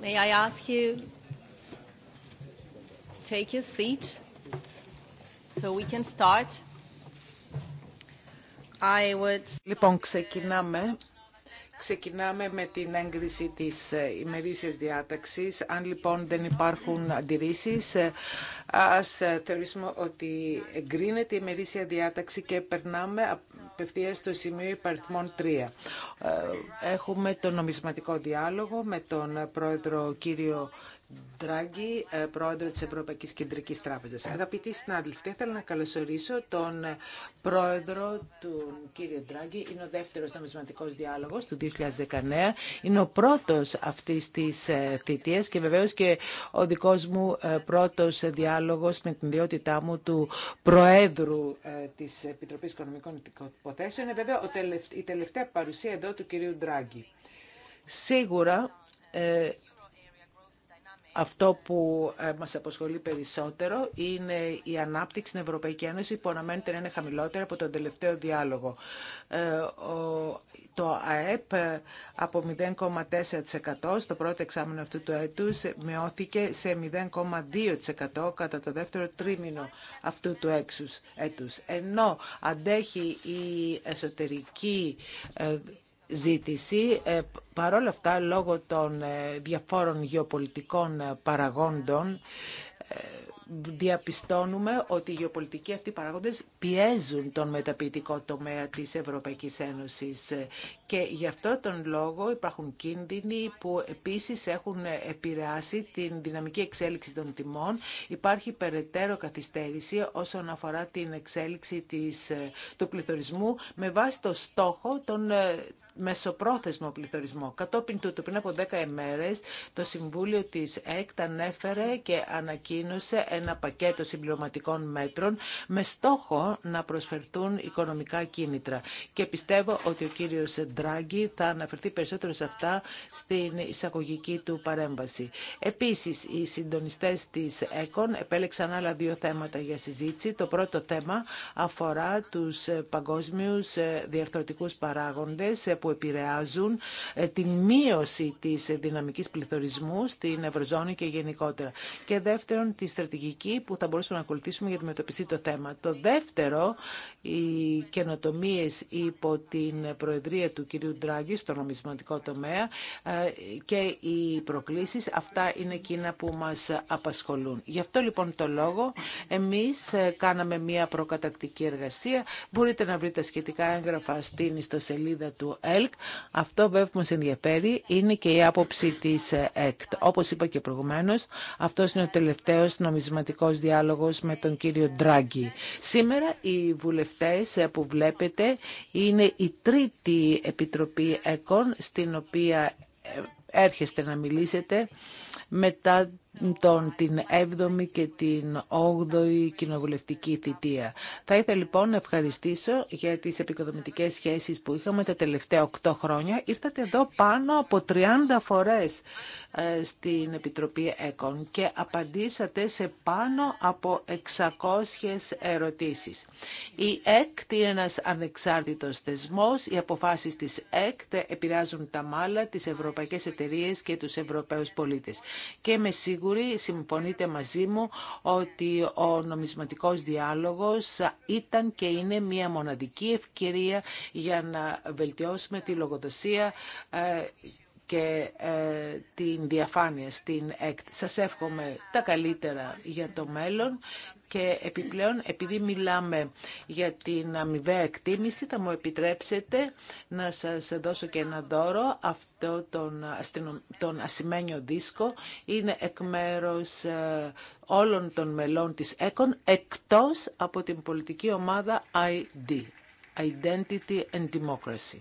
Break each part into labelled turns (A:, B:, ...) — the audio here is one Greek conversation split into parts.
A: May I ask you take your seat
B: so we can start. I would... Λοιπόν, ξεκινάμε. Ξεκινάμε με την έγκριση της ε, ημερήσιας διάταξης. Αν λοιπόν δεν υπάρχουν αντιρρήσεις, ε, ας ε, θεωρήσουμε ότι εγκρίνεται η ημερήσια διάταξη και περνάμε απευθεία στο σημείο υπαριθμών 3. Ε, έχουμε τον νομισματικό διάλογο με τον πρόεδρο κύριο Ντράγκη, ε, πρόεδρο της Ευρωπαϊκής Κεντρικής Τράπεζας. Αγαπητοί συνάδελφοι, θα ήθελα να καλωσορίσω τον ε, πρόεδρο του κύριο Ντράγκη. Είναι ο δεύτερος νομισματικός διάλογος του 2019. Είναι ο πρώτος αυτή της ε, θητείας και βεβαίως και ο δικός μου πρώτος διάλογος με την ιδιότητά μου του Προέδρου της Επιτροπής Οικονομικών Υποθέσεων. Είναι βέβαια η τελευταία παρουσία εδώ του κυρίου Ντράγκη. Σίγουρα αυτό που ε, μας αποσχολεί περισσότερο είναι η ανάπτυξη στην Ευρωπαϊκή Ένωση που αναμένεται να είναι χαμηλότερη από τον τελευταίο διάλογο. Ε, το ΑΕΠ ε, από 0,4% στο πρώτο εξάμεινο αυτού του έτους μειώθηκε σε 0,2% κατά το δεύτερο τρίμηνο αυτού του έτους. Ενώ αντέχει η εσωτερική ζήτηση. Ε, παρόλα αυτά, λόγω των ε, διαφόρων γεωπολιτικών ε, παραγόντων, διαπιστώνουμε ότι οι γεωπολιτικοί αυτοί παράγοντες πιέζουν τον μεταποιητικό τομέα της Ευρωπαϊκής Ένωσης και γι' αυτό τον λόγο υπάρχουν κίνδυνοι που επίσης έχουν επηρεάσει την δυναμική εξέλιξη των τιμών. Υπάρχει περαιτέρω καθυστέρηση όσον αφορά την εξέλιξη της, του πληθωρισμού με βάση το στόχο των μεσοπρόθεσμο πληθωρισμό. Κατόπιν τούτου, πριν από 10 ημέρε, το Συμβούλιο της ΕΚΤ ανέφερε και ανακοίνωσε ένα πακέτο συμπληρωματικών μέτρων με στόχο να προσφερθούν οικονομικά κίνητρα. Και πιστεύω ότι ο κύριο Ντράγκη θα αναφερθεί περισσότερο σε αυτά στην εισαγωγική του παρέμβαση. Επίση, οι συντονιστέ τη ΕΚΟΝ επέλεξαν άλλα δύο θέματα για συζήτηση. Το πρώτο θέμα αφορά του παγκόσμιου ε, διαρθρωτικού παράγοντε. Ε, που επηρεάζουν ε, την μείωση τη δυναμική πληθωρισμού στην Ευρωζώνη και γενικότερα. Και δεύτερον, τη στρατηγική που θα μπορούσαμε να ακολουθήσουμε για να αντιμετωπιστεί το θέμα. Το δεύτερο, οι καινοτομίε υπό την Προεδρία του κυρίου Ντράγκη στο νομισματικό τομέα ε, και οι προκλήσει αυτά είναι εκείνα που μα απασχολούν. Γι' αυτό λοιπόν το λόγο Εμεί ε, κάναμε μια προκατακτική εργασία. Μπορείτε να βρείτε σχετικά έγγραφα στην ιστοσελίδα του αυτό βέβαια που μας ενδιαφέρει είναι και η άποψη της ΕΚΤ. Όπως είπα και προηγουμένως, αυτός είναι ο τελευταίος νομισματικός διάλογος με τον κύριο Ντράγκη. Σήμερα οι βουλευτές που βλέπετε είναι η τρίτη επιτροπή ΕΚΟΝ στην οποία ε, έρχεστε να μιλήσετε μετά τον, την 7η και την 8η κοινοβουλευτική θητεία. Θα ήθελα λοιπόν να ευχαριστήσω για τις επικοδομητικές σχέσεις που είχαμε τα τελευταία 8 χρόνια. Ήρθατε εδώ πάνω από 30 φορές ε, στην Επιτροπή ΕΚΟΝ και απαντήσατε σε πάνω από 600 ερωτήσεις. Η ΕΚΤ είναι ένας ανεξάρτητος θεσμός. Οι αποφάσεις της ΕΚΤ επηρεάζουν τα μάλα, τις ευρωπαϊκές εταιρείε και τους ευρωπαίους πολίτες. Και με σίγουρα συμφωνείτε μαζί μου, ότι ο νομισματικός διάλογος ήταν και είναι μια μοναδική ευκαιρία για να βελτιώσουμε τη λογοδοσία ε, και ε, την διαφάνεια στην ΕΚΤ. Σας εύχομαι τα καλύτερα για το μέλλον και επιπλέον, επειδή μιλάμε για την αμοιβαία εκτίμηση, θα μου επιτρέψετε να σας δώσω και ένα δώρο. Αυτό τον, τον ασημένιο δίσκο είναι εκ μέρους ε, όλων των μελών της ΕΚΟΝ, εκτός από την πολιτική ομάδα ID, Identity and Democracy.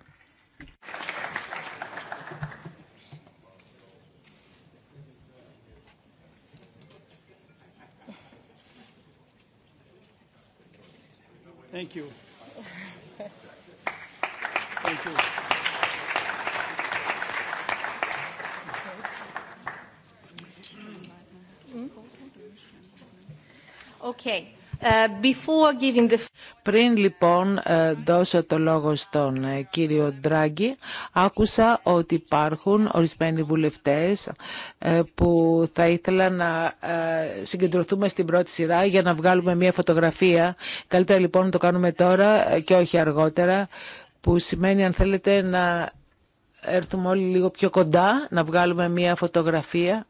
C: Thank you. Thank you.
D: Okay.
B: Uh, Πριν λοιπόν ε, δώσω το λόγο στον ε, κύριο Ντράγκη, άκουσα ότι υπάρχουν ορισμένοι βουλευτές ε, που θα ήθελα να συγκεντρωθούμε στην πρώτη σειρά για να βγάλουμε μια φωτογραφία. Καλύτερα λοιπόν να το κάνουμε τώρα και όχι αργότερα, που σημαίνει αν θέλετε να έρθουμε όλοι λίγο πιο κοντά, να βγάλουμε μια φωτογραφία.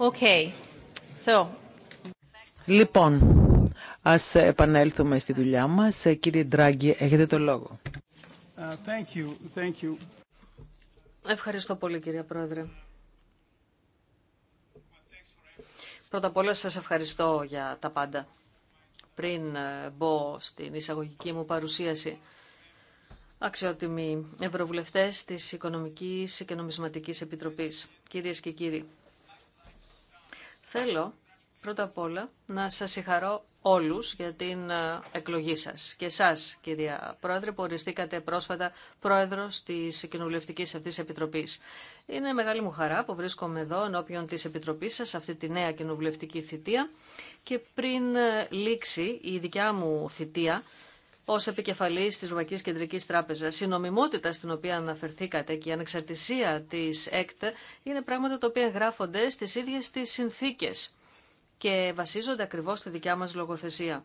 B: Okay. Λοιπόν, ας επανέλθουμε στη δουλειά μας. Ε, κύριε Ντράγκη, έχετε το λόγο.
A: Ε, thank you. Thank you. Ευχαριστώ πολύ κύριε Πρόεδρε. Πρώτα απ' όλα σας ευχαριστώ για τα πάντα. Πριν ε, μπω στην εισαγωγική μου παρουσίαση, αξιότιμοι ευρωβουλευτές της Οικονομικής και Νομισματικής Επιτροπής, κυρίες και κύριοι, Θέλω πρώτα απ' όλα να σας συγχαρώ όλους για την ε, εκλογή σας. Και εσάς, κυρία Πρόεδρε, που οριστήκατε πρόσφατα πρόεδρος της Κοινοβουλευτικής αυτής Επιτροπής. Είναι μεγάλη μου χαρά που βρίσκομαι εδώ ενώπιον της Επιτροπής σας, αυτή τη νέα κοινοβουλευτική θητεία. Και πριν ε, λήξει η δικιά μου θητεία, ω επικεφαλή τη Ευρωπαϊκή Κεντρική Τράπεζα. Η νομιμότητα στην οποία αναφερθήκατε και η ανεξαρτησία τη ΕΚΤ είναι πράγματα τα οποία γράφονται στι ίδιε τι συνθήκε και βασίζονται ακριβώ στη δικιά μα λογοθεσία.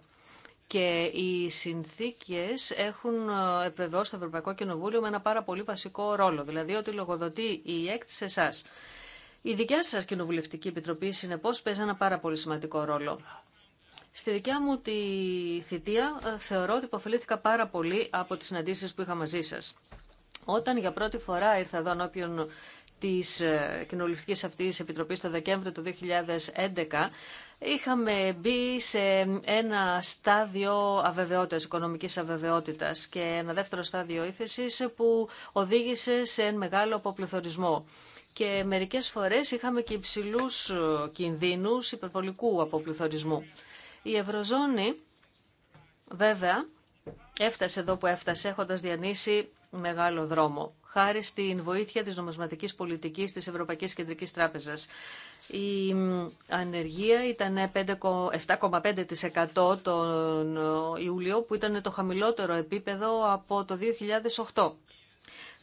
A: Και οι συνθήκε έχουν ε, επιβεβαιώσει το Ευρωπαϊκό Κοινοβούλιο με ένα πάρα πολύ βασικό ρόλο, δηλαδή ότι λογοδοτεί η ΕΚΤ σε εσά. Η δικιά σα Κοινοβουλευτική Επιτροπή, συνεπώ, παίζει ένα πάρα πολύ σημαντικό ρόλο. Στη δικιά μου τη θητεία ε, θεωρώ ότι υποφελήθηκα πάρα πολύ από τις συναντήσεις που είχα μαζί σας. Όταν για πρώτη φορά ήρθα εδώ ενώπιον της ε, κοινοβουλευτικής αυτής επιτροπής το Δεκέμβριο του 2011, είχαμε μπει σε ένα στάδιο αβεβαιότητας, οικονομικής αβεβαιότητας και ένα δεύτερο στάδιο ήθεσης που οδήγησε σε ένα μεγάλο αποπληθωρισμό. Και μερικές φορές είχαμε και υψηλούς ε, κινδύνους υπερβολικού αποπληθωρισμού. Η Ευρωζώνη βέβαια έφτασε εδώ που έφτασε έχοντας διανύσει μεγάλο δρόμο χάρη στην βοήθεια της νομισματικής πολιτικής της Ευρωπαϊκής Κεντρικής Τράπεζας. Η ανεργία ήταν 7,5% τον Ιούλιο, που ήταν το χαμηλότερο επίπεδο από το 2008.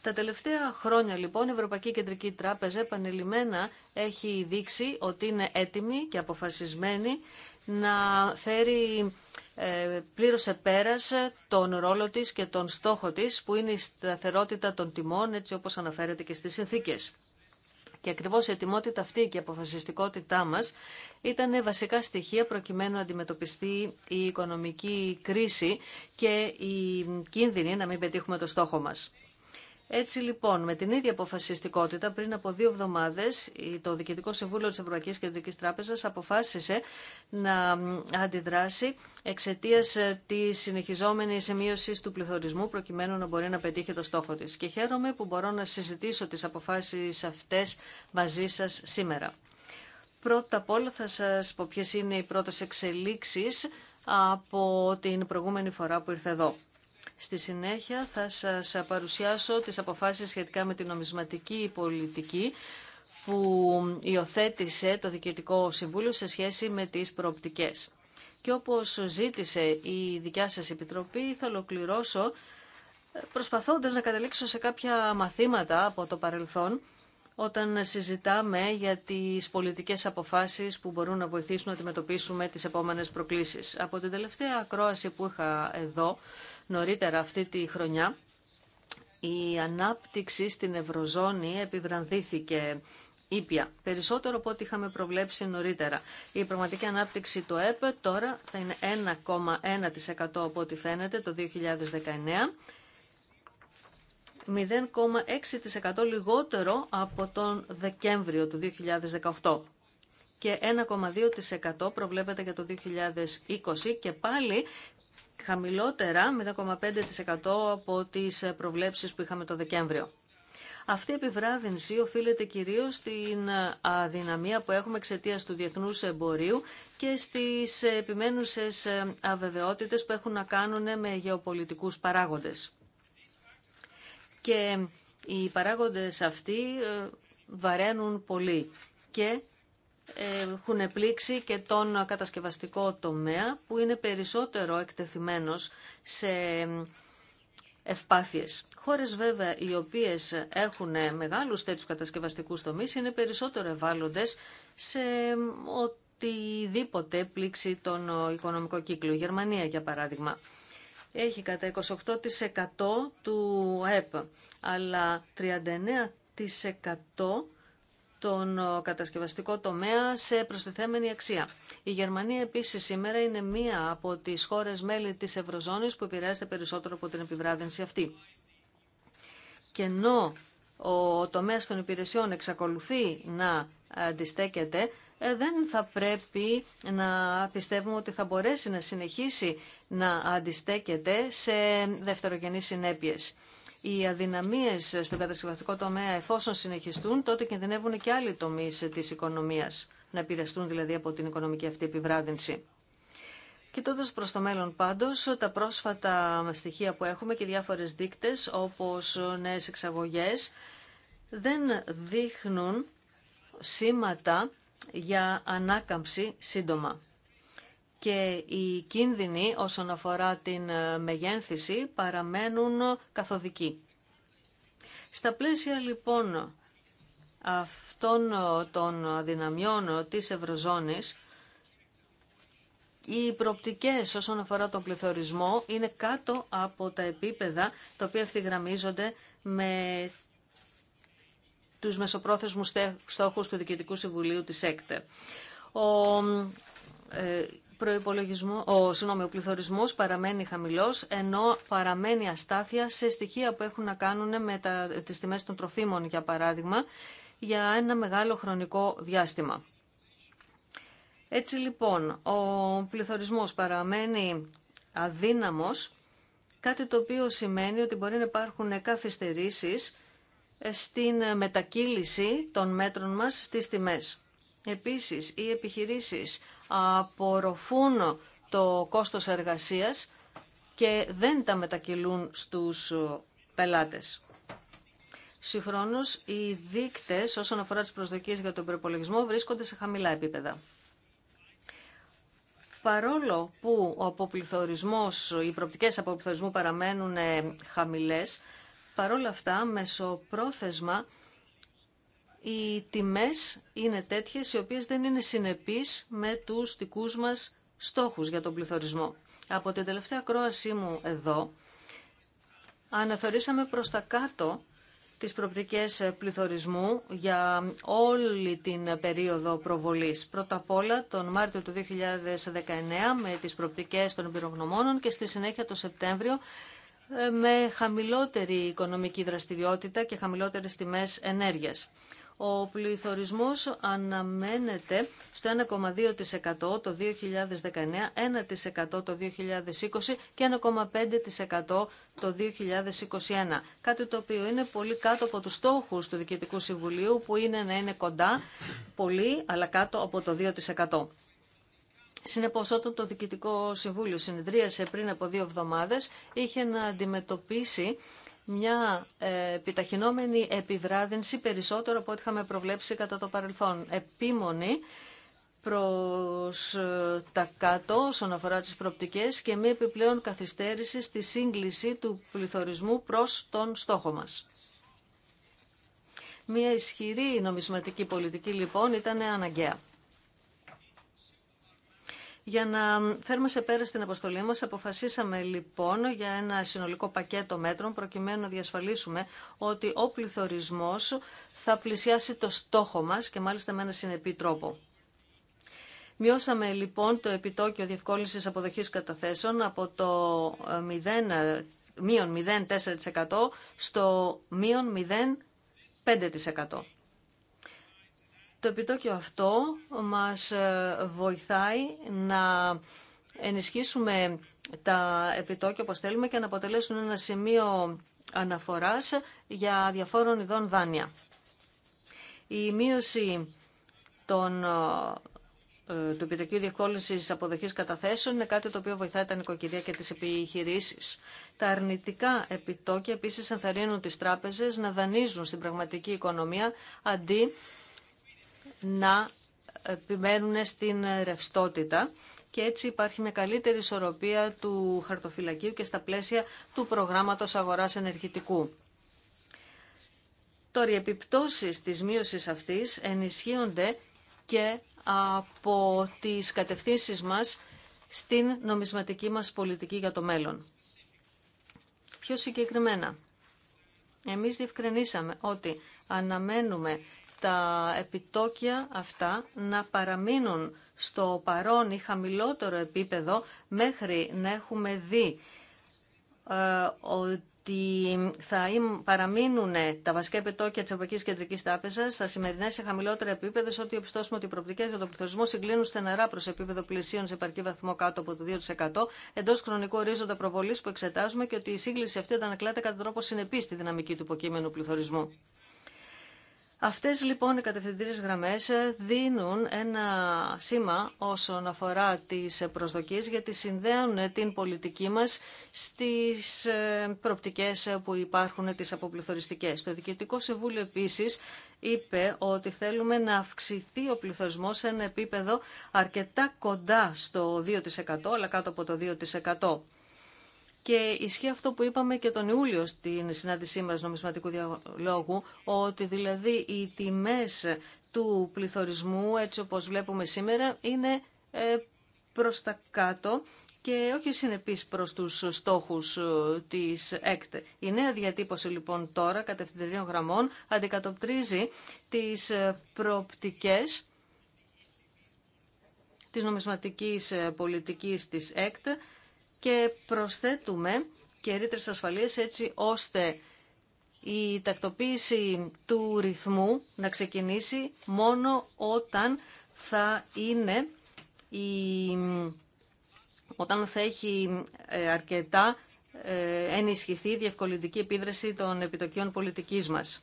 A: Τα τελευταία χρόνια λοιπόν η Ευρωπαϊκή Κεντρική Τράπεζα επανειλημμένα έχει δείξει ότι είναι έτοιμη και αποφασισμένη να φέρει ε, πλήρως πέρας τον ρόλο της και τον στόχο της που είναι η σταθερότητα των τιμών έτσι όπως αναφέρεται και στις συνθήκες. Και ακριβώς η ετοιμότητα αυτή και η αποφασιστικότητά μας ήταν βασικά στοιχεία προκειμένου να αντιμετωπιστεί η οικονομική κρίση και η κίνδυνη να μην πετύχουμε το στόχο μας. Έτσι λοιπόν, με την ίδια αποφασιστικότητα, πριν από δύο εβδομάδε, το Διοικητικό Συμβούλιο τη Ευρωπαϊκή Κεντρική Τράπεζα αποφάσισε να αντιδράσει εξαιτία ε, τη συνεχιζόμενη μείωση του πληθωρισμού, προκειμένου να μπορεί να πετύχει το στόχο τη. Και χαίρομαι που μπορώ να συζητήσω τι αποφάσει αυτέ μαζί σα σήμερα. Πρώτα απ' όλα θα σας πω ποιες είναι οι πρώτες εξελίξεις από την προηγούμενη φορά που ήρθε εδώ. Στη συνέχεια θα σας παρουσιάσω τις αποφάσεις σχετικά με την νομισματική πολιτική που υιοθέτησε το Διοικητικό Συμβούλιο σε σχέση με τις προοπτικές. Και όπως ζήτησε η δικιά σας Επιτροπή θα ολοκληρώσω ε, προσπαθώντας να καταλήξω σε κάποια μαθήματα από το παρελθόν όταν συζητάμε για τις πολιτικές αποφάσεις που μπορούν να βοηθήσουν να αντιμετωπίσουμε τις επόμενες προκλήσεις. Από την τελευταία ακρόαση που είχα εδώ, νωρίτερα αυτή τη χρονιά η ανάπτυξη στην Ευρωζώνη επιβρανθήθηκε ήπια, περισσότερο από ό,τι είχαμε προβλέψει νωρίτερα. Η πραγματική ανάπτυξη του ΕΠ τώρα θα είναι 1,1% από ό,τι φαίνεται το 2019, 0,6% λιγότερο από τον Δεκέμβριο του 2018 και 1,2% προβλέπεται για το 2020 και πάλι χαμηλότερα 0,5% από τις προβλέψεις που είχαμε το Δεκέμβριο. Αυτή η επιβράδυνση οφείλεται κυρίως στην αδυναμία που έχουμε εξαιτία του διεθνούς εμπορίου και στις επιμένουσες αβεβαιότητες που έχουν να κάνουν με γεωπολιτικούς παράγοντες. Και οι παράγοντες αυτοί ε, βαραίνουν πολύ και έχουν πλήξει και τον κατασκευαστικό τομέα που είναι περισσότερο εκτεθειμένος σε ευπάθειες. Χώρες βέβαια οι οποίες έχουν μεγάλους τέτοιους κατασκευαστικούς τομείς είναι περισσότερο ευάλωτες σε οτιδήποτε πλήξει τον οικονομικό κύκλο. Η Γερμανία για παράδειγμα έχει κατά 28% του ΕΠ αλλά 39% τον ε, κατασκευαστικό τομέα σε προστιθέμενη αξία. Η Γερμανία επίση σήμερα είναι μία από τι χώρε μέλη της Ευρωζώνη που επηρεάζεται περισσότερο από την επιβράδυνση αυτή. Και ενώ ο τομέας των υπηρεσιών εξακολουθεί να αντιστέκεται, ε, δεν θα πρέπει να πιστεύουμε ότι θα μπορέσει να συνεχίσει να αντιστέκεται σε δευτερογενείς συνέπειες οι αδυναμίες στον κατασκευαστικό τομέα εφόσον συνεχιστούν, τότε κινδυνεύουν και άλλοι τομεί της οικονομίας, να επηρεαστούν δηλαδή από την οικονομική αυτή επιβράδυνση. Κοιτώντα προ το μέλλον πάντω, τα πρόσφατα στοιχεία που έχουμε και διάφορε δείκτε, όπω νέε εξαγωγέ, δεν δείχνουν σήματα για ανάκαμψη σύντομα και οι κίνδυνοι όσον αφορά την ε, μεγένθηση παραμένουν καθοδικοί. Στα πλαίσια λοιπόν αυτών ε, των αδυναμιών της Ευρωζώνης, οι προπτικές όσον αφορά τον πληθωρισμό είναι κάτω από τα επίπεδα τα οποία ευθυγραμμίζονται με τους μεσοπρόθεσμους στόχους του Διοικητικού Συμβουλίου της ΕΚΤΕ. Ο ε, ο, συγνώμη, ο πληθωρισμός παραμένει χαμηλός, ενώ παραμένει αστάθεια σε στοιχεία που έχουν να κάνουν με τα, τις τιμές των τροφίμων, για παράδειγμα, για ένα μεγάλο χρονικό διάστημα. Έτσι λοιπόν, ο πληθωρισμός παραμένει αδύναμος, κάτι το οποίο σημαίνει ότι μπορεί να υπάρχουν καθυστερήσεις ε, στην μετακύληση των μέτρων μας στις τιμές. Επίσης, οι επιχειρήσεις απορροφούν το κόστος εργασίας και δεν τα μετακυλούν στους πελάτες. Συγχρόνως, οι δείκτες όσον αφορά τις προσδοκίες για τον προπολογισμό βρίσκονται σε χαμηλά επίπεδα. Παρόλο που ο αποπληθωρισμός, οι προπτικές αποπληθωρισμού παραμένουν χαμηλές, παρόλα αυτά μεσοπρόθεσμα οι τιμές είναι τέτοιες οι οποίες δεν είναι συνεπείς με τους δικούς μας στόχους για τον πληθωρισμό. Από την τελευταία κρόασή μου εδώ αναθεωρήσαμε προς τα κάτω τις προπτικές ε, πληθωρισμού για όλη την περίοδο προβολής. Πρώτα απ' όλα τον Μάρτιο του 2019 με τις προπτικές των εμπειρογνωμόνων και στη συνέχεια τον Σεπτέμβριο ε, με χαμηλότερη οικονομική δραστηριότητα και χαμηλότερες τιμές ενέργειας. Ο πληθωρισμός αναμένεται στο 1,2% το 2019, 1% το 2020 και 1,5% το 2021. Κάτι το οποίο είναι πολύ κάτω από τους στόχους του Δικητικού Συμβουλίου που είναι να είναι κοντά πολύ αλλά κάτω από το 2%. Συνεπώ, όταν το Δικητικό Συμβούλιο συνεδρίασε πριν από δύο εβδομάδε, είχε να αντιμετωπίσει μια ε, επιταχυνόμενη επιβράδυνση περισσότερο από ό,τι είχαμε προβλέψει κατά το παρελθόν. Επίμονη προς ε, τα κάτω όσον αφορά τις προπτικές και μη επιπλέον καθυστέρηση στη σύγκληση του πληθωρισμού προς τον στόχο μας. Μια ισχυρή νομισματική πολιτική λοιπόν ήταν αναγκαία. Για να φέρουμε σε πέρα στην αποστολή μας, αποφασίσαμε λοιπόν για ένα συνολικό πακέτο μέτρων προκειμένου να διασφαλίσουμε ότι ο πληθωρισμός θα πλησιάσει το στόχο μας και μάλιστα με ένα συνεπή τρόπο. Μειώσαμε λοιπόν το επιτόκιο διευκόλυνσης αποδοχής καταθέσεων από το 0, ε, ε, μείον 0,4% στο μείον 0,5%. Το επιτόκιο αυτό μας ε, βοηθάει να ενισχύσουμε τα επιτόκια όπως θέλουμε και να αποτελέσουν ένα σημείο αναφοράς για διαφόρων ειδών δάνεια. Η μείωση των, ε, ε, του επιτοκίου διευκόλυνση αποδοχή καταθέσεων είναι κάτι το οποίο βοηθάει τα νοικοκυριά και τις επιχειρήσει. Τα αρνητικά επιτόκια επίσης ενθαρρύνουν τις τράπεζες να δανείζουν στην πραγματική οικονομία αντί να επιμένουν στην ρευστότητα και έτσι υπάρχει μια καλύτερη ισορροπία του χαρτοφυλακίου και στα πλαίσια του προγράμματος αγοράς ενεργητικού. Τώρα οι επιπτώσεις της μείωσης αυτής ενισχύονται και από τις κατευθύνσεις μας στην νομισματική μας πολιτική για το μέλλον. Πιο συγκεκριμένα, εμείς διευκρινίσαμε ότι αναμένουμε τα επιτόκια αυτά να παραμείνουν στο παρόν ή χαμηλότερο επίπεδο μέχρι να έχουμε δει ε, ότι θα παραμείνουν τα βασικά επιτόκια τη Ευρωπαϊκή Κεντρική Τράπεζα στα σημερινά σε χαμηλότερα επίπεδα, σε ό,τι επιστώσουμε ότι οι προοπτικέ για τον πληθωρισμό συγκλίνουν στεναρά προ επίπεδο πλησίων σε επαρκή βαθμό κάτω από το 2%, εντό χρονικού ορίζοντα προβολή που εξετάζουμε και ότι η σύγκληση αυτή αντανακλάται κατά τρόπο συνεπή στη δυναμική του υποκείμενου πληθωρισμού. Αυτές λοιπόν οι κατευθυντήριες γραμμές ε, δίνουν ένα σήμα όσον αφορά τις ε, προσδοκίες γιατί συνδέουν ε, την πολιτική μας στις προπτικές που υπάρχουν τις αποπληθωριστικές. Το Διοικητικό Συμβούλιο επίσης είπε ότι θέλουμε να αυξηθεί ο πληθωρισμός σε ένα επίπεδο αρκετά κοντά στο 2% αλλά κάτω από το 2%. Και ισχύει αυτό που είπαμε και τον Ιούλιο στην συνάντησή μας νομισματικού διαλόγου, ότι δηλαδή οι τιμές του πληθωρισμού, έτσι όπως βλέπουμε σήμερα, είναι ε, προς τα κάτω και όχι συνεπής προς τους στόχους ε, της ΕΚΤ. Η νέα διατύπωση λοιπόν τώρα κατευθυντηρίων γραμμών αντικατοπτρίζει τις ε, προοπτικές της νομισματικής πολιτικής της ΕΚΤ και προσθέτουμε και ρήτρες ασφαλείας έτσι ώστε η τακτοποίηση του ρυθμού να ξεκινήσει μόνο όταν θα είναι όταν θα έχει ε, αρκετά ε, ενισχυθεί η διευκολυντική επίδραση των επιτοκίων πολιτικής μας.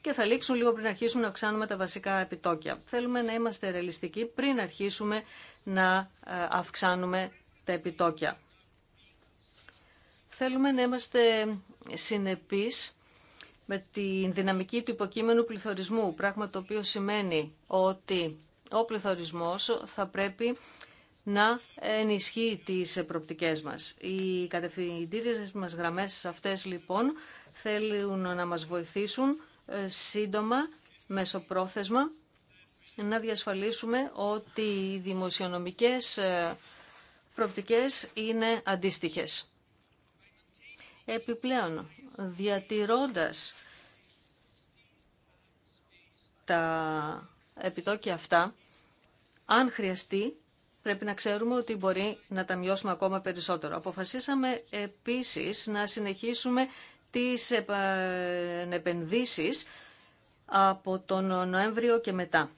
A: Και θα λήξουν λίγο πριν αρχίσουμε να αυξάνουμε τα βασικά επιτόκια. Θέλουμε να είμαστε ρεαλιστικοί πριν αρχίσουμε να ε, αυξάνουμε τα επιτόκια. Θέλουμε να είμαστε συνεπείς με τη δυναμική του υποκείμενου πληθωρισμού, πράγμα το οποίο σημαίνει ότι ο πληθωρισμός θα πρέπει να ενισχύει τις προπτικές μας. Οι κατευθυντήριες μας γραμμές αυτές λοιπόν θέλουν να μας βοηθήσουν ε, σύντομα, μεσοπρόθεσμα, να διασφαλίσουμε ότι οι δημοσιονομικές ε, προπτικές είναι αντίστοιχες. Επιπλέον, διατηρώντας τα επιτόκια αυτά, αν χρειαστεί, πρέπει να ξέρουμε ότι μπορεί να τα μειώσουμε ακόμα περισσότερο. Αποφασίσαμε επίσης να συνεχίσουμε τις ε, επενδύσεις από τον Νοέμβριο και μετά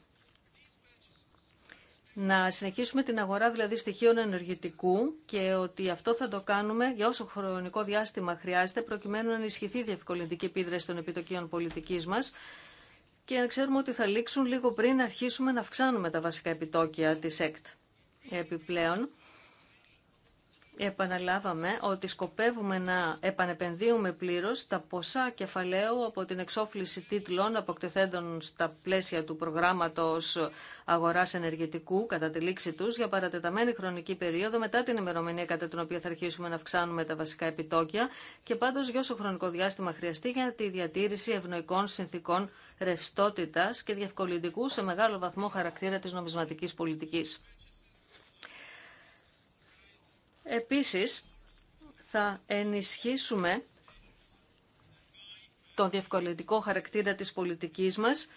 A: να συνεχίσουμε την αγορά δηλαδή στοιχείων ενεργητικού και ότι αυτό θα το κάνουμε για όσο χρονικό διάστημα χρειάζεται προκειμένου να ενισχυθεί η διευκολυντική επίδραση των επιτοκίων πολιτικής μας και να ξέρουμε ότι θα λήξουν λίγο πριν αρχίσουμε να αυξάνουμε τα βασικά επιτόκια της ΕΚΤ. Επιπλέον, επαναλάβαμε ότι σκοπεύουμε να επανεπενδύουμε πλήρω τα ποσά κεφαλαίου από την εξόφληση τίτλων αποκτηθέντων στα πλαίσια του προγράμματο αγορά ενεργητικού κατά τη λήξη του για παρατεταμένη χρονική περίοδο μετά την ημερομηνία κατά την οποία θα αρχίσουμε να αυξάνουμε τα βασικά επιτόκια και πάντω για όσο χρονικό διάστημα χρειαστεί για τη διατήρηση ευνοϊκών συνθήκων ρευστότητα και διευκολυντικού σε μεγάλο βαθμό χαρακτήρα τη νομισματική πολιτική. Επίσης, θα ενισχύσουμε τον διευκολυντικό χαρακτήρα της πολιτικής μας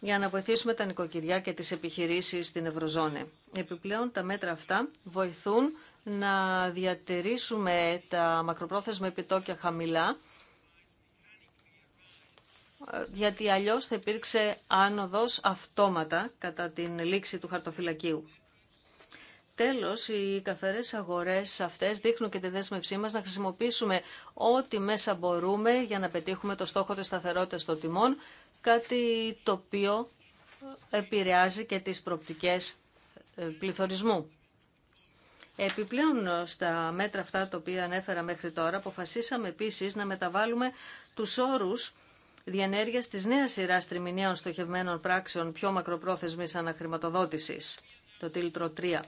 A: για να βοηθήσουμε τα νοικοκυριά και τις επιχειρήσεις στην Ευρωζώνη. Επιπλέον, τα μέτρα αυτά βοηθούν να διατηρήσουμε τα μακροπρόθεσμα επιτόκια χαμηλά, γιατί αλλιώς θα υπήρξε άνοδος αυτόματα κατά την λήξη του χαρτοφυλακίου. Τέλος, οι καθαρές αγορές αυτές δείχνουν και τη δέσμευσή μας να χρησιμοποιήσουμε ό,τι μέσα μπορούμε για να πετύχουμε το στόχο της σταθερότητας των τιμών, κάτι το οποίο επηρεάζει και τις προπτικές ε, πληθωρισμού. Επιπλέον στα μέτρα αυτά τα οποία ανέφερα μέχρι τώρα, αποφασίσαμε επίσης να μεταβάλουμε τους όρους διενέργειας τη νέα σειρά τριμηνίων στοχευμένων πράξεων πιο μακροπρόθεσμης αναχρηματοδότηση, το τίλτρο 3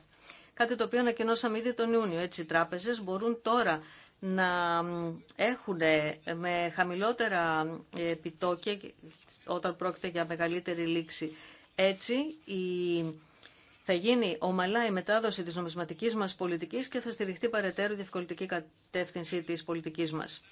A: κάτι το οποίο ανακοινώσαμε ήδη τον Ιούνιο. Έτσι οι τράπεζες μπορούν τώρα να έχουν ε, με χαμηλότερα ε, επιτόκια όταν πρόκειται για μεγαλύτερη λήξη. Έτσι η... θα γίνει ομαλά η μετάδοση της νομισματικής μας πολιτικής και θα στηριχτεί παρετέρω η διευκολυτική κατεύθυνση της πολιτικής μας.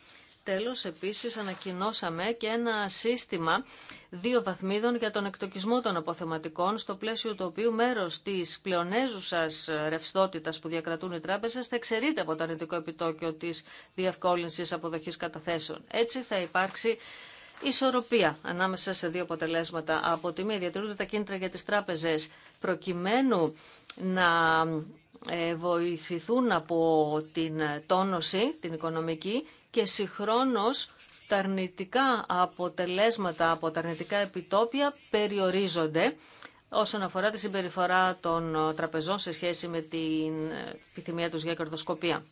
A: Τέλος, επίσης, ανακοινώσαμε και ένα σύστημα δύο βαθμίδων για τον εκτοκισμό των αποθεματικών, στο πλαίσιο του οποίου μέρος της πλεονέζουσας ρευστότητας που διακρατούν οι τράπεζες θα εξαιρείται από το αρνητικό επιτόκιο της διευκόλυνσης αποδοχής καταθέσεων. Έτσι θα υπάρξει ισορροπία ανάμεσα σε δύο αποτελέσματα. Από τη μία διατηρούνται τα κίνητρα για τις τράπεζες προκειμένου να ε, βοηθηθούν από την τόνωση, την οικονομική και συγχρόνως τα αρνητικά αποτελέσματα από τα αρνητικά επιτόπια περιορίζονται όσον αφορά τη συμπεριφορά των τραπεζών σε σχέση με την επιθυμία τους για κερδοσκοπία.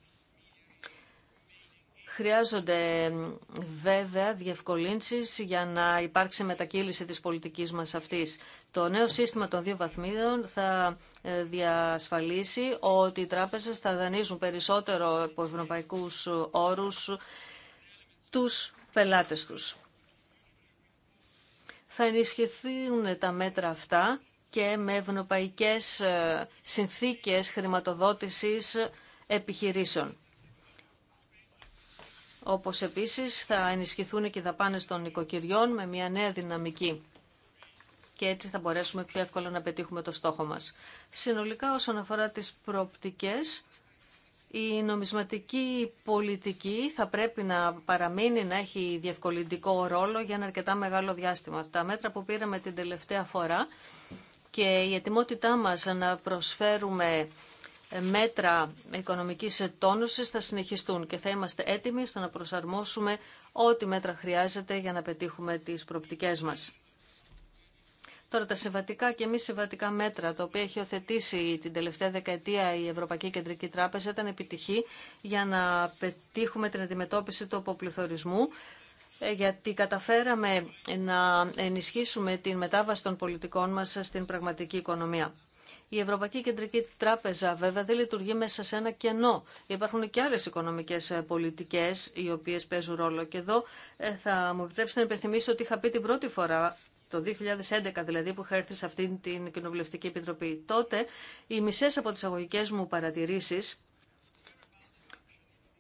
A: Χρειάζονται βέβαια διευκολύνσεις για να υπάρξει μετακύληση της πολιτικής μας αυτής. Το νέο σύστημα των δύο βαθμίδων θα ε, διασφαλίσει ότι οι τράπεζες θα δανείζουν περισσότερο από ευρωπαϊκούς όρους τους πελάτες τους. Θα ενισχυθούν τα μέτρα αυτά και με ευρωπαϊκές ε, συνθήκες χρηματοδότησης επιχειρήσεων όπως επίσης θα ενισχυθούν και οι δαπάνες των οικοκυριών με μια νέα δυναμική και έτσι θα μπορέσουμε πιο εύκολα να πετύχουμε το στόχο μας. Συνολικά όσον αφορά τις προοπτικές, η νομισματική πολιτική θα πρέπει να παραμείνει να έχει διευκολυντικό ρόλο για ένα αρκετά μεγάλο διάστημα. Τα μέτρα που πήραμε την τελευταία φορά και η ετοιμότητά μας να προσφέρουμε μέτρα οικονομικής τόνωσης θα συνεχιστούν και θα είμαστε έτοιμοι στο να προσαρμόσουμε ό,τι μέτρα χρειάζεται για να πετύχουμε τις προπτικές μας. Τώρα τα συμβατικά και μη συμβατικά μέτρα, τα οποία έχει οθετήσει την τελευταία δεκαετία η Ευρωπαϊκή Κεντρική Τράπεζα, ήταν επιτυχή για να πετύχουμε την αντιμετώπιση του αποπληθωρισμού, ε, γιατί καταφέραμε να ενισχύσουμε την μετάβαση των πολιτικών μας στην πραγματική οικονομία. Η Ευρωπαϊκή Κεντρική Τράπεζα βέβαια δεν λειτουργεί μέσα σε ένα κενό. Υπάρχουν και άλλες οικονομικές ε, πολιτικές οι οποίες παίζουν ρόλο. Και εδώ ε, θα μου επιτρέψετε να υπενθυμίσω ότι είχα πει την πρώτη φορά το 2011 δηλαδή που είχα έρθει σε αυτήν την Κοινοβουλευτική Επιτροπή. Τότε οι μισές από τις αγωγικές μου παρατηρήσεις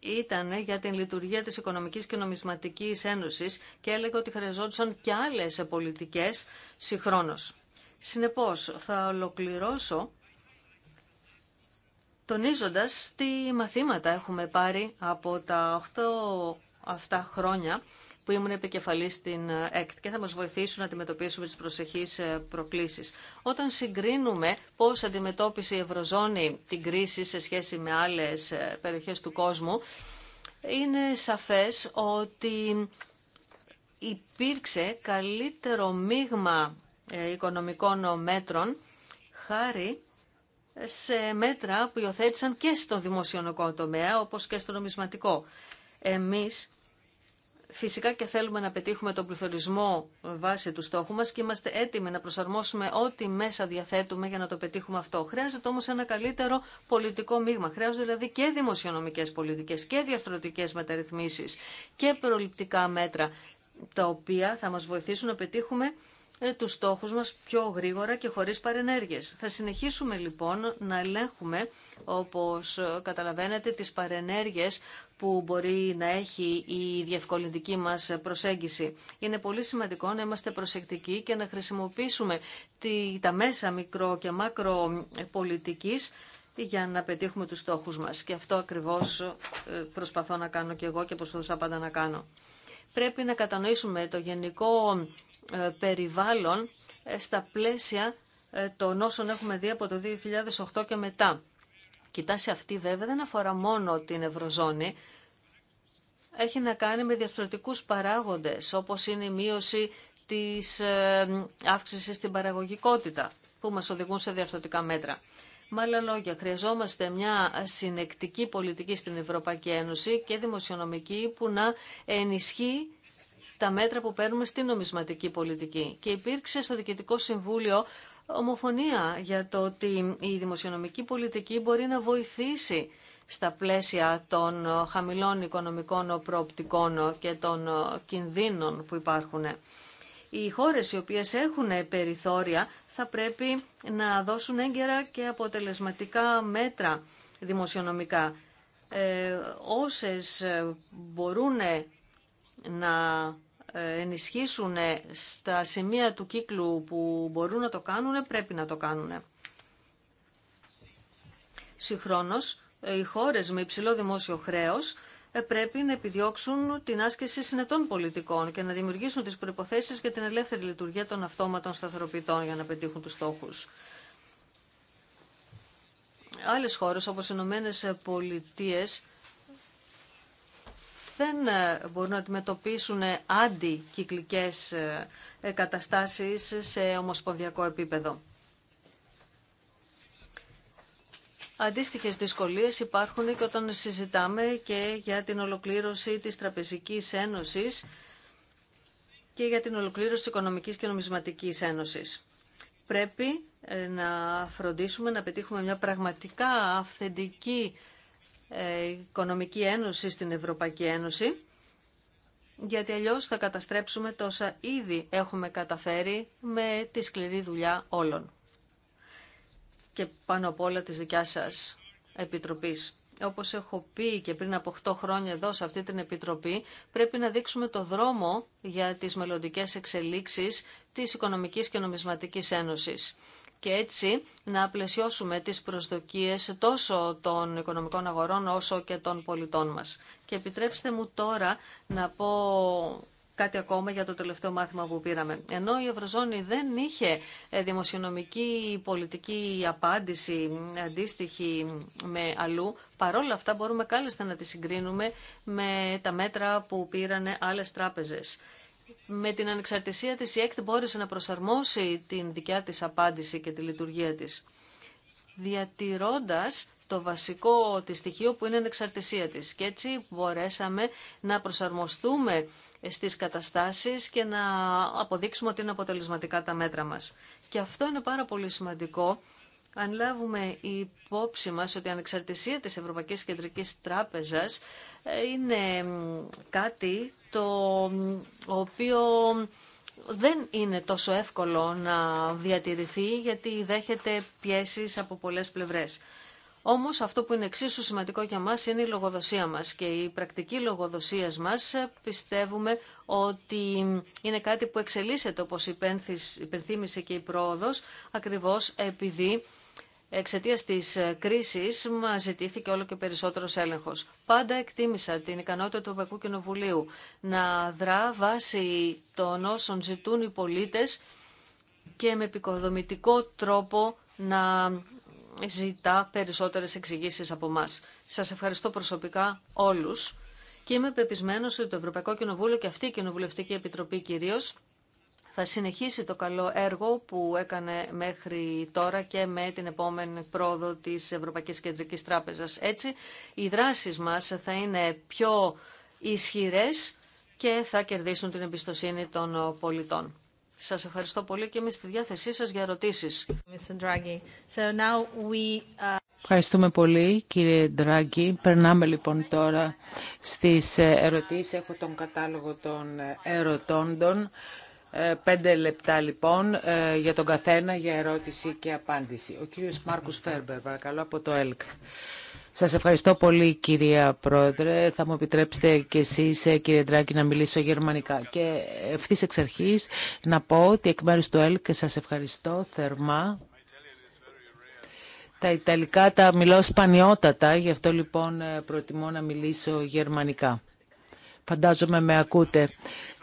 A: ήταν για την λειτουργία της Οικονομικής και Νομισματικής Ένωσης και έλεγα ότι χρειαζόντουσαν και άλλες ε, πολιτικές συγχρόνως. Συνεπώς, θα ολοκληρώσω τονίζοντας τι μαθήματα έχουμε πάρει από τα 8 αυτά χρόνια που ήμουν επικεφαλή στην ΕΚΤ και θα μας βοηθήσουν να αντιμετωπίσουμε τις προσεχείς ε, προκλήσεις. Όταν συγκρίνουμε πώς αντιμετώπισε η Ευρωζώνη την κρίση σε σχέση με άλλες ε, περιοχές του κόσμου, είναι σαφές ότι υπήρξε καλύτερο μείγμα ε, οικονομικών μέτρων χάρη σε μέτρα που υιοθέτησαν και στο δημοσιονομικό τομέα όπως και στο νομισματικό. Εμείς φυσικά και θέλουμε να πετύχουμε τον πληθωρισμό βάσει του στόχου μας και είμαστε έτοιμοι να προσαρμόσουμε ό,τι μέσα διαθέτουμε για να το πετύχουμε αυτό. Χρειάζεται όμως ένα καλύτερο πολιτικό μείγμα. Χρειάζονται δηλαδή και δημοσιονομικές πολιτικές και διαρθρωτικές μεταρρυθμίσεις και προληπτικά μέτρα τα οποία θα μας βοηθήσουν να πετύχουμε ε, τους στόχους μας πιο γρήγορα και χωρίς παρενέργειες. Θα συνεχίσουμε λοιπόν να ελέγχουμε, όπως ε, καταλαβαίνετε, τις παρενέργειες που μπορεί να έχει η διευκολυντική μας προσέγγιση. Είναι πολύ σημαντικό να είμαστε προσεκτικοί και να χρησιμοποιήσουμε τα μέσα μικρό και μάκρο πολιτικής για να πετύχουμε τους στόχους μας. Και αυτό ακριβώς ε, προσπαθώ να κάνω και εγώ και προσπαθώ πάντα να κάνω πρέπει να κατανοήσουμε το γενικό ε, περιβάλλον ε, στα πλαίσια ε, των όσων έχουμε δει από το 2008 και μετά. Κοιτάσει αυτή βέβαια δεν αφορά μόνο την Ευρωζώνη, έχει να κάνει με διαφορετικούς παράγοντες, όπως είναι η μείωση της αύξησης στην παραγωγικότητα, που μας οδηγούν σε διαφορετικά μέτρα. Με άλλα λόγια, χρειαζόμαστε μια συνεκτική πολιτική στην Ευρωπαϊκή Ένωση και δημοσιονομική που να ενισχύει τα μέτρα που παίρνουμε στην νομισματική πολιτική. Και υπήρξε στο Διοικητικό Συμβούλιο ομοφωνία για το ότι η δημοσιονομική πολιτική μπορεί να βοηθήσει στα πλαίσια των χαμηλών οικονομικών προοπτικών και των κινδύνων που υπάρχουν. Οι χώρες οι οποίες έχουν περιθώρια θα πρέπει να δώσουν έγκαιρα και αποτελεσματικά μέτρα δημοσιονομικά. Ε, όσες ε, μπορούν ε, να ε, ενισχύσουν στα σημεία του κύκλου που μπορούν να το κάνουν, πρέπει να το κάνουν. Συγχρόνως, οι χώρες με υψηλό δημόσιο χρέος ε, πρέπει να επιδιώξουν την άσκηση συνετών πολιτικών και να δημιουργήσουν τις προϋποθέσεις για την ελεύθερη λειτουργία των αυτόματων σταθεροποιητών για να πετύχουν τους στόχους. Άλλες χώρες όπως οι Ηνωμένε Πολιτείε δεν ε, μπορούν να αντιμετωπίσουν αντικυκλικές ε, καταστάσεις σε ομοσπονδιακό επίπεδο. Αντίστοιχε δυσκολίες υπάρχουν και όταν συζητάμε και για την ολοκλήρωση της Τραπεζικής Ένωσης και για την ολοκλήρωση τη Οικονομικής και Νομισματικής Ένωσης. Πρέπει ε, να φροντίσουμε να πετύχουμε μια πραγματικά αυθεντική ε, Οικονομική Ένωση στην Ευρωπαϊκή Ένωση, γιατί αλλιώς θα καταστρέψουμε τόσα ήδη έχουμε καταφέρει με τη σκληρή δουλειά όλων και πάνω απ' όλα της δικιάς σας Επιτροπής. Όπως έχω πει και πριν από 8 χρόνια εδώ σε αυτή την Επιτροπή, πρέπει να δείξουμε το δρόμο για τις μελλοντικέ εξελίξεις της Οικονομικής και Νομισματικής Ένωσης και έτσι να πλαισιώσουμε τις προσδοκίες τόσο των οικονομικών αγορών όσο και των πολιτών μας. Και επιτρέψτε μου τώρα να πω κάτι ακόμα για το τελευταίο μάθημα που πήραμε. Ενώ η Ευρωζώνη δεν είχε ε, δημοσιονομική πολιτική απάντηση αντίστοιχη με αλλού, παρόλα αυτά μπορούμε κάλλιστα να τη συγκρίνουμε με τα μέτρα που πήρανε άλλες τράπεζες. Με την ανεξαρτησία της η ΕΚΤ μπόρεσε να προσαρμόσει την δικιά της απάντηση και τη λειτουργία της, διατηρώντας το βασικό της στοιχείο που είναι η ανεξαρτησία της. Και έτσι μπορέσαμε να προσαρμοστούμε στις καταστάσεις και να αποδείξουμε ότι είναι αποτελεσματικά τα μέτρα μας. Και αυτό είναι πάρα πολύ σημαντικό αν λάβουμε υπόψη μας ότι η ανεξαρτησία της Ευρωπαϊκής Κεντρικής Τράπεζας ε, είναι κάτι το οποίο δεν είναι τόσο εύκολο να διατηρηθεί γιατί δέχεται πιέσεις από πολλές πλευρές. Όμω, αυτό που είναι εξίσου σημαντικό για μας είναι η λογοδοσία μας και η πρακτική λογοδοσία μας ε, πιστεύουμε ότι είναι κάτι που εξελίσσεται όπω υπενθύμησε και η πρόοδο ακριβώς επειδή Εξαιτία τη ε, κρίση, μα ζητήθηκε όλο και περισσότερο έλεγχο. Πάντα εκτίμησα την ικανότητα του Ευρωπαϊκού Κοινοβουλίου να δρά βάσει των όσων ζητούν οι πολίτε και με επικοδομητικό τρόπο να ζητά περισσότερες εξηγήσεις από εμά. Σας ευχαριστώ προσωπικά όλους και είμαι πεπισμένος ότι το Ευρωπαϊκό Κοινοβούλιο και αυτή η Κοινοβουλευτική Επιτροπή κυρίως θα συνεχίσει το καλό έργο που έκανε μέχρι τώρα και με την επόμενη πρόοδο της Ευρωπαϊκής Κεντρικής Τράπεζας. Έτσι, οι δράσεις μας θα είναι πιο ισχυρές και θα κερδίσουν την εμπιστοσύνη των πολιτών. Σας ευχαριστώ πολύ και είμαι στη διάθεσή σας για ερωτήσεις. Uh,
B: Ευχαριστούμε πολύ κύριε Ντράγκη. Περνάμε λοιπόν τώρα στις ε, ερωτήσεις. Έχω τον κατάλογο των ε, ερωτώντων. Ε, πέντε λεπτά λοιπόν για τον καθένα για ερώτηση και απάντηση. Ο κύριος Μάρκους Φέρμπερ, παρακαλώ από το ΕΛΚ. Σας ευχαριστώ πολύ κυρία Πρόεδρε. Θα μου επιτρέψετε και εσείς ε, κύριε Ντράκη να μιλήσω γερμανικά. Και ευθύς εξ αρχής να πω ότι εκ μέρους του ΕΛΚ σας ευχαριστώ θερμά. Τα Ιταλικά τα μιλώ σπανιότατα, γι' αυτό λοιπόν ε, προτιμώ να μιλήσω γερμανικά. Φαντάζομαι με ακούτε.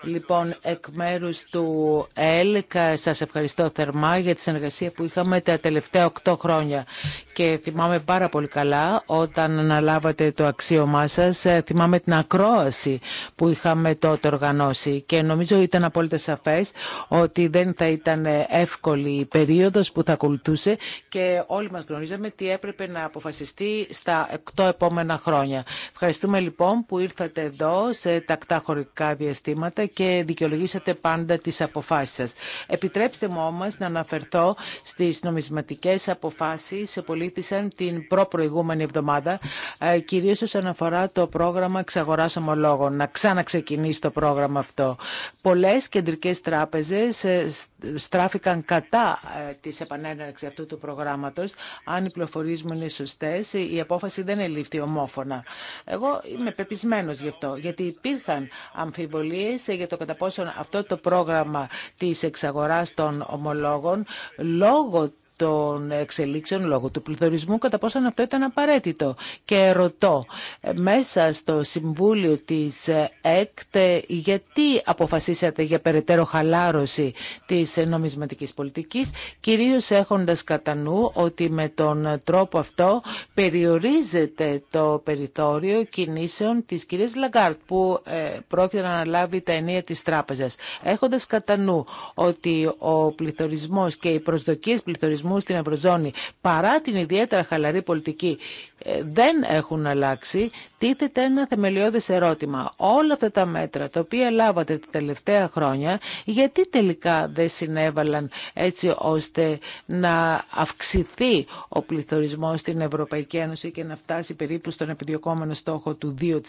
B: Λοιπόν, εκ μέρους του ΕΛΚ σας ευχαριστώ θερμά για τη συνεργασία που είχαμε τα τελευταία οκτώ χρόνια και θυμάμαι πάρα πολύ καλά όταν αναλάβατε το αξίωμά σας ε, θυμάμαι την ακρόαση που είχαμε τότε οργανώσει και νομίζω ήταν απόλυτα σαφές ότι δεν θα ήταν εύκολη η περίοδος που θα ακολουθούσε και όλοι μας γνωρίζαμε τι έπρεπε να αποφασιστεί στα οκτώ επόμενα χρόνια. Ευχαριστούμε λοιπόν που ήρθατε εδώ σε τακτά χωρικά διαστήματα και δικαιολογήσατε πάντα τις αποφάσεις σας. Επιτρέψτε μου όμως να αναφερθώ στις νομισματικές αποφάσεις που πολίτησαν την προπροηγούμενη εβδομάδα, ε, κυρίως όσον αφορά το πρόγραμμα εξαγοράς ομολόγων, να ξαναξεκινήσει το πρόγραμμα αυτό. Πολλές κεντρικές τράπεζες ε, στράφηκαν κατά ε, της επανέναρξης αυτού του προγράμματος. Αν οι πληροφορίες μου είναι σωστές, η απόφαση δεν ελήφθη ομόφωνα. Εγώ είμαι πεπισμένος γι' αυτό, γιατί υπήρχαν αμφιβολίες για το κατά πόσο αυτό το πρόγραμμα της εξαγοράς των ομολόγων λόγω των εξελίξεων λόγω του πληθωρισμού, κατά πόσον αυτό ήταν απαραίτητο. Και ρωτώ, ε, μέσα στο Συμβούλιο της ε, ΕΚΤ, ε, γιατί αποφασίσατε για περαιτέρω χαλάρωση της νομισματικής πολιτικής, κυρίως έχοντας κατά νου ότι με τον τρόπο αυτό περιορίζεται το περιθώριο κινήσεων της κυρίας Λαγκάρτ, που πρόκειται να αναλάβει τα ενία της τράπεζας. Έχοντας κατά νου ότι ο πληθωρισμός και οι προσδοκίες πληθωρισμού στην Ευρωζώνη παρά την ιδιαίτερα χαλαρή πολιτική ε, δεν έχουν αλλάξει, τίθεται ένα θεμελιώδες ερώτημα. Όλα αυτά τα μέτρα τα οποία λάβατε τα τελευταία χρόνια, γιατί τελικά δεν συνέβαλαν έτσι ώστε να αυξηθεί ο πληθωρισμός στην Ευρωπαϊκή Ένωση και να φτάσει περίπου στον επιδιωκόμενο στόχο του 2%.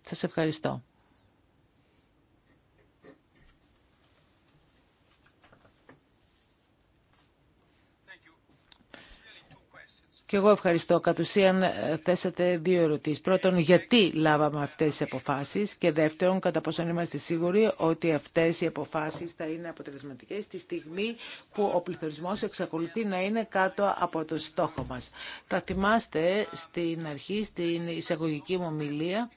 B: Σας ευχαριστώ. Και εγώ ευχαριστώ. Κατ' ουσίαν ε, θέσατε δύο ερωτήσεις. Πρώτον, γιατί λάβαμε αυτές τις αποφάσεις και δεύτερον, κατά πόσον είμαστε σίγουροι ότι αυτές οι αποφάσεις θα είναι αποτελεσματικές τη στιγμή που ο πληθωρισμός εξακολουθεί να είναι κάτω από το στόχο μας. Θα θυμάστε στην αρχή, στην εισαγωγική μου ομιλία,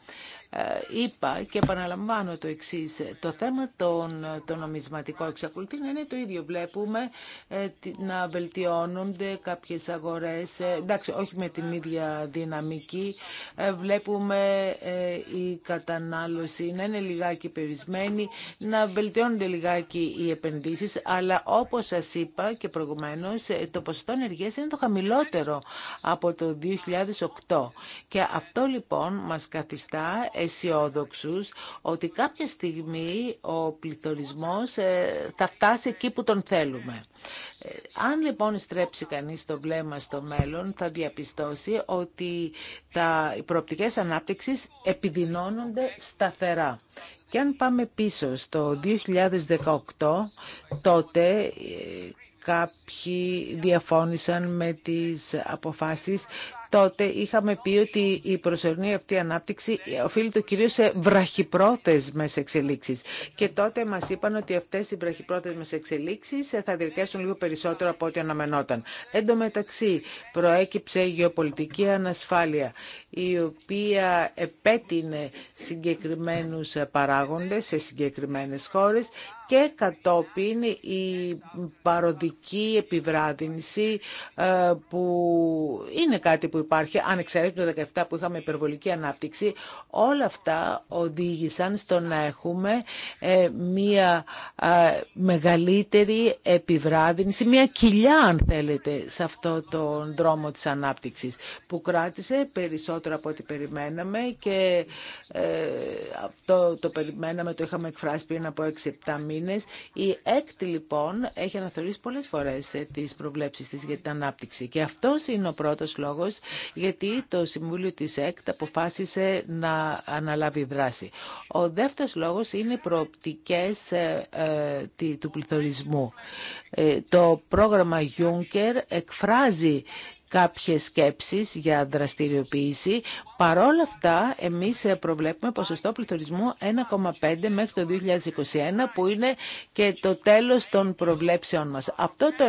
B: ε, είπα και επαναλαμβάνω το εξή. Το θέμα των, το νομισματικό εξακολουθεί να είναι το ίδιο. Βλέπουμε ε, να βελτιώνονται κάποιες αγορές, ε, εντάξει όχι με την ίδια δυναμική. βλέπουμε η κατανάλωση να είναι λιγάκι περισμένη, να βελτιώνονται λιγάκι οι επενδύσεις, αλλά όπως σας είπα και προηγουμένως, το ποσοστό ενεργείας είναι το χαμηλότερο από το 2008. Και αυτό λοιπόν μας καθιστά αισιόδοξου ότι κάποια στιγμή ο πληθωρισμός ε, θα φτάσει εκεί που τον θέλουμε. Ε, αν λοιπόν στρέψει κανείς το βλέμμα στο μέλλον, θα διαπιστώσει ότι τα, οι προοπτικές ανάπτυξης επιδεινώνονται σταθερά. Και αν πάμε πίσω στο 2018, τότε ε, κάποιοι διαφώνησαν με τις αποφάσεις τότε είχαμε πει ότι η προσωρινή αυτή ανάπτυξη οφείλεται κυρίως σε βραχυπρόθεσμες εξελίξεις. Και τότε μας είπαν ότι αυτές οι βραχυπρόθεσμες εξελίξεις θα διαρκέσουν λίγο περισσότερο από ό,τι αναμενόταν. Εν τω μεταξύ προέκυψε η γεωπολιτική ανασφάλεια, η οποία επέτεινε συγκεκριμένους παράγοντες σε συγκεκριμένες χώρες και κατόπιν η παροδική επιβράδυνση ε, που είναι κάτι που υπάρχει, αν το 17 που είχαμε υπερβολική ανάπτυξη, όλα αυτά οδήγησαν στο να έχουμε ε, μία μεγαλύτερη επιβράδυνση, μία κοιλιά αν θέλετε, σε αυτό τον δρόμο της ανάπτυξης που κράτησε περισσότερο από ό,τι περιμέναμε και ε, αυτό το περιμέναμε, το είχαμε εκφράσει πριν από 6-7 μήνες. Η έκτη λοιπόν έχει αναθεωρήσει πολλές φορές ε, τις προβλέψεις της για την ανάπτυξη και αυτός είναι ο πρώτος λόγος γιατί το Συμβούλιο της ΕΚΤ αποφάσισε να αναλάβει δράση. Ο δεύτερος λόγος είναι οι προοπτικές ε, ε, του πληθωρισμού. Ε, το πρόγραμμα Juncker εκφράζει κάποιες σκέψεις για δραστηριοποίηση Παρόλα αυτά, εμείς ε, προβλέπουμε ποσοστό πληθωρισμού 1,5 μέχρι το 2021, που είναι και το τέλος των προβλέψεών μας. Αυτό το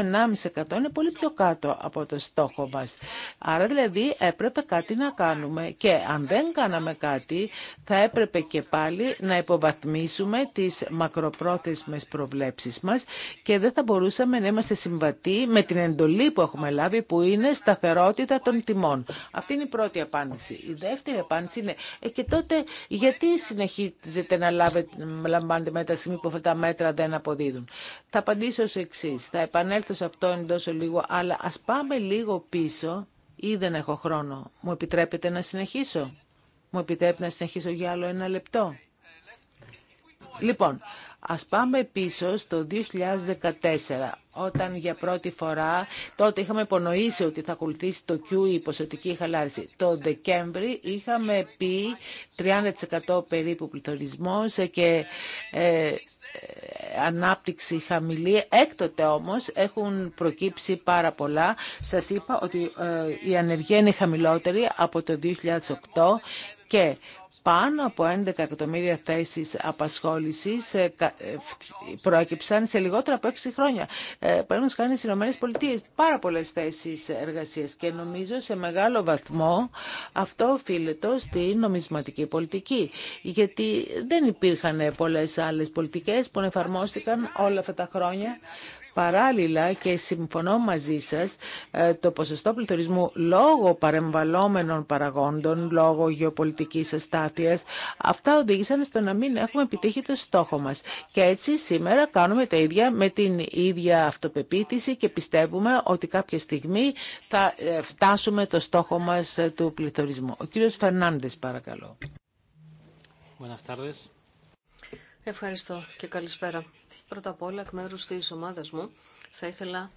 B: 1,5% είναι πολύ πιο κάτω από το στόχο μας. Άρα δηλαδή έπρεπε κάτι να κάνουμε και αν δεν κάναμε κάτι θα έπρεπε και πάλι να υποβαθμίσουμε τις μακροπρόθεσμες προβλέψεις μας και δεν θα μπορούσαμε να είμαστε συμβατοί με την εντολή που έχουμε λάβει που είναι σταθερότητα των τιμών. Αυτή είναι η πρώτη απάντηση δεύτερη απάντηση είναι ε, και τότε γιατί συνεχίζετε να λάβετε, λαμβάνετε μετά στιγμή που αυτά τα μέτρα δεν αποδίδουν. Θα απαντήσω ως εξή. Θα επανέλθω σε αυτό εντός λίγο, αλλά ας πάμε λίγο πίσω ή δεν έχω χρόνο. Μου επιτρέπετε να συνεχίσω. Μου επιτρέπετε να συνεχίσω για άλλο ένα λεπτό. Λοιπόν, Ας πάμε πίσω στο 2014 όταν για πρώτη φορά τότε είχαμε υπονοήσει ότι θα ακολουθήσει το Q η ποσοτική χαλάρωση. Το Δεκέμβρη είχαμε πει 30% περίπου πληθωρισμός και ε, ανάπτυξη χαμηλή. Έκτοτε όμως έχουν προκύψει πάρα πολλά. Σας είπα ότι ε, η ανεργία είναι χαμηλότερη από το 2008 και πάνω από 11 εκατομμύρια θέσεις απασχόλησης ε, ε, προέκυψαν σε λιγότερα από 6 χρόνια. Ε, παραδείγματος χάρη στις Ηνωμένες Πολιτείες πάρα πολλές θέσεις εργασίας και νομίζω σε μεγάλο βαθμό αυτό οφείλεται στην νομισματική πολιτική. Γιατί δεν υπήρχαν πολλές άλλες πολιτικές που εφαρμόστηκαν όλα αυτά τα χρόνια Παράλληλα και συμφωνώ μαζί σας, ε, το ποσοστό πληθωρισμού λόγω παρεμβαλόμενων παραγόντων, λόγω γεωπολιτικής αστάθειας, αυτά οδήγησαν στο να μην έχουμε επιτύχει το στόχο μας. Και έτσι σήμερα κάνουμε τα ίδια με την ίδια αυτοπεποίθηση και πιστεύουμε ότι κάποια στιγμή θα ε, φτάσουμε το στόχο μας ε, του πληθωρισμού. Ο κύριος Φερνάνδης, παρακαλώ.
A: Ευχαριστώ και καλησπέρα. Πρώτα απ' όλα, εκ μέρους της ομάδας μου, θα ήθελα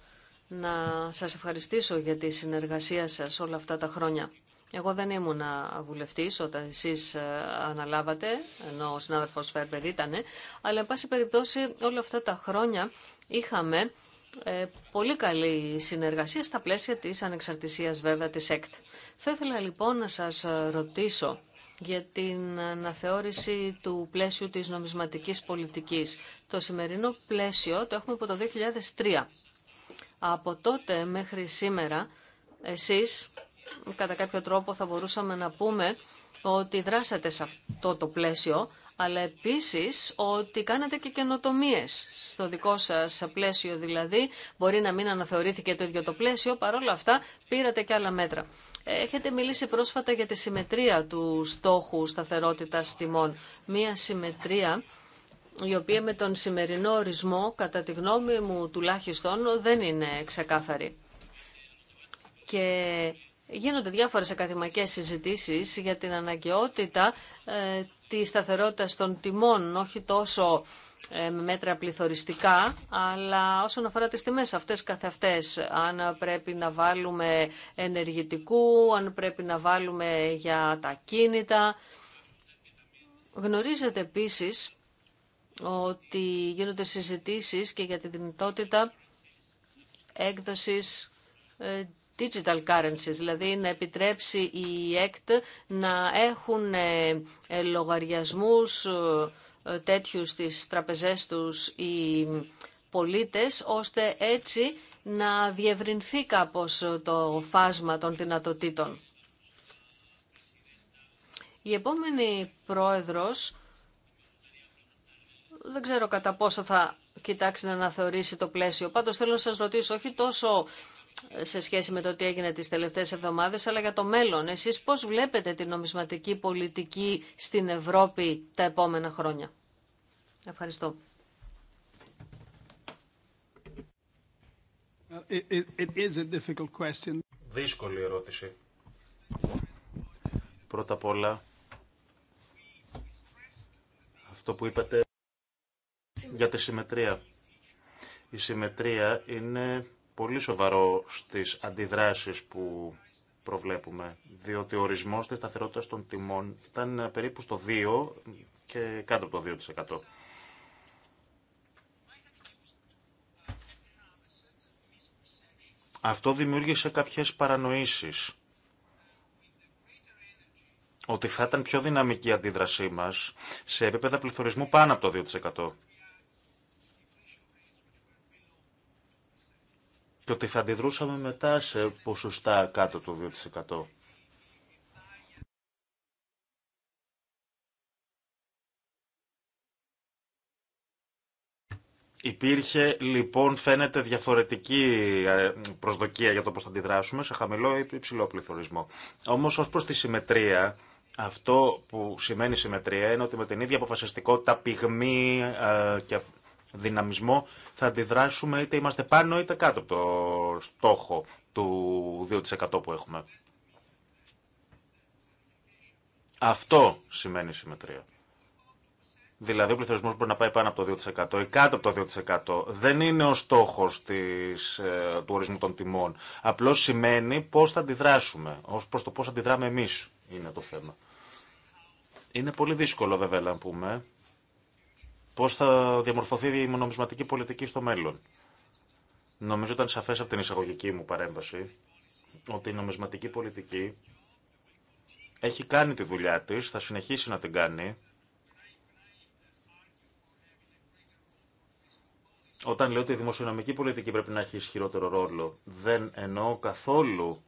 A: να σας ευχαριστήσω για τη συνεργασία σας όλα αυτά τα χρόνια. Εγώ δεν ήμουν βουλευτή όταν εσεί ε, αναλάβατε, ενώ ο συνάδελφο Φέρμπερ ήταν, αλλά εν πάση περιπτώσει όλα αυτά τα χρόνια είχαμε ε, πολύ καλή συνεργασία στα πλαίσια της ανεξαρτησίας βέβαια της ΕΚΤ. Θα ήθελα λοιπόν να σας ρωτήσω για την αναθεώρηση του πλαίσιου της νομισματικής πολιτικής. Το σημερινό πλαίσιο το έχουμε από το 2003. Από τότε μέχρι σήμερα, εσείς, κατά κάποιο τρόπο θα μπορούσαμε να πούμε ότι δράσατε σε αυτό το πλαίσιο αλλά επίσης ότι κάνατε και καινοτομίες στο δικό σας πλαίσιο δηλαδή. Μπορεί να μην αναθεωρήθηκε το ίδιο το πλαίσιο, παρόλα αυτά πήρατε και άλλα μέτρα. Έχετε μιλήσει πρόσφατα για τη συμμετρία του στόχου σταθερότητας τιμών. Μία συμμετρία η οποία με τον σημερινό ορισμό, κατά τη γνώμη μου τουλάχιστον, δεν είναι ξεκάθαρη. Και γίνονται διάφορες ακαδημαϊκές συζητήσεις για την αναγκαιότητα ε, τη σταθερότητα των τιμών, όχι τόσο ε, με μέτρα πληθωριστικά, αλλά όσον αφορά τις τιμές αυτές καθε αν πρέπει να βάλουμε ενεργητικού, αν πρέπει να βάλουμε για τα κίνητα. Γνωρίζετε επίσης ότι γίνονται συζητήσεις και για τη δυνατότητα έκδοσης ε, digital currencies, δηλαδή να επιτρέψει η ΕΚΤ να έχουν ε, ε, λογαριασμούς ε, τέτοιους στις τραπεζές τους οι πολίτες, ώστε έτσι να διευρυνθεί κάπως το φάσμα των δυνατοτήτων. Η επόμενη πρόεδρος, δεν ξέρω κατά πόσο θα κοιτάξει να αναθεωρήσει το πλαίσιο. Πάντως θέλω να σας ρωτήσω όχι τόσο σε σχέση με το τι έγινε τις τελευταίες εβδομάδες, αλλά για το μέλλον. Εσείς πώς βλέπετε την νομισματική πολιτική στην Ευρώπη τα επόμενα χρόνια. Ευχαριστώ.
C: Uh, Δύσκολη
E: ερώτηση. Πρώτα απ' όλα, αυτό που είπατε για τη συμμετρία. Η συμμετρία είναι πολύ σοβαρό στις αντιδράσεις που προβλέπουμε, διότι ο ορισμός της σταθερότητας των τιμών ήταν ε, περίπου στο 2 και κάτω από το 2%. Αυτό δημιούργησε κάποιες παρανοήσεις ότι θα ήταν πιο δυναμική η αντίδρασή μας σε επίπεδα πληθωρισμού πάνω από το 2%. και ότι θα αντιδρούσαμε μετά σε ποσοστά κάτω του 2%. Υπήρχε λοιπόν φαίνεται διαφορετική ε, προσδοκία για το πώς θα αντιδράσουμε σε χαμηλό ή υψηλό πληθωρισμό. Όμως ως προς τη συμμετρία, αυτό που σημαίνει συμμετρία είναι ότι με την ίδια αποφασιστικότητα, πυγμή ε, και δυναμισμό θα αντιδράσουμε είτε είμαστε πάνω είτε κάτω από το στόχο του 2% που έχουμε. Αυτό σημαίνει συμμετρία. Δηλαδή ο πληθωρισμό μπορεί να πάει πάνω από το 2% ή κάτω από το 2%. Δεν είναι ο στόχο ε, του ορισμού των τιμών. Απλώ σημαίνει πώ θα αντιδράσουμε. Ω προ το πώ αντιδράμε εμεί είναι το θέμα. Είναι πολύ δύσκολο βέβαια να πούμε Πώ θα διαμορφωθεί η νομισματική πολιτική στο μέλλον. Νομίζω ήταν σαφέ από την εισαγωγική μου παρέμβαση ότι η νομισματική πολιτική έχει κάνει τη δουλειά τη, θα συνεχίσει να την κάνει. Όταν λέω ότι η δημοσιονομική πολιτική πρέπει να έχει ισχυρότερο ρόλο, δεν εννοώ καθόλου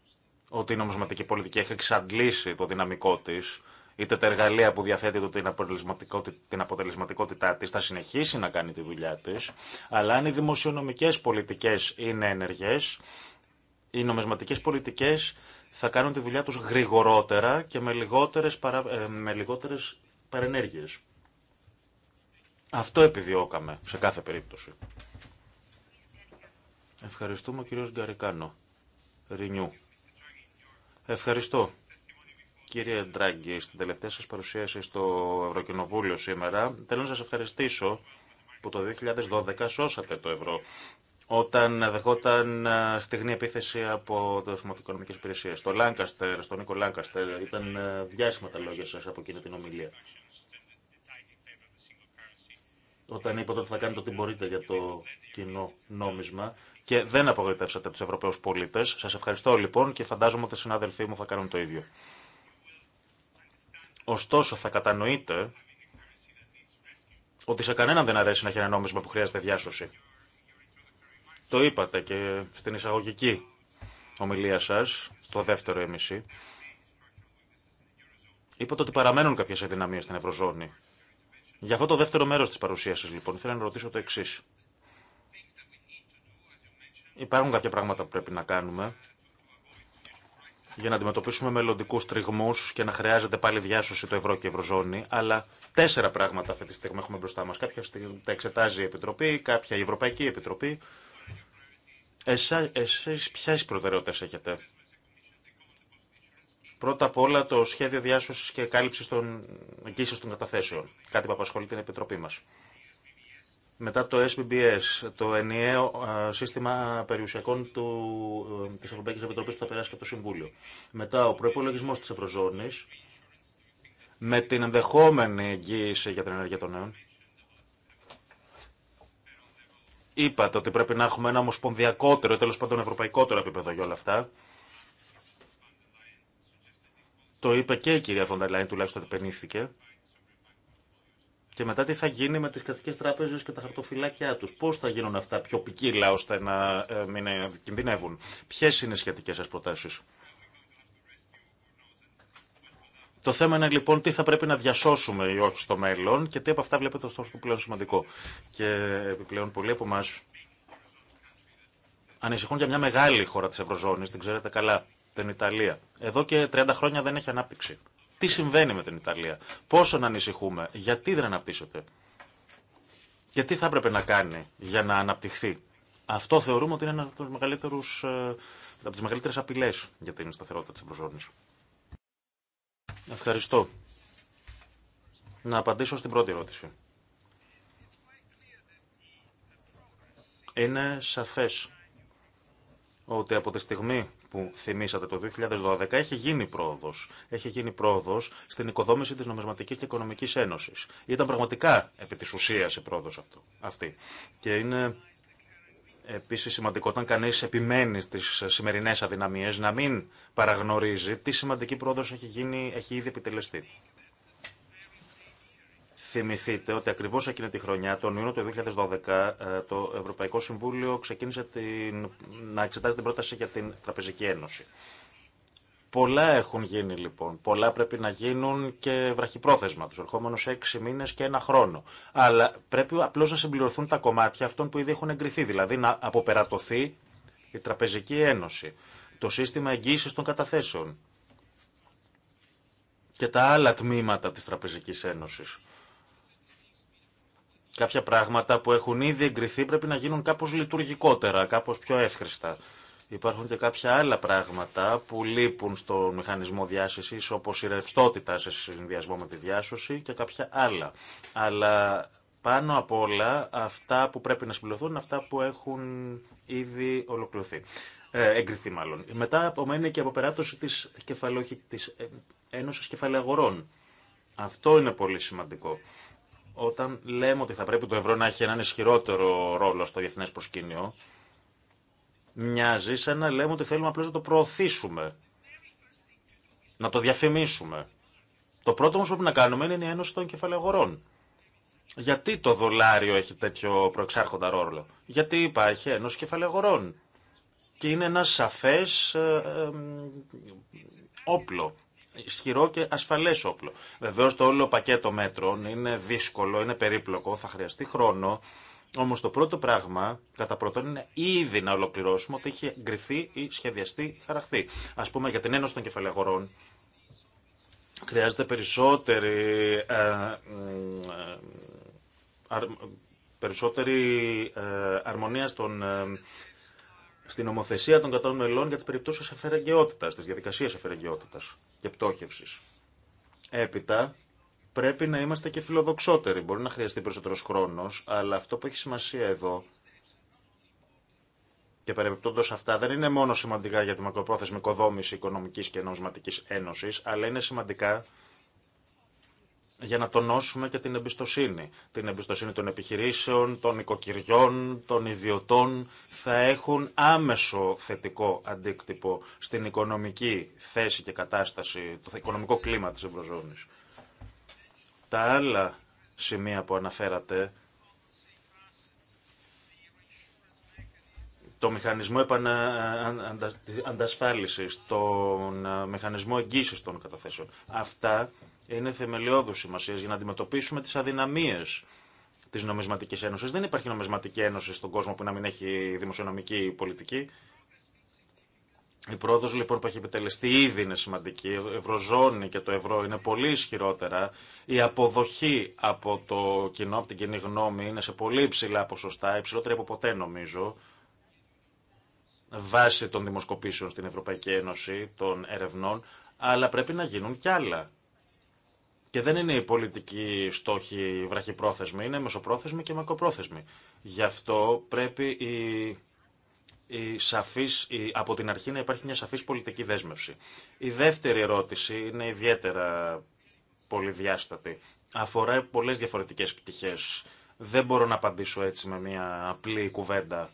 E: ότι η νομισματική πολιτική έχει εξαντλήσει το δυναμικό της είτε τα εργαλεία που διαθέτει την, την αποτελεσματικότητά της θα συνεχίσει να κάνει τη δουλειά της, αλλά αν οι δημοσιονομικές πολιτικές είναι ενεργές, οι νομισματικές πολιτικές θα κάνουν τη δουλειά τους γρηγορότερα και με λιγότερες, παρα... Ε, παρενέργειες. Αυτό επιδιώκαμε σε κάθε περίπτωση. Ευχαριστούμε ο κύριος Γκαρικάνο. Ευχαριστώ κύριε Ντράγκη, στην τελευταία σας παρουσίαση στο Ευρωκοινοβούλιο σήμερα, θέλω να σας ευχαριστήσω που το 2012 σώσατε το ευρώ όταν δεχόταν στιγμή επίθεση από το χρηματοοικονομικέ υπηρεσίε. Στο Λάνκαστερ, στον Νίκο Λάνκαστερ, ήταν διάσημα τα λόγια σα από εκείνη την ομιλία. Όταν είπατε ότι θα κάνετε ό,τι μπορείτε για το κοινό νόμισμα και δεν απογοητεύσατε του Ευρωπαίου πολίτε. Σα ευχαριστώ λοιπόν και φαντάζομαι ότι οι συνάδελφοί μου θα κάνουν το ίδιο. Ωστόσο θα κατανοείτε ότι σε κανέναν δεν αρέσει να έχει ένα νόμισμα που χρειάζεται διάσωση. Το είπατε και στην εισαγωγική ομιλία σας, στο δεύτερο εμισή. E είπατε ότι παραμένουν κάποιες αδυναμίες στην Ευρωζώνη. Για αυτό το δεύτερο μέρος της παρουσίασης, λοιπόν, ήθελα να ρωτήσω το εξής. Υπάρχουν κάποια πράγματα που πρέπει να κάνουμε για να αντιμετωπίσουμε μελλοντικού τριγμού και να χρειάζεται πάλι διάσωση το ευρώ και η ευρωζώνη. Αλλά τέσσερα πράγματα αυτή τη στιγμή έχουμε μπροστά μα. Κάποια στιγμή τα εξετάζει η Επιτροπή, κάποια η Ευρωπαϊκή Επιτροπή. Εσεί ποιε προτεραιότητε έχετε. Πρώτα απ' όλα το σχέδιο διάσωση και κάλυψη των εγγύσεων των καταθέσεων. Κάτι που απασχολεί την Επιτροπή μα. Μετά το SBBS, το ενιαίο σύστημα περιουσιακών του, της Ευρωπαϊκής Επιτροπής που θα περάσει και από το Συμβούλιο. Μετά ο προπολογισμό της Ευρωζώνης, με την ενδεχόμενη εγγύηση για την ενέργεια των νέων. Είπατε ότι πρέπει να έχουμε ένα ομοσπονδιακότερο, τέλος πάντων ευρωπαϊκότερο επίπεδο για όλα αυτά. Το είπε και η κυρία Φονταλάιν, τουλάχιστον επενήθηκε. Και μετά τι θα γίνει με τις κρατικές τράπεζες και τα χαρτοφυλάκια τους. Πώς θα γίνουν αυτά πιο ποικίλα ώστε να ε, μην ε, κινδυνεύουν. Ποιες είναι οι σχετικές σας προτάσεις. Το θέμα είναι λοιπόν τι θα πρέπει να διασώσουμε ή όχι στο μέλλον και τι από αυτά βλέπετε ως το πλέον σημαντικό. Και επιπλέον πολλοί από εμά ανησυχούν για μια μεγάλη χώρα της Ευρωζώνης, την ξέρετε καλά, την Ιταλία. Εδώ και 30 χρόνια δεν έχει ανάπτυξη τι συμβαίνει με την Ιταλία, πόσο να ανησυχούμε, γιατί δεν αναπτύσσεται και τι θα έπρεπε να κάνει για να αναπτυχθεί. Αυτό θεωρούμε ότι είναι ένα από, τους ε, από τις μεγαλύτερες απειλές για την σταθερότητα της Ευρωζώνης. Ευχαριστώ. Να απαντήσω στην πρώτη ερώτηση. Είναι σαφές ότι από τη στιγμή που θυμήσατε το 2012 έχει γίνει πρόοδο. Έχει γίνει πρόοδο στην οικοδόμηση τη νομισματικής και Οικονομική Ένωση. Ήταν πραγματικά επί τη ουσία η πρόοδο αυτή. Και είναι επίση σημαντικό όταν κανείς επιμένει στις σημερινές αδυναμίες να μην παραγνωρίζει τι σημαντική πρόοδο έχει, έχει ήδη επιτελεστεί. Θυμηθείτε ότι ακριβώ εκείνη τη χρονιά, τον Ιούνιο του 2012, ε, το Ευρωπαϊκό Συμβούλιο ξεκίνησε την... να εξετάζει την πρόταση για την Τραπεζική Ένωση. Πολλά έχουν γίνει λοιπόν. Πολλά πρέπει να γίνουν και βραχυπρόθεσμα του ερχόμενου έξι μήνε και ένα χρόνο. Αλλά πρέπει απλώ να συμπληρωθούν τα κομμάτια αυτών που ήδη έχουν εγκριθεί. Δηλαδή να αποπερατωθεί η Τραπεζική Ένωση, το σύστημα εγγύηση των καταθέσεων και τα άλλα τμήματα τη Τραπεζική Ένωση. Κάποια πράγματα που έχουν ήδη εγκριθεί πρέπει να γίνουν κάπως λειτουργικότερα, κάπως πιο εύχρηστα. Υπάρχουν και κάποια άλλα πράγματα που λείπουν στο μηχανισμό διάσωσης, όπως η ρευστότητα σε συνδυασμό με τη διάσωση και κάποια άλλα. Αλλά πάνω απ' όλα αυτά που πρέπει να συμπληρωθούν είναι αυτά που έχουν ήδη ολοκληρωθεί. Ε, εγκριθεί μάλλον. Μετά απομένει και η αποπεράτωση της, κεφαλόχη, της ε, Αγορών. Αυτό είναι πολύ σημαντικό. Όταν λέμε ότι θα πρέπει το ευρώ να έχει έναν ισχυρότερο ρόλο στο διεθνές προσκήνιο, μοιάζει σαν να λέμε ότι θέλουμε απλώς να το προωθήσουμε, να το διαφημίσουμε. Το πρώτο όμως που πρέπει να κάνουμε είναι η ένωση των κεφαλαιογορών. Γιατί το δολάριο έχει τέτοιο προεξάρχοντα ρόλο. Γιατί υπάρχει ένωση κεφαλαιογορών. Και είναι ένα σαφές ε, ε, όπλο ισχυρό και ασφαλέ όπλο. Βεβαίω το όλο πακέτο μέτρων είναι δύσκολο, είναι περίπλοκο, θα χρειαστεί χρόνο. Όμω το πρώτο πράγμα, κατά πρώτον, είναι ήδη να ολοκληρώσουμε ότι έχει εγκριθεί ή σχεδιαστεί χαραχθεί. Α πούμε για την Ένωση των Κεφαλαίων χρειάζεται περισσότερη. Ε, ε περισσότερη ε, αρμονία στον ε, στην ομοθεσία των κατών μελών για τις περιπτώσεις αφαιρεγκαιότητα, τις διαδικασίες αφαιρεγκαιότητα και πτώχευσης. Έπειτα, πρέπει να είμαστε και φιλοδοξότεροι. Μπορεί να χρειαστεί περισσότερος χρόνος, αλλά αυτό που έχει σημασία εδώ και παρεμπιπτόντω αυτά δεν είναι μόνο σημαντικά για τη μακροπρόθεσμη οικοδόμηση οικονομική και νομισματική ένωση, αλλά είναι σημαντικά για να τονώσουμε και την εμπιστοσύνη. Την εμπιστοσύνη των επιχειρήσεων, των οικοκυριών, των ιδιωτών θα έχουν άμεσο θετικό αντίκτυπο στην οικονομική θέση και κατάσταση, το οικονομικό κλίμα της Ευρωζώνης. Τα άλλα σημεία που αναφέρατε, το μηχανισμό επανα... αντασφάλισης, τον ε, μηχανισμό εγγύσης των καταθέσεων, αυτά είναι θεμελιώδου σημασία για να αντιμετωπίσουμε τι αδυναμίε τη Νομισματική Ένωση. Δεν υπάρχει νομισματική ένωση στον κόσμο που να μην έχει δημοσιονομική πολιτική. Η πρόοδο λοιπόν που έχει επιτελεστεί ήδη είναι σημαντική. Η Ευρωζώνη και το ευρώ είναι πολύ ισχυρότερα. Η αποδοχή από το κοινό, από την κοινή γνώμη είναι σε πολύ υψηλά ποσοστά, υψηλότερη από ποτέ νομίζω, βάσει των δημοσκοπήσεων στην Ευρωπαϊκή Ένωση, των ερευνών, αλλά πρέπει να γίνουν κι άλλα. Και δεν είναι η πολιτική στόχη βραχυπρόθεσμη, είναι μεσοπρόθεσμη και μακροπρόθεσμη. Γι' αυτό πρέπει η, η σαφής, από την αρχή να υπάρχει μια σαφής πολιτική δέσμευση. Η δεύτερη ερώτηση είναι ιδιαίτερα πολυδιάστατη. Αφορά πολλές διαφορετικές πτυχές. Δεν μπορώ να απαντήσω έτσι με μια απλή κουβέντα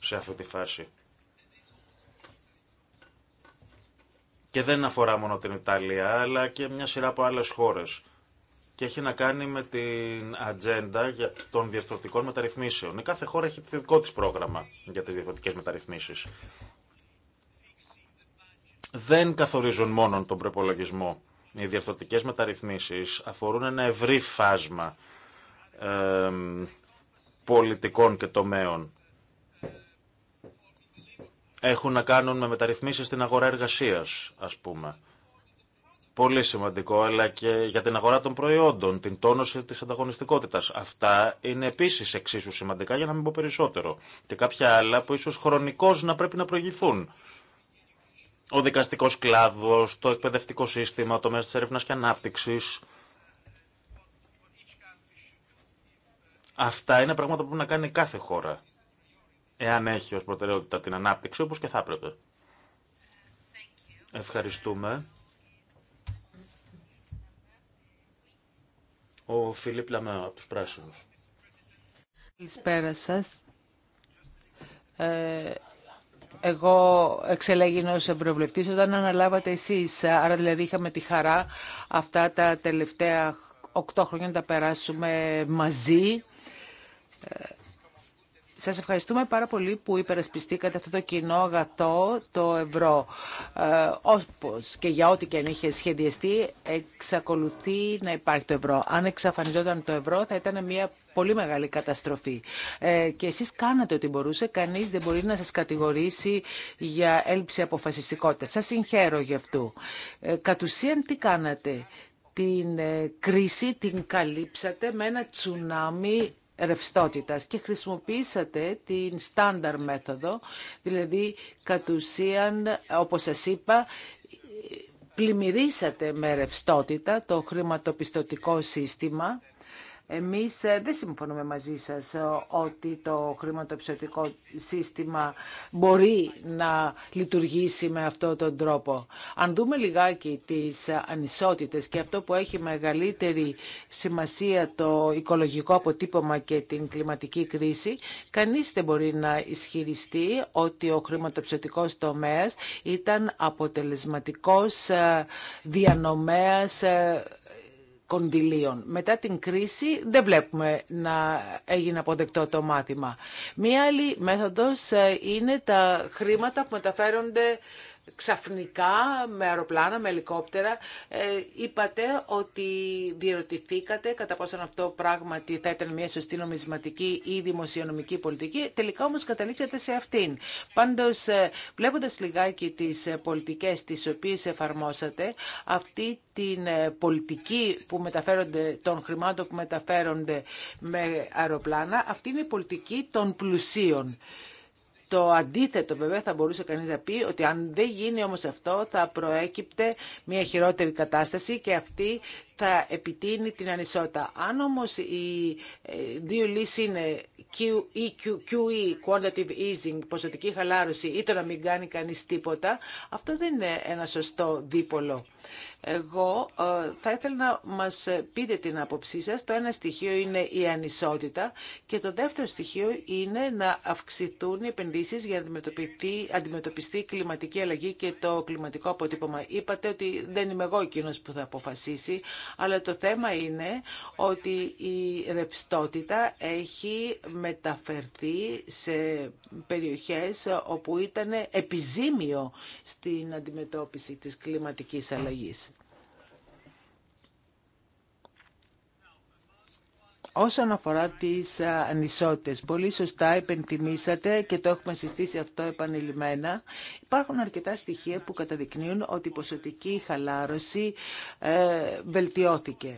E: σε αυτή τη φάση. Και δεν αφορά μόνο την Ιταλία, αλλά και μια σειρά από άλλες χώρες. Και έχει να κάνει με την ατζέντα των διευθυντικών μεταρρυθμίσεων. κάθε χώρα έχει το δικό της πρόγραμμα για τις διευθυντικές μεταρρυθμίσεις. Δεν καθορίζουν μόνο τον προπολογισμό. Οι διευθυντικές μεταρρυθμίσεις αφορούν ένα ευρύ φάσμα πολιτικών και τομέων έχουν να κάνουν με μεταρρυθμίσεις στην αγορά εργασίας, ας πούμε. Πολύ σημαντικό, αλλά και για την αγορά των προϊόντων, την τόνωση της ανταγωνιστικότητας. Αυτά είναι επίσης εξίσου σημαντικά, για να μην πω περισσότερο. Και κάποια άλλα που ίσως χρονικώς να πρέπει να προηγηθούν. Ο δικαστικός κλάδος, το εκπαιδευτικό σύστημα, το μέσο της έρευνας και ανάπτυξης. Αυτά είναι πράγματα που πρέπει να κάνει κάθε χώρα εάν έχει ως προτεραιότητα την ανάπτυξη, όπως και θα έπρεπε. Ευχαριστούμε. Ο Φιλίπ Λαμέο, από τους Πράσινους.
B: Καλησπέρα σας. Ε, εγώ εξελέγηνα ως ευρωβουλευτής όταν αναλάβατε εσείς, άρα δηλαδή είχαμε τη χαρά αυτά τα τελευταία οκτώ χρόνια να τα περάσουμε μαζί. Ε, Σα ευχαριστούμε πάρα πολύ που υπερασπιστήκατε αυτό το κοινό αγαθό, το ευρώ. Ε, και για ό,τι και αν είχε σχεδιαστεί, εξακολουθεί να υπάρχει το ευρώ. Αν εξαφανιζόταν το ευρώ θα ήταν μια πολύ μεγάλη καταστροφή. Ε, και εσείς κάνατε ό,τι μπορούσε. Κανείς δεν μπορεί να σας κατηγορήσει για έλλειψη αποφασιστικότητα. Σας συγχαίρω γι' αυτό. Ε, κατ' ουσίαν τι κάνατε. Την ε, κρίση την καλύψατε με ένα τσουνάμι και χρησιμοποίησατε την στάνταρ μέθοδο, δηλαδή κατ' ουσίαν, όπως σας είπα, πλημμυρίσατε με ρευστότητα το χρηματοπιστωτικό σύστημα εμείς ε, δεν συμφωνούμε μαζί σας ε, ότι το χρηματοπιστωτικό σύστημα μπορεί να λειτουργήσει με αυτόν τον τρόπο. Αν δούμε λιγάκι τις ανισότητες και αυτό που έχει μεγαλύτερη σημασία το οικολογικό αποτύπωμα και την κλιματική κρίση, κανείς δεν μπορεί να ισχυριστεί ότι ο στο τομέας ήταν αποτελεσματικός ε, διανομέας κονδυλίων. Μετά την κρίση δεν βλέπουμε να έγινε αποδεκτό το μάθημα. Μία άλλη μέθοδος ε, είναι τα χρήματα που μεταφέρονται ξαφνικά με αεροπλάνα, με ελικόπτερα, ε, είπατε ότι διερωτηθήκατε κατά πόσον αυτό πράγματι θα ήταν μια σωστή νομισματική ή δημοσιονομική πολιτική. Τελικά όμως καταλήξατε σε αυτήν. Πάντως, ε, βλέποντας λιγάκι τις ε, πολιτικές τις οποίες εφαρμόσατε, αυτή την πολιτική που μεταφέρονται, των χρημάτων που μεταφέρονται με αεροπλάνα, αυτή είναι η πολιτική των πλουσίων. Το αντίθετο βέβαια θα μπορούσε κανείς να πει ότι αν δεν γίνει όμως αυτό θα προέκυπτε μια χειρότερη κατάσταση και αυτή θα επιτείνει την ανισότητα. Αν όμως οι ε, δύο λύσεις είναι QE, e, quantitative easing, ποσοτική χαλάρωση ή το να μην κάνει κανείς τίποτα, αυτό δεν είναι ένα σωστό δίπολο. Εγώ ε, θα ήθελα να μας πείτε την άποψή σας. Το ένα στοιχείο είναι η ανισότητα και το δεύτερο στοιχείο είναι να αυξηθούν οι επενδύσεις για να αντιμετωπιστεί η κλιματική αλλαγή και το κλιματικό αποτύπωμα. Είπατε ότι δεν είμαι εγώ εκείνο που θα αποφασίσει, αλλά το θέμα είναι ότι η ρευστότητα έχει μεταφερθεί σε περιοχές όπου ήταν επιζήμιο στην αντιμετώπιση της κλιματικής αλλαγής. Όσον αφορά τις ανισότητες, πολύ σωστά υπενθυμίσατε και το έχουμε συστήσει αυτό επανειλημμένα, υπάρχουν αρκετά στοιχεία που καταδεικνύουν ότι η ποσοτική χαλάρωση ε, βελτιώθηκε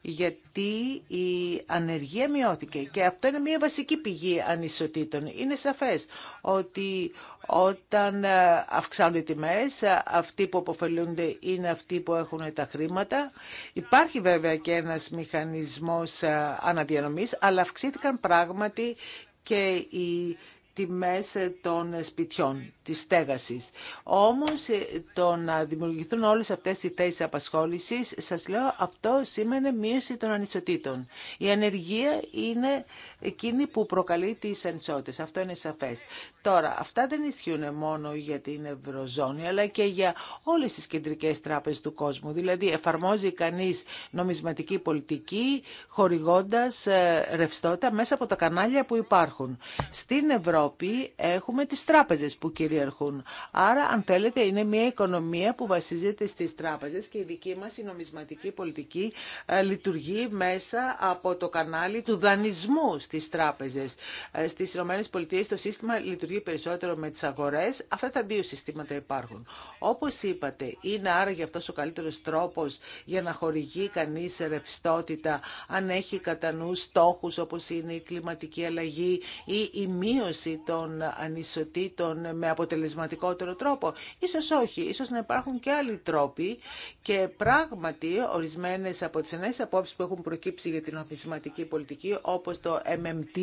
B: γιατί η ανεργία μειώθηκε και αυτό είναι μια βασική πηγή ανισοτήτων. Είναι σαφές ότι όταν ε, αυξάνονται οι τιμές, ε, αυτοί που αποφελούνται είναι αυτοί που έχουν τα χρήματα. Υπάρχει βέβαια και ένας μηχανισμός ε, αναδιανομής, αλλά αυξήθηκαν πράγματι και οι τιμές ε, των ε, σπιτιών, της στέγασης. Όμως ε, το να δημιουργηθούν όλες αυτές οι θέσεις απασχόλησης, σας λέω, αυτό σήμαινε μείωση των ανισοτήτων. Η ανεργία είναι εκείνη που προκαλεί τις ανισότητες. Αυτό είναι σαφές. Τώρα, αυτά δεν ισχύουν μόνο για την Ευρωζώνη, αλλά και για όλες τις κεντρικές τράπεζες του κόσμου. Δηλαδή, εφαρμόζει κανείς νομισματική πολιτική, χορηγώντας ρευστότητα μέσα από τα κανάλια που υπάρχουν. Στην Ευρώπη, Ευρώπη έχουμε τις τράπεζες που κυριαρχούν. Άρα, αν θέλετε, είναι μια οικονομία που βασίζεται στις τράπεζες και η δική μας η νομισματική πολιτική ε, λειτουργεί μέσα από το κανάλι του δανεισμού στις τράπεζες. Ε, στις ΗΠΑ το σύστημα λειτουργεί περισσότερο με τις αγορές. Αυτά τα δύο συστήματα υπάρχουν. Όπως είπατε, είναι άραγε αυτός ο καλύτερος τρόπος για να χορηγεί κανείς ρευστότητα αν έχει κατά νου στόχους όπως είναι η κλιματική αλλαγή ή η μείωση των ανισοτήτων με αποτελεσματικότερο τρόπο. Ίσως όχι, ίσως να υπάρχουν και άλλοι τρόποι και πράγματι ορισμένες από τις νέες απόψεις που έχουν προκύψει για την αφισματική πολιτική όπως το MMT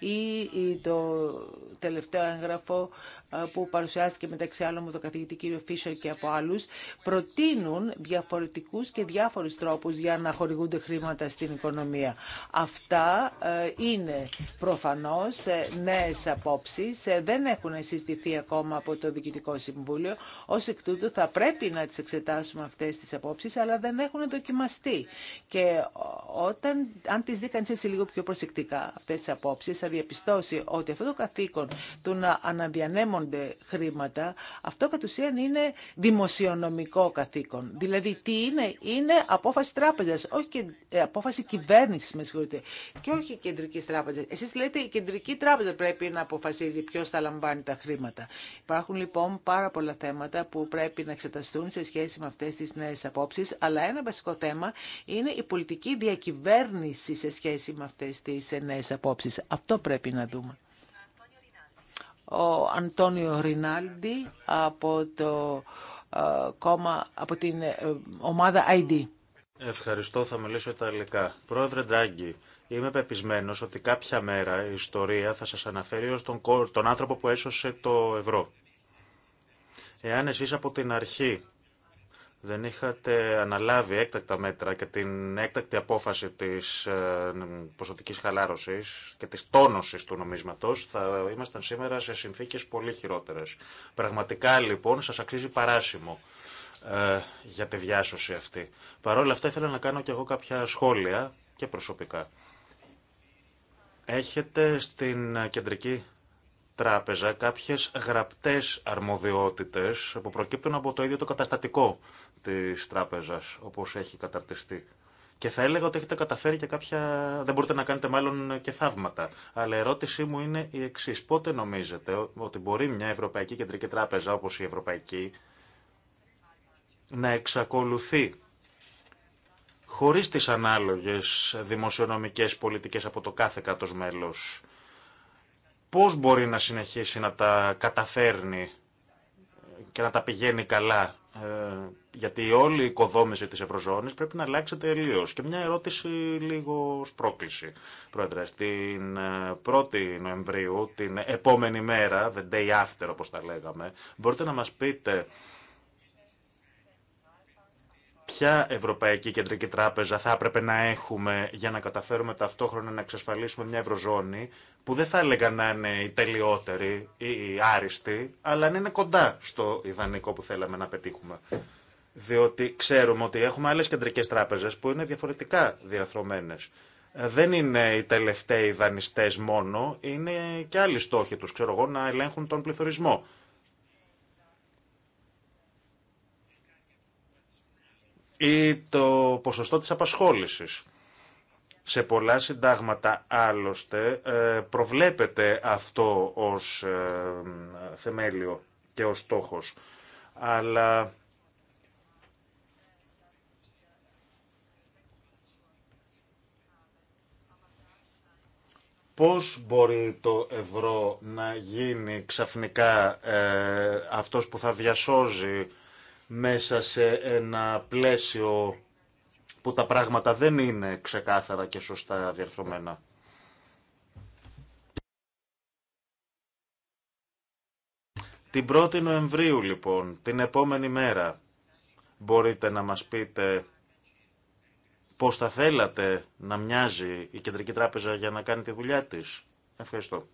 B: ή το τελευταίο έγγραφο ε, που παρουσιάστηκε μεταξύ άλλων με τον καθηγητή κύριο Φίσερ και από άλλου, προτείνουν διαφορετικού και διάφορου τρόπου για να χορηγούνται χρήματα στην οικονομία. Αυτά ε, είναι προφανώ ε, νέε απόψει. δεν έχουν συζητηθεί ακόμα από το Διοικητικό Συμβούλιο, Ω εκ τούτου θα πρέπει να τι εξετάσουμε αυτέ τι απόψει, αλλά δεν έχουν δοκιμαστεί. Και όταν, αν τις δει κανεί έτσι λίγο πιο προσεκτικά αυτέ τι απόψει, θα διαπιστώσει ότι αυτό το καθήκον του να αναδιανέμονται δαπανώνται χρήματα, αυτό κατ' ουσίαν είναι δημοσιονομικό καθήκον. Δηλαδή, τι είναι, είναι απόφαση τράπεζα, όχι και, ε, απόφαση κυβέρνηση με συγχωρείτε, και όχι κεντρική τράπεζα. Εσείς λέτε η κεντρική τράπεζα πρέπει να αποφασίζει ποιο θα λαμβάνει τα χρήματα. Υπάρχουν λοιπόν πάρα πολλά θέματα που πρέπει να εξεταστούν σε σχέση με αυτέ τι νέε απόψει, αλλά ένα βασικό θέμα είναι η πολιτική διακυβέρνηση σε σχέση με αυτέ τι νέε απόψει. Αυτό πρέπει να δούμε ο Αντώνιο Ρινάλντι από το ε, κόμμα, από την ε, ομάδα ID.
E: Ευχαριστώ, θα μιλήσω Ιταλικά. Πρόεδρε Ντράγκη, είμαι πεπισμένο ότι κάποια μέρα η ιστορία θα σα αναφέρει ω τον, τον άνθρωπο που έσωσε το ευρώ. Εάν εσεί από την αρχή δεν είχατε αναλάβει έκτακτα μέτρα και την έκτακτη απόφαση της ε, ποσοτικής χαλάρωσης και της τόνωσης του νομίσματος, θα ήμασταν σήμερα σε συνθήκες πολύ χειρότερες. Πραγματικά λοιπόν σας αξίζει παράσημο ε, για τη διάσωση αυτή. Παρ' όλα αυτά ήθελα να κάνω και εγώ κάποια σχόλια και προσωπικά. Έχετε στην κεντρική τράπεζα κάποιες γραπτές αρμοδιότητες που προκύπτουν από το ίδιο το καταστατικό της τράπεζας, όπως έχει καταρτιστεί. Και θα έλεγα ότι έχετε καταφέρει και κάποια. Δεν μπορείτε να κάνετε μάλλον και θαύματα. Αλλά η ερώτησή μου είναι η εξή. Πότε νομίζετε ότι μπορεί μια Ευρωπαϊκή Κεντρική Τράπεζα όπω η Ευρωπαϊκή να εξακολουθεί χωρίς τις ανάλογες δημοσιονομικές πολιτικές από το κάθε κράτος μέλος πώς μπορεί να συνεχίσει να τα καταφέρνει και να τα πηγαίνει καλά. Ε, γιατί όλη η οικοδόμηση της Ευρωζώνης πρέπει να αλλάξει τελείω. Και μια ερώτηση λίγο σπρόκληση, Πρόεδρε. Στην 1η ε, Νοεμβρίου, την επόμενη μέρα, the day after όπως τα λέγαμε, μπορείτε να μας πείτε Ποια Ευρωπαϊκή Κεντρική Τράπεζα θα έπρεπε να έχουμε για να καταφέρουμε ταυτόχρονα να εξασφαλίσουμε μια ευρωζώνη που δεν θα έλεγα να είναι η τελειότερη ή η άριστη, αλλά να είναι κοντά στο ιδανικό που θέλαμε να πετύχουμε. Διότι ξέρουμε ότι έχουμε άλλες κεντρικές τράπεζες που είναι διαφορετικά διαθρωμένες. Δεν είναι οι τελευταίοι δανειστές μόνο, είναι και άλλοι στόχοι τους, ξέρω εγώ, να ελέγχουν τον πληθωρισμό ή το ποσοστό της απασχόλησης. Σε πολλά συντάγματα άλλωστε ε, προβλέπεται αυτό ως ε, θεμέλιο και ως στόχος. Αλλά Πώς μπορεί το ευρώ να γίνει ξαφνικά ε, αυτός που θα διασώζει μέσα σε ένα πλαίσιο που τα πράγματα δεν είναι ξεκάθαρα και σωστά διαρθρωμένα. Την 1η Νοεμβρίου λοιπόν, την επόμενη μέρα, μπορείτε να μας πείτε πώς θα θέλατε να μοιάζει η Κεντρική Τράπεζα για να κάνει τη δουλειά της. Ευχαριστώ.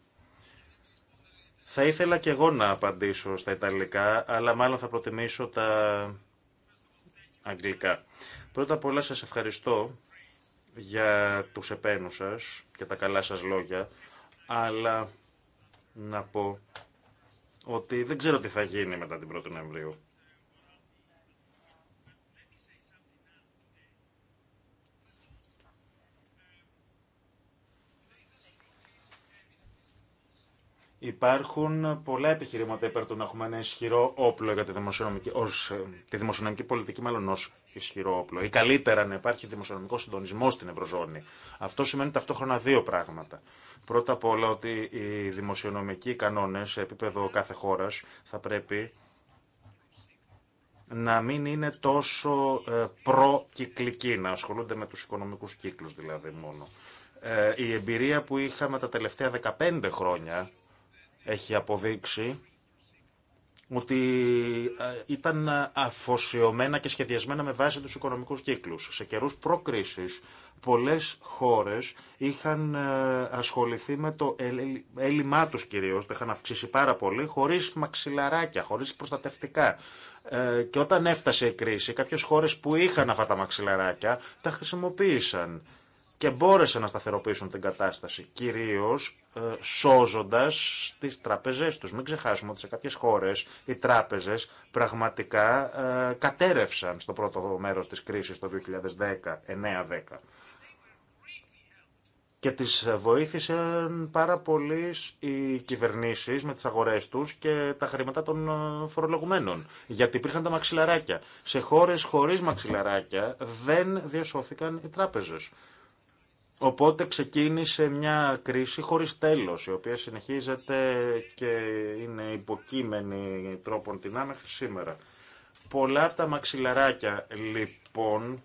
E: Θα ήθελα και εγώ να απαντήσω στα Ιταλικά, αλλά μάλλον θα προτιμήσω τα Αγγλικά. Πρώτα απ' όλα σας ευχαριστώ για τους επένους σας και τα καλά σας λόγια, αλλά να πω ότι δεν ξέρω τι θα γίνει μετά την 1η Νοεμβρίου. Υπάρχουν πολλά επιχειρήματα υπέρ του να έχουμε ένα ισχυρό όπλο για τη δημοσιονομική, ως, ε, τη δημοσιονομική πολιτική, μάλλον ω ισχυρό όπλο. Ή καλύτερα να υπάρχει δημοσιονομικό συντονισμό στην Ευρωζώνη. Αυτό σημαίνει ταυτόχρονα δύο πράγματα. Πρώτα απ' όλα ότι οι δημοσιονομικοί κανόνε σε επίπεδο κάθε χώρα θα πρέπει να μην είναι τόσο ε, προκυκλικοί, να ασχολούνται με τους οικονομικούς κύκλους δηλαδή μόνο. Ε, η εμπειρία που είχαμε τα τελευταία 15 χρόνια έχει αποδείξει ότι ε, ήταν αφοσιωμένα και σχεδιασμένα με βάση τους οικονομικούς κύκλους. Σε καιρούς προκρίσης, πολλές χώρες είχαν ε, ασχοληθεί με το έλλειμμά τους κυρίως, το είχαν αυξήσει πάρα πολύ, χωρίς μαξιλαράκια, χωρίς προστατευτικά. Ε, και όταν έφτασε η κρίση, κάποιες χώρες που είχαν αυτά τα μαξιλαράκια τα χρησιμοποίησαν και μπόρεσε να σταθεροποιήσουν την κατάσταση, κυρίως ε, σώζοντας τις τράπεζες τους. Μην ξεχάσουμε ότι σε κάποιες χώρες οι τράπεζες πραγματικά ε, κατέρευσαν στο πρώτο μέρος της κρίσης το 2010, 9 Και τις βοήθησαν πάρα πολλοί οι κυβερνήσεις με τις αγορές τους και τα χρήματα των ε, φορολογουμένων. Γιατί υπήρχαν τα μαξιλαράκια. Σε χώρες χωρίς μαξιλαράκια δεν διασώθηκαν οι τράπεζες. Οπότε ξεκίνησε μια κρίση χωρίς τέλος, η οποία συνεχίζεται και είναι υποκείμενη τρόπον την άμεση σήμερα. Πολλά από τα μαξιλαράκια, λοιπόν,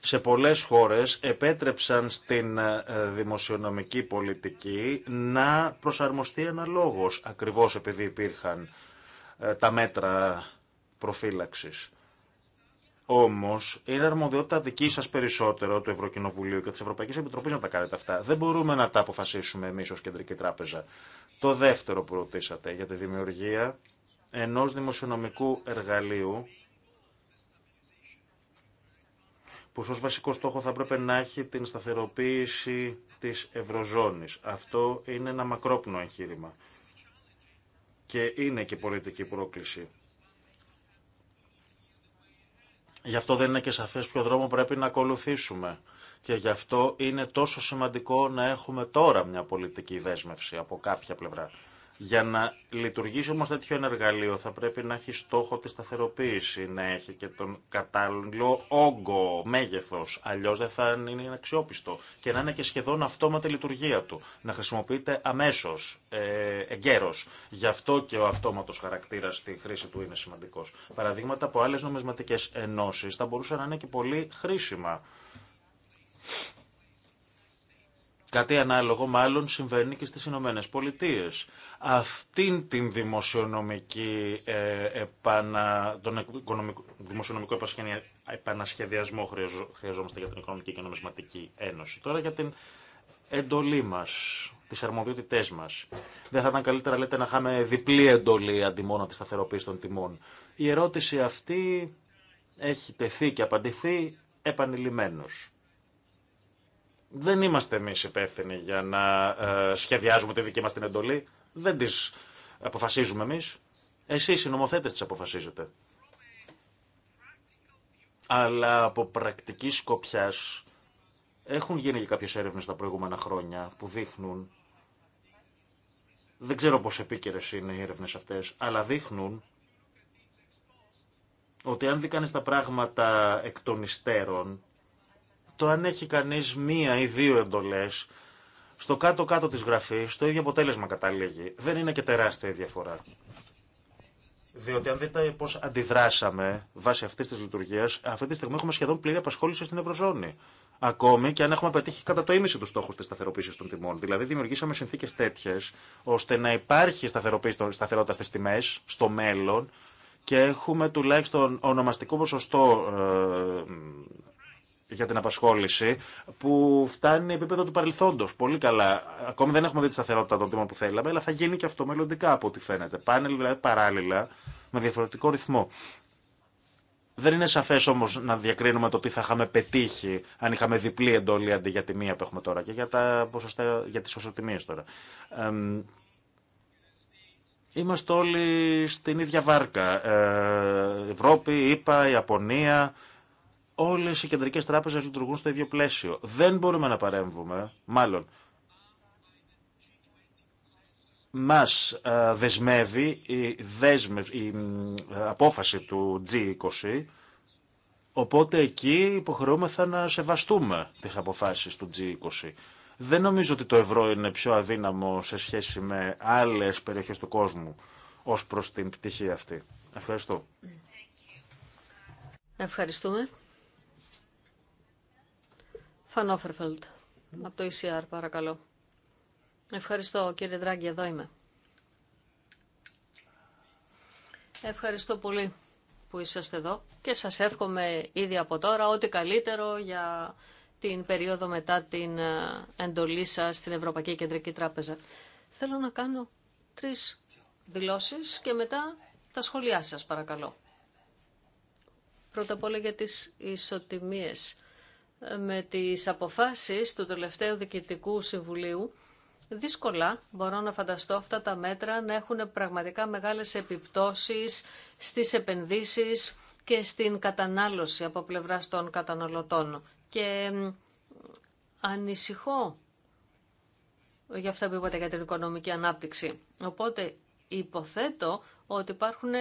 E: σε πολλές χώρες επέτρεψαν στην ε, δημοσιονομική πολιτική να προσαρμοστεί αναλόγως, ακριβώς επειδή υπήρχαν ε, τα μέτρα προφύλαξης. Όμω, είναι αρμοδιότητα δική σα περισσότερο του Ευρωκοινοβουλίου και τη Ευρωπαϊκή Επιτροπή να τα κάνετε αυτά. Δεν μπορούμε να τα αποφασίσουμε εμεί ω Κεντρική Τράπεζα. Το δεύτερο που ρωτήσατε για τη δημιουργία ενό δημοσιονομικού εργαλείου που ως βασικό στόχο θα πρέπει να έχει την σταθεροποίηση της Ευρωζώνης. Αυτό είναι ένα μακρόπνο εγχείρημα και είναι και πολιτική πρόκληση. Γι' αυτό δεν είναι και σαφές ποιο δρόμο πρέπει να ακολουθήσουμε. Και γι' αυτό είναι τόσο σημαντικό να έχουμε τώρα μια πολιτική δέσμευση από κάποια πλευρά. Για να λειτουργήσει όμως τέτοιο ένα εργαλείο θα πρέπει να έχει στόχο τη σταθεροποίηση, να έχει και τον κατάλληλο όγκο, μέγεθος, αλλιώς δεν θα είναι αξιόπιστο και να είναι και σχεδόν αυτόματη λειτουργία του, να χρησιμοποιείται αμέσως, ε, Γι' αυτό και ο αυτόματος χαρακτήρας στη χρήση του είναι σημαντικός. Παραδείγματα από άλλες νομισματικές ενώσεις θα μπορούσαν να είναι και πολύ χρήσιμα Κάτι ανάλογο μάλλον συμβαίνει και στις Ηνωμένε Πολιτείε. Αυτήν την δημοσιονομική, ε, επανα, τον οικονομικό, δημοσιονομικό επανασχεδιασμό χρειαζόμαστε για την Οικονομική και Νομισματική Ένωση. Τώρα για την εντολή μας, τις αρμοδιότητές μας. Δεν θα ήταν καλύτερα λέτε να είχαμε διπλή εντολή αντί μόνο τη σταθεροποίηση των τιμών. Η ερώτηση αυτή έχει τεθεί και απαντηθεί επανειλημμένως. Δεν είμαστε εμεί υπεύθυνοι για να ε, σχεδιάζουμε τη δική μα την εντολή. Δεν τι αποφασίζουμε εμεί. Εσεί οι νομοθέτε τι αποφασίζετε. Αλλά από πρακτική σκοπιά έχουν γίνει και κάποιε έρευνε τα προηγούμενα χρόνια που δείχνουν. Δεν ξέρω πόσο επίκαιρε είναι οι έρευνε αυτέ, αλλά δείχνουν ότι αν δει κανεί τα πράγματα εκ των υστέρων, το αν έχει κανείς μία ή δύο εντολές, στο κάτω-κάτω της γραφής, το ίδιο αποτέλεσμα καταλήγει. Δεν είναι και τεράστια η διαφορά. Διότι αν δείτε πώ αντιδράσαμε βάσει αυτή τη λειτουργία, αυτή τη στιγμή έχουμε σχεδόν πλήρη απασχόληση στην Ευρωζώνη. Ακόμη και αν έχουμε πετύχει κατά το ίμιση του στόχου τη σταθεροποίηση των τιμών. Δηλαδή, δημιουργήσαμε συνθήκε τέτοιε ώστε να υπάρχει σταθερότητα στι τιμέ στο μέλλον και έχουμε τουλάχιστον ονομαστικό ποσοστό ε, για την απασχόληση που φτάνει επίπεδο του παρελθόντο. Πολύ καλά. Ακόμη δεν έχουμε δει τη σταθερότητα των τιμών που θέλαμε, αλλά θα γίνει και αυτό μελλοντικά από ό,τι φαίνεται. Πάνε δηλαδή παράλληλα με διαφορετικό ρυθμό. Δεν είναι σαφέ όμω να διακρίνουμε το τι θα είχαμε πετύχει αν είχαμε διπλή εντολή αντί για τη μία που έχουμε τώρα και για, τα ποσοστά, για τι ισοτιμίε τώρα. είμαστε όλοι στην ίδια βάρκα. Ε, Ευρώπη, ΗΠΑ, Ιαπωνία, όλες οι κεντρικές τράπεζες λειτουργούν στο ίδιο πλαίσιο. Δεν μπορούμε να παρέμβουμε, μάλλον, μας ε, δεσμεύει η, η ε, απόφαση του G20, οπότε εκεί υποχρεούμεθα να σεβαστούμε τις αποφάσεις του G20. Δεν νομίζω ότι το ευρώ είναι πιο αδύναμο σε σχέση με άλλες περιοχές του κόσμου ως προς την πτυχή αυτή. Ευχαριστώ.
A: Ευχαριστούμε. Φανόφερφελτ, από το ECR, παρακαλώ. Ευχαριστώ, κύριε Ντράγκη, εδώ είμαι. Ευχαριστώ πολύ που είσαστε εδώ και σας εύχομαι ήδη από τώρα ό,τι καλύτερο για την περίοδο μετά την ε, εντολή σας στην Ευρωπαϊκή Κεντρική Τράπεζα. Θέλω να κάνω τρεις δηλώσεις και μετά τα σχόλιά σας παρακαλώ. Πρώτα απ' όλα για τις ισοτιμίες με τις αποφάσεις του τελευταίου Διοικητικού Συμβουλίου, δύσκολα μπορώ να φανταστώ αυτά τα μέτρα να έχουν πραγματικά μεγάλες επιπτώσεις στις επενδύσεις και στην κατανάλωση από πλευράς των καταναλωτών. Και ανησυχώ για αυτά που είπατε για την οικονομική ανάπτυξη. Οπότε υποθέτω ότι υπάρχουν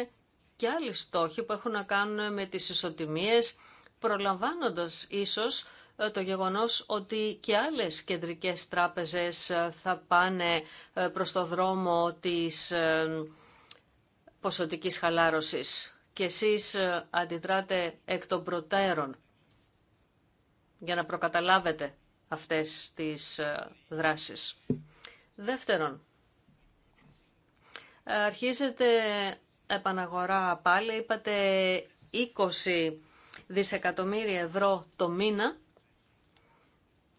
A: και άλλοι στόχοι που έχουν να κάνουν με τις ισοτιμίες, προλαμβάνοντας ίσως ε, το γεγονός ότι και άλλες κεντρικές τράπεζες ε, θα πάνε ε, προς το δρόμο της ποσοτικής χαλάρωσης και εσείς αντιδράτε εκ των προτέρων για να προκαταλάβετε αυτές τις δράσεις. Δεύτερον, αρχίζετε επαναγορά πάλι, είπατε 20 δισεκατομμύρια ευρώ το μήνα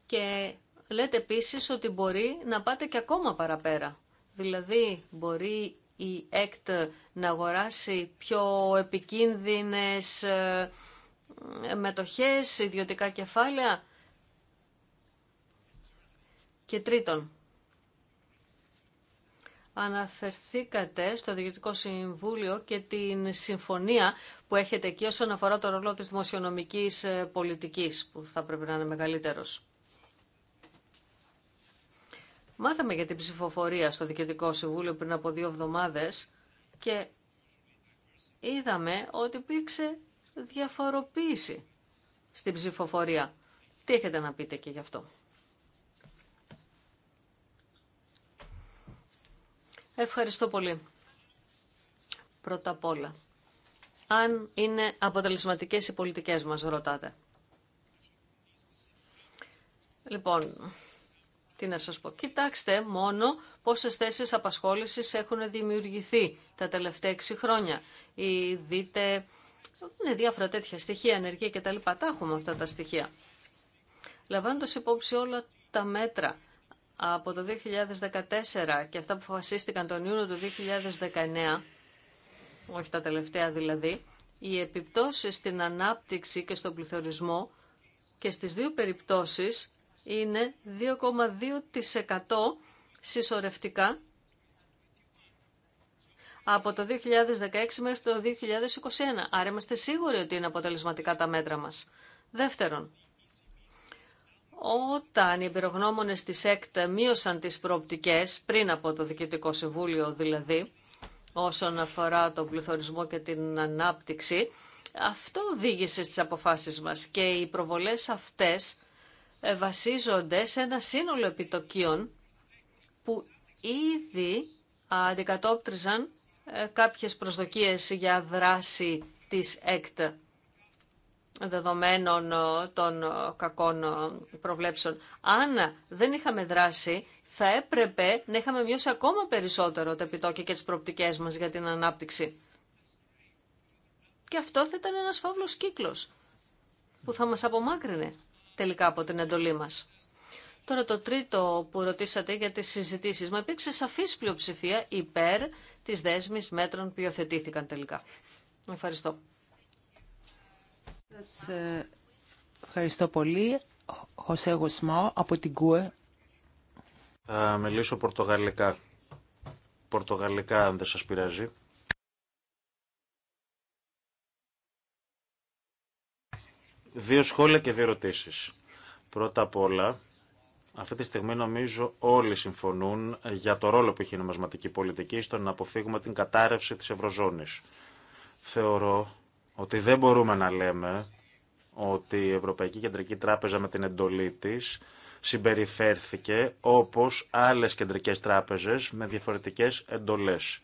A: και λέτε επίσης ότι μπορεί να πάτε και ακόμα παραπέρα. Δηλαδή μπορεί η ΕΚΤ να αγοράσει πιο επικίνδυνες ε, μετοχές, ιδιωτικά κεφάλαια. Και τρίτον, αναφερθήκατε στο Διοικητικό Συμβούλιο και την συμφωνία που έχετε εκεί όσον αφορά το ρόλο της δημοσιονομικής ε, πολιτικής, που θα πρέπει να είναι μεγαλύτερος. Μάθαμε για την ψηφοφορία στο Διοικητικό Συμβούλιο πριν από δύο εβδομάδες και είδαμε ότι υπήρξε διαφοροποίηση στην ψηφοφορία. Τι έχετε να πείτε και γι' αυτό. Ευχαριστώ πολύ. Πρώτα απ' όλα. Αν είναι αποτελεσματικές οι πολιτικές μας, ρωτάτε. Λοιπόν, τι να σας πω. Κοιτάξτε μόνο πόσες θέσεις απασχόλησης έχουν δημιουργηθεί τα τελευταία 6 χρόνια. Ή δείτε, είναι διάφορα τέτοια στοιχεία, ανεργία κτλ. Τα έχουμε αυτά τα στοιχεία. Λαμβάνοντας υπόψη όλα τα μέτρα από το 2014 και αυτά που αποφασίστηκαν τον Ιούνιο του 2019, όχι τα τελευταία δηλαδή, οι επιπτώσεις στην ανάπτυξη και στον πληθωρισμό και στις δύο περιπτώσεις είναι 2,2% συσσωρευτικά από το 2016 μέχρι το 2021. Άρα είμαστε σίγουροι ότι είναι αποτελεσματικά τα μέτρα μας. Δεύτερον, όταν οι εμπειρογνώμονες της ΕΚΤ μείωσαν τις προοπτικές, πριν από το Διοικητικό Συμβούλιο δηλαδή, όσον αφορά τον πληθωρισμό και την ανάπτυξη, αυτό οδήγησε στις αποφάσεις μας και οι προβολές αυτές ε, βασίζονται σε ένα σύνολο επιτοκίων που ήδη αντικατόπτριζαν ε, κάποιες προσδοκίες για δράση της ΕΚΤ δεδομένων ε, των ε, κακών ε, προβλέψεων. Αν δεν είχαμε δράσει, θα έπρεπε να είχαμε μειώσει ακόμα περισσότερο τα επιτόκια και τις προοπτικές μας για την ανάπτυξη. Και αυτό θα ήταν ένας φαύλος κύκλος που θα μας απομάκρυνε τελικά από την εντολή μας. Τώρα το τρίτο που ρωτήσατε για τις συζητήσεις. Μα υπήρξε σαφής πλειοψηφία υπέρ της δέσμης μέτρων που υιοθετήθηκαν τελικά.
B: Ευχαριστώ. Ε, ευχαριστώ πολύ. Χωσέ από την ΚΟΕ.
E: Θα μιλήσω πορτογαλικά. Πορτογαλικά, αν δεν σας πειράζει. Δύο σχόλια και δύο ερωτήσει. Πρώτα απ' όλα, αυτή τη στιγμή νομίζω όλοι συμφωνούν για το ρόλο που έχει η νομασματική πολιτική στο να αποφύγουμε την κατάρρευση της Ευρωζώνης. Θεωρώ ότι δεν μπορούμε να λέμε ότι η Ευρωπαϊκή Κεντρική Τράπεζα με την εντολή της συμπεριφέρθηκε όπως άλλες κεντρικές τράπεζες με διαφορετικές εντολές.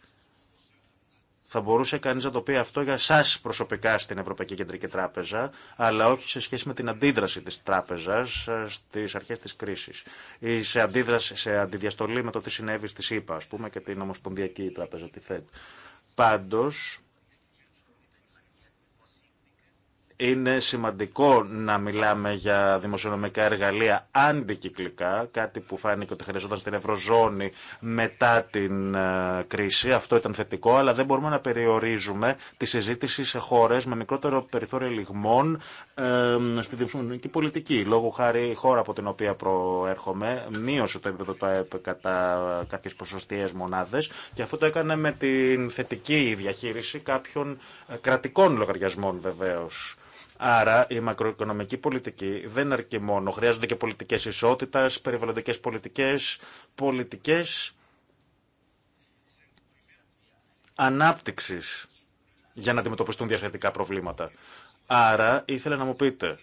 E: Θα μπορούσε κανείς να το πει αυτό για σας προσωπικά στην Ευρωπαϊκή Κεντρική Τράπεζα, αλλά όχι σε σχέση με την αντίδραση της τράπεζας ε, στις αρχές της κρίσης. Ή σε, αντίδραση, σε αντιδιαστολή με το τι συνέβη στη ΣΥΠΑ, ας πούμε, και την Ομοσπονδιακή Τράπεζα, τη ΦΕΤ. Πάντως, είναι σημαντικό να μιλάμε για δημοσιονομικά εργαλεία αντικυκλικά, κάτι που φάνηκε ότι χρειαζόταν στην Ευρωζώνη μετά την ε, κρίση. Αυτό ήταν θετικό, αλλά δεν μπορούμε να περιορίζουμε τη συζήτηση σε χώρε με μικρότερο περιθώριο λιγμών ε, στη δημοσιονομική πολιτική. Λόγω χάρη η χώρα από την οποία προέρχομαι μείωσε το επίπεδο του ΑΕΠ κατά κάποιε ποσοστιαίε μονάδε και αυτό το έκανε με την θετική διαχείριση κάποιων κρατικών λογαριασμών βεβαίω Άρα η μακροοικονομική πολιτική δεν αρκεί μόνο. Χρειάζονται και πολιτικές ισότητας, περιβαλλοντικές πολιτικές, πολιτικές ανάπτυξης για να αντιμετωπιστούν διαθετικά προβλήματα. Άρα ήθελα να μου πείτε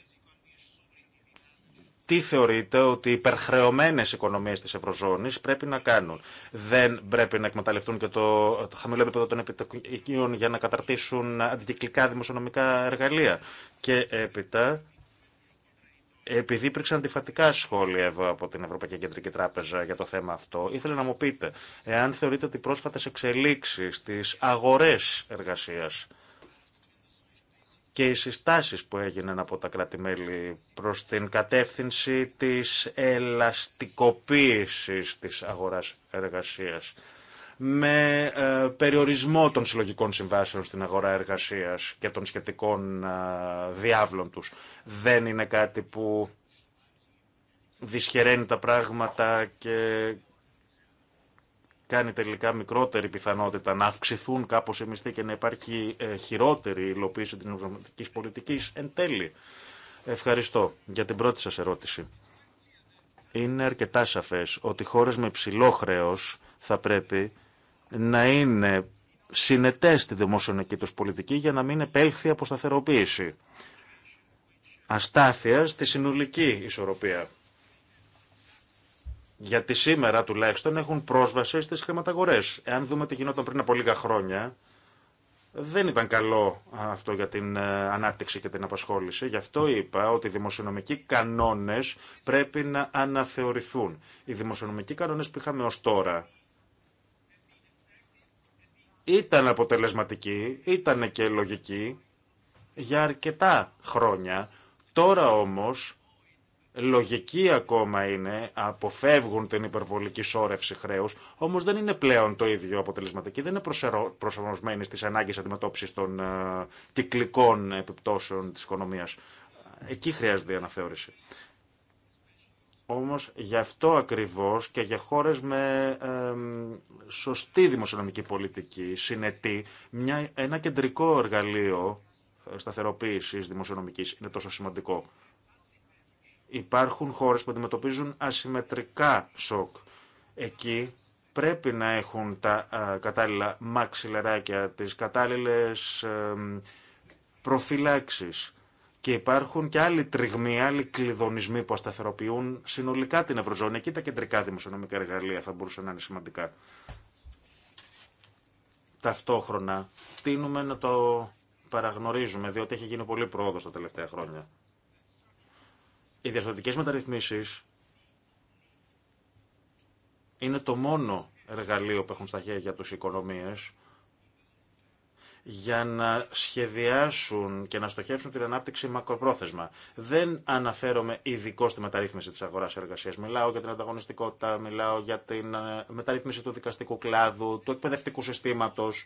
E: τι θεωρείτε ότι οι υπερχρεωμένες οικονομίες της Ευρωζώνης πρέπει να κάνουν. Δεν πρέπει να εκμεταλλευτούν και το, το χαμηλό επίπεδο των επιτοκίων για να καταρτήσουν αντικυκλικά δημοσιονομικά εργαλεία. Και έπειτα επειδή υπήρξαν αντιφατικά σχόλια εδώ από την Ευρωπαϊκή Κεντρική Τράπεζα για το θέμα αυτό, ήθελα να μου πείτε εάν θεωρείτε ότι πρόσφατε εξελίξει στις αγορέ εργασία και οι συστάσεις που έγιναν από τα κράτη-μέλη προς την κατεύθυνση της ελαστικοποίησης της αγοράς εργασίας με ε, περιορισμό των συλλογικών συμβάσεων στην αγορά εργασίας και των σχετικών ε, διάβλων τους. Δεν είναι κάτι που δυσχεραίνει τα πράγματα και κάνει τελικά μικρότερη πιθανότητα να αυξηθούν κάπως οι μισθοί και να υπάρχει ε, χειρότερη υλοποίηση της νομισματικής πολιτικής εν τέλει. Ευχαριστώ για την πρώτη σας ερώτηση. Είναι αρκετά σαφές ότι χώρες με ψηλό χρέος θα πρέπει να είναι συνετές στη δημοσιονομική τους πολιτική για να μην επέλθει από σταθεροποίηση. Αστάθεια στη συνολική ισορροπία γιατί σήμερα τουλάχιστον έχουν πρόσβαση στι χρηματαγορέ. Εάν δούμε τι γινόταν πριν από λίγα χρόνια, δεν ήταν καλό αυτό για την ε, ανάπτυξη και την απασχόληση. Γι' αυτό είπα ότι οι δημοσιονομικοί κανόνε πρέπει να αναθεωρηθούν. Οι δημοσιονομικοί κανόνε που είχαμε ω τώρα ήταν αποτελεσματικοί, ήταν και λογικοί για αρκετά χρόνια. Τώρα όμως λογική ακόμα είναι, αποφεύγουν την υπερβολική σώρευση χρέου, όμω δεν είναι πλέον το ίδιο αποτελεσματική, δεν είναι προσαρμοσμένη στι ανάγκε αντιμετώπιση των ε, κυκλικών επιπτώσεων τη οικονομία. Εκεί χρειάζεται η αναθεώρηση. Όμω γι' αυτό ακριβώ και για χώρε με σωστή δημοσιονομική πολιτική, συνετή, ένα κεντρικό εργαλείο ε, σταθεροποίηση δημοσιονομική είναι τόσο σημαντικό. Υπάρχουν χώρες που αντιμετωπίζουν ασυμμετρικά σοκ. Εκεί πρέπει να έχουν τα κατάλληλα μαξιλεράκια, τις κατάλληλες προφυλάξεις. Και υπάρχουν και άλλοι τριγμοί, άλλοι κλειδονισμοί που ασταθεροποιούν συνολικά την Ευρωζώνη. Εκεί τα κεντρικά δημοσιονομικά εργαλεία θα μπορούσαν να είναι σημαντικά. Ταυτόχρονα, τίνουμε να το παραγνωρίζουμε, διότι έχει γίνει πολύ πρόοδο τα τελευταία χρόνια. Οι διαστατικές μεταρρυθμίσεις είναι το μόνο εργαλείο που έχουν στα χέρια τους οικονομίες για να σχεδιάσουν και να στοχεύσουν την ανάπτυξη μακροπρόθεσμα. Δεν αναφέρομαι ειδικό στη μεταρρύθμιση της αγοράς εργασίας. Μιλάω για την ανταγωνιστικότητα, μιλάω για την ε, μεταρρύθμιση του δικαστικού κλάδου, του εκπαιδευτικού συστήματος,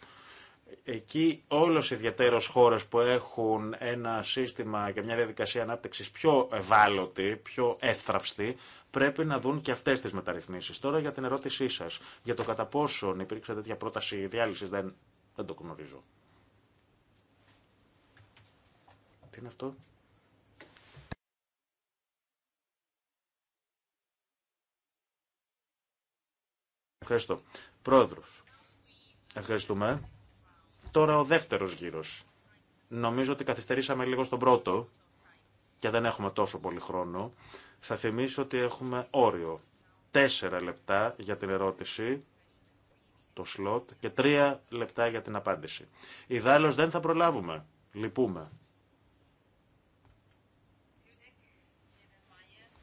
E: Εκεί όλος ιδιαίτερε χώρε που έχουν ένα σύστημα και μια διαδικασία ανάπτυξη πιο ευάλωτη, πιο εύθραυστη, πρέπει να δουν και αυτές τις μεταρρυθμίσει. Τώρα για την ερώτησή σας, για το κατά πόσον υπήρξε τέτοια πρόταση διάλυσης, δεν, δεν το γνωρίζω. Τι είναι αυτό? Ευχαριστώ. Πρόεδρος, ευχαριστούμε. Τώρα ο δεύτερος γύρος. Νομίζω ότι καθυστερήσαμε λίγο στον πρώτο και δεν έχουμε τόσο πολύ χρόνο. Θα θυμίσω ότι έχουμε όριο. Τέσσερα λεπτά για την ερώτηση, το σλότ, και τρία λεπτά για την απάντηση. Ιδάλλως δεν θα προλάβουμε. Λυπούμε.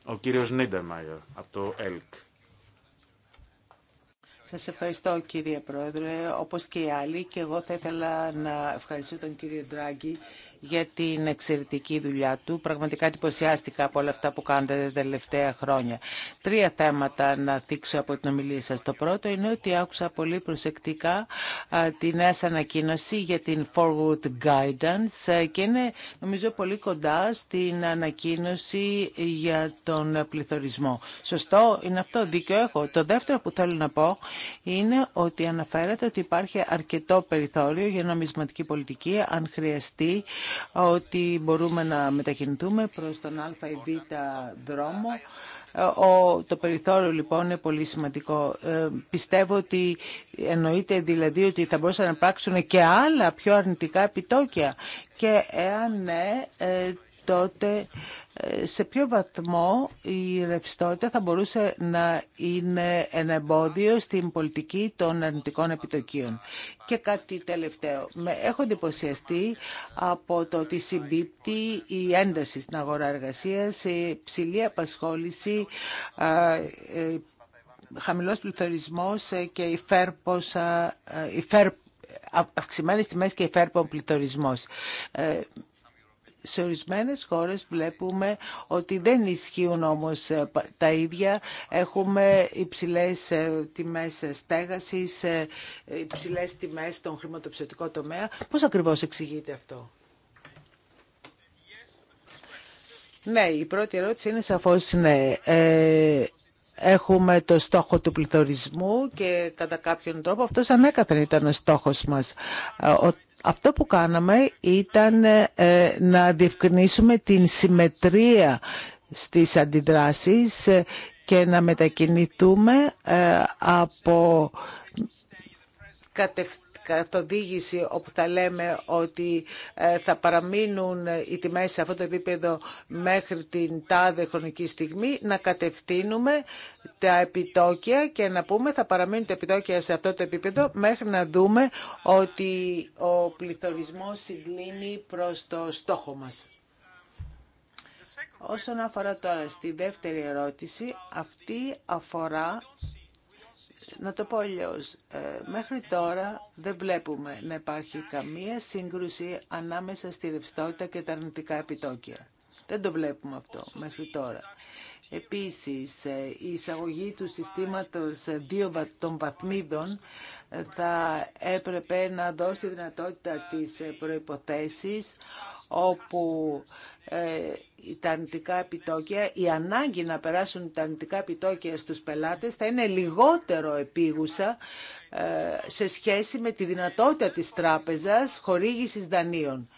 E: Ο κύριος Νίντερμαϊερ από το ΕΛΚ.
B: Σας ευχαριστώ κύριε Πρόεδρε, όπως και οι άλλοι και εγώ θα ήθελα να ευχαριστήσω τον κύριο Ντράγκη για την εξαιρετική δουλειά του. Πραγματικά εντυπωσιάστηκα από όλα αυτά που κάνετε τα τελευταία χρόνια. Τρία θέματα να θίξω από την ομιλία σας. Το πρώτο είναι ότι άκουσα πολύ προσεκτικά τη νέα ανακοίνωση για την Forward Guidance και είναι νομίζω πολύ κοντά στην ανακοίνωση για τον πληθωρισμό. Σωστό είναι αυτό, δίκιο έχω. Το δεύτερο που θέλω να πω είναι ότι αναφέρεται ότι υπάρχει αρκετό περιθώριο για νομισματική πολιτική αν χρειαστεί ότι μπορούμε να μετακινηθούμε προς τον α ή β δρόμο. Ε, ο, το περιθώριο λοιπόν είναι πολύ σημαντικό. Ε, πιστεύω ότι εννοείται δηλαδή ότι θα μπορούσαν να πράξουν και άλλα πιο αρνητικά επιτόκια. Και εάν ναι, ε, τότε ε, σε ποιο βαθμό η ρευστότητα θα μπορούσε να είναι ένα εμπόδιο στην πολιτική των αρνητικών επιτοκίων. Και κάτι τελευταίο. Με έχω εντυπωσιαστεί από το ότι συμπίπτει η ένταση στην αγορά εργασία, η ψηλή απασχόληση, ε, χαμηλός πληθωρισμός ε, και η, φέρποσα, η αυξημένες τιμές και υφέρπων πληθωρισμός σε ορισμένες χώρες βλέπουμε ότι δεν ισχύουν όμως ε, τα ίδια. Έχουμε υψηλές ε, τιμές στέγασης, ε, υψηλές τιμές στον χρηματοψηφιακό τομέα. Πώς ακριβώς εξηγείται αυτό. Ναι, η πρώτη ερώτηση είναι σαφώς ναι. Ε, έχουμε το στόχο του πληθωρισμού και κατά κάποιον τρόπο αυτός ανέκαθεν ήταν ο στόχος μας. Ο αυτό που κάναμε ήταν ε, ε, να διευκρινίσουμε την συμμετρία στις αντιδράσεις ε, και να μετακινηθούμε από καθοδήγηση όπου θα λέμε ότι ε, θα παραμείνουν οι τιμές σε αυτό το επίπεδο μέχρι την τάδε χρονική στιγμή, να κατευθύνουμε τα επιτόκια και να πούμε θα παραμείνουν τα επιτόκια σε αυτό το επίπεδο μέχρι να δούμε ότι ο πληθωρισμός συγκλίνει προς το στόχο μας. Όσον αφορά τώρα στη δεύτερη ερώτηση, αυτή αφορά να το πω αλλιώ. Ε, μέχρι τώρα δεν βλέπουμε να υπάρχει καμία σύγκρουση ανάμεσα στη ρευστότητα και τα αρνητικά επιτόκια. Δεν το βλέπουμε αυτό μέχρι τώρα. Επίσης, ε, η εισαγωγή του συστήματος δύο των βαθμίδων ε, θα έπρεπε να δώσει δυνατότητα της προϋποθέσεις όπου τα αρνητικά επιτόκια, η ανάγκη να περάσουν τα αρνητικά επιτόκια στους πελάτες θα είναι λιγότερο επίγουσα ε, σε σχέση με τη δυνατότητα της τράπεζας χορήγησης δανείων.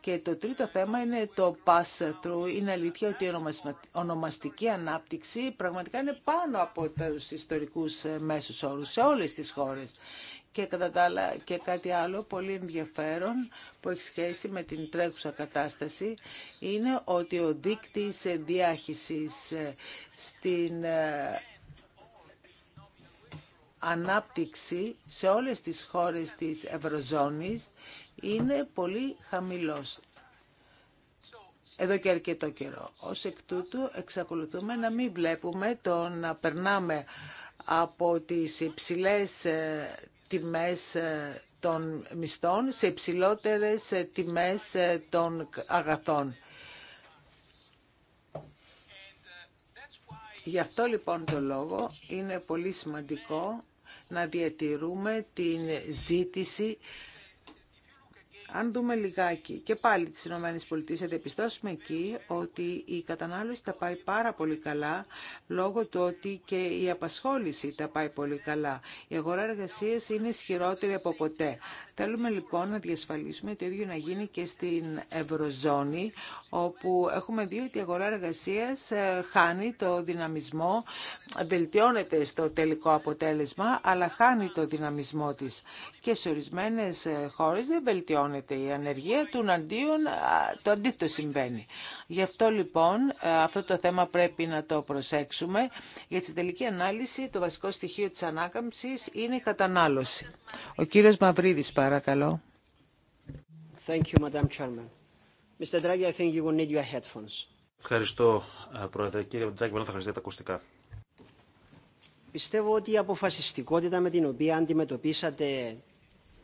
B: Και το τρίτο θέμα είναι το pass-through. Είναι αλήθεια ότι η ονομαστική ανάπτυξη πραγματικά είναι πάνω από τους ιστορικούς ε, μέσους όρους σε όλες τις χώρες και κατά και κάτι άλλο πολύ ενδιαφέρον που έχει σχέση με την τρέχουσα κατάσταση είναι ότι ο δείκτης διάχυσης ε, στην ε, ανάπτυξη σε όλες τις χώρες της Ευρωζώνης είναι πολύ χαμηλός. Εδώ και αρκετό καιρό. Ως εκ τούτου εξακολουθούμε να μην βλέπουμε το να περνάμε από τις υψηλές ε, τιμές ε, των μισθών, σε υψηλότερες ε, τιμές ε, των αγαθών. Γι' αυτό λοιπόν το λόγο είναι πολύ σημαντικό να διατηρούμε την ζήτηση αν δούμε λιγάκι και πάλι τις Ηνωμένες Πολιτείες, θα διαπιστώσουμε εκεί ότι η κατανάλωση τα πάει πάρα πολύ καλά, λόγω του ότι και η απασχόληση τα πάει πολύ καλά. Η αγορά εργασίας είναι ισχυρότερη από ποτέ. Θέλουμε λοιπόν να διασφαλίσουμε το ίδιο να γίνει και στην Ευρωζώνη, όπου έχουμε δει ότι η αγορά εργασία ε, χάνει το δυναμισμό, βελτιώνεται στο τελικό αποτέλεσμα, αλλά χάνει το δυναμισμό τη. Και σε ορισμένε ε, χώρε δεν βελτιώνεται η ανεργία, του αντίον το αντίθετο συμβαίνει. Γι' αυτό λοιπόν ε, αυτό το θέμα πρέπει να το προσέξουμε. Για την τελική ανάλυση το βασικό στοιχείο τη ανάκαμψη είναι η κατανάλωση. Ο κύριος παρακαλώ.
E: Ευχαριστώ, Πρόεδρε. Κύριε Μπεντράκη, μάλλον θα χρειαστείτε τα ακουστικά.
D: Πιστεύω ότι η αποφασιστικότητα με την οποία αντιμετωπίσατε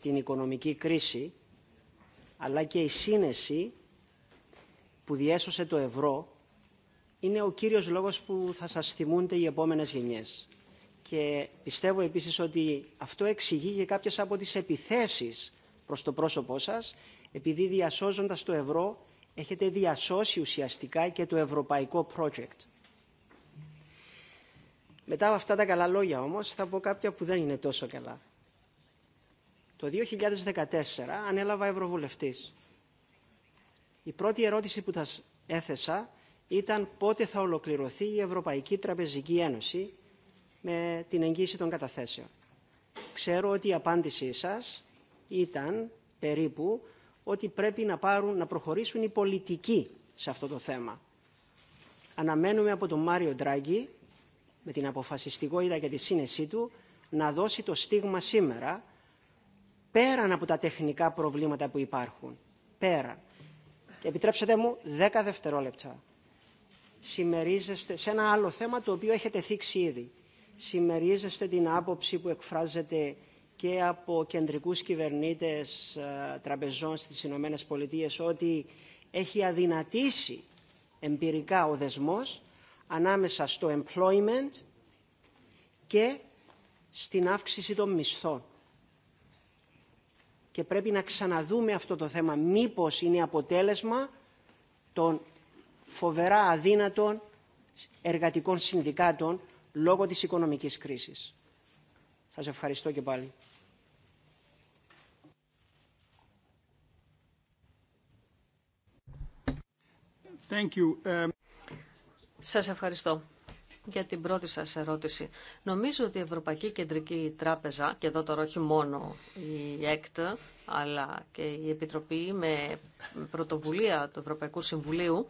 D: την οικονομική κρίση, αλλά και η σύνεση που διέσωσε το ευρώ, είναι ο κύριος λόγος που θα σας θυμούνται οι επόμενες γενιές και πιστεύω επίσης ότι αυτό εξηγεί και κάποιες από τις επιθέσεις προς το πρόσωπό σας, επειδή διασώζοντας το ευρώ έχετε διασώσει ουσιαστικά και το ευρωπαϊκό project. Μετά από αυτά τα καλά λόγια όμως θα πω κάποια που δεν είναι τόσο καλά. Το 2014 ανέλαβα ευρωβουλευτής. Η πρώτη ερώτηση που σας έθεσα ήταν πότε θα ολοκληρωθεί η Ευρωπαϊκή Τραπεζική Ένωση με την εγγύηση των καταθέσεων. Ξέρω ότι η απάντησή σας ήταν περίπου ότι πρέπει να, πάρουν, να προχωρήσουν οι πολιτικοί σε αυτό το θέμα. Αναμένουμε από τον Μάριο Ντράγκη, με την αποφασιστικότητα και τη σύνεσή του, να δώσει το στίγμα σήμερα, πέραν από τα τεχνικά προβλήματα που υπάρχουν. Πέραν. Και επιτρέψτε μου 10 δευτερόλεπτα. Σημερίζεστε σε ένα άλλο θέμα το οποίο έχετε θίξει ήδη συμμερίζεστε την άποψη που εκφράζεται και από κεντρικούς κυβερνήτες ε, τραπεζών στις Ηνωμένες Πολιτείες ότι έχει αδυνατήσει εμπειρικά ο δεσμός ανάμεσα στο employment και στην αύξηση των μισθών. Και πρέπει να ξαναδούμε αυτό το θέμα. Μήπως είναι αποτέλεσμα των φοβερά αδύνατων εργατικών συνδικάτων λόγω της οικονομικής κρίσης. Σας ευχαριστώ και πάλι. Thank you. Um, σας
A: ευχαριστώ για την πρώτη σας ερώτηση. Νομίζω ότι η Ευρωπαϊκή Κεντρική Τράπεζα, και εδώ τώρα όχι μόνο η ΕΚΤ, αλλά και η Επιτροπή με πρωτοβουλία του Ευρωπαϊκού Συμβουλίου,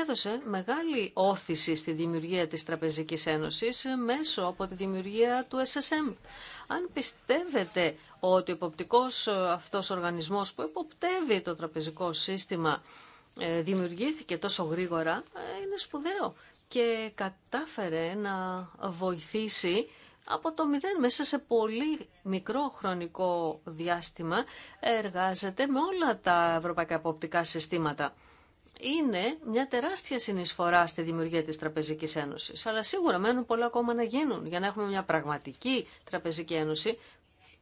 A: έδωσε μεγάλη όθηση στη δημιουργία της Τραπεζικής Ένωσης μέσω από τη δημιουργία του SSM. Αν πιστεύετε ότι ο υποπτικός ε, αυτός οργανισμός που υποπτεύει το τραπεζικό σύστημα ε, δημιουργήθηκε τόσο γρήγορα, ε, είναι σπουδαίο και κατάφερε να βοηθήσει από το μηδέν μέσα σε πολύ μικρό χρονικό διάστημα εργάζεται με όλα τα ευρωπαϊκά υποπτικά συστήματα είναι μια τεράστια συνεισφορά στη δημιουργία της Τραπεζικής Ένωσης. Αλλά σίγουρα μένουν πολλά ακόμα να γίνουν. Για να έχουμε μια πραγματική Τραπεζική Ένωση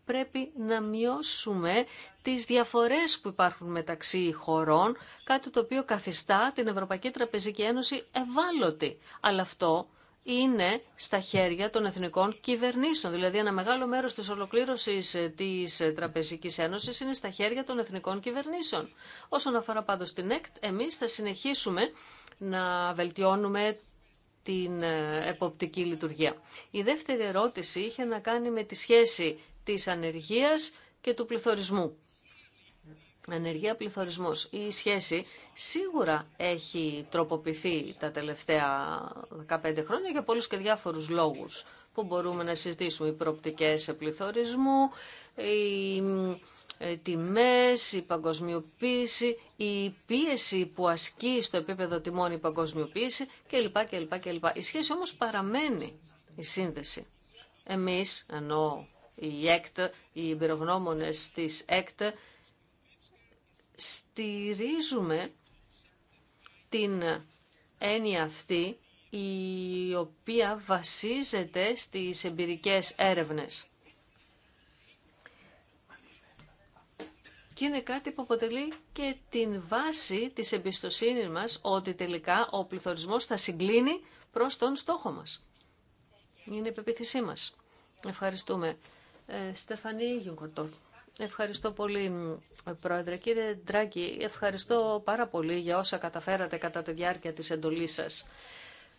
A: πρέπει να μειώσουμε τις διαφορές που υπάρχουν μεταξύ χωρών, κάτι το οποίο καθιστά την Ευρωπαϊκή Τραπεζική Ένωση ευάλωτη. Αλλά αυτό είναι στα χέρια των εθνικών κυβερνήσεων. Δηλαδή ένα μεγάλο μέρο τη ολοκλήρωση ε, τη ε, Τραπεζική Ένωση είναι στα χέρια των εθνικών κυβερνήσεων. Όσον αφορά πάντω την ΕΚΤ, εμείς θα συνεχίσουμε να βελτιώνουμε την ε, εποπτική λειτουργία. Η δεύτερη ερώτηση είχε να κάνει με τη σχέση της ανεργίας και του πληθωρισμού ενέργεια πληθωρισμός. Η σχέση σίγουρα έχει τροποποιηθεί τα τελευταία 15 χρόνια για πολλούς και διάφορους λόγους που μπορούμε να συζητήσουμε. Οι προοπτικές πληθωρισμού, οι ε, τιμές, η παγκοσμιοποίηση, η πίεση που ασκεί στο επίπεδο τιμών η παγκοσμιοποίηση κλπ. Η σχέση όμως παραμένει η σύνδεση. Εμείς, ενώ η ΕΚΤ, οι εμπειρογνώμονες της ΕΚΤ στηρίζουμε την έννοια αυτή η οποία βασίζεται στις εμπειρικές έρευνες. Και είναι κάτι που αποτελεί και την βάση της εμπιστοσύνης μας ότι τελικά ο πληθωρισμός θα συγκλίνει προς τον στόχο μας. Είναι η πεποίθησή μας. Ευχαριστούμε. Ε, Στεφανή Γιουγκορτόρ. Ευχαριστώ πολύ, Πρόεδρε. Κύριε Ντράκη, ευχαριστώ πάρα πολύ για όσα καταφέρατε κατά τη διάρκεια της εντολής σας.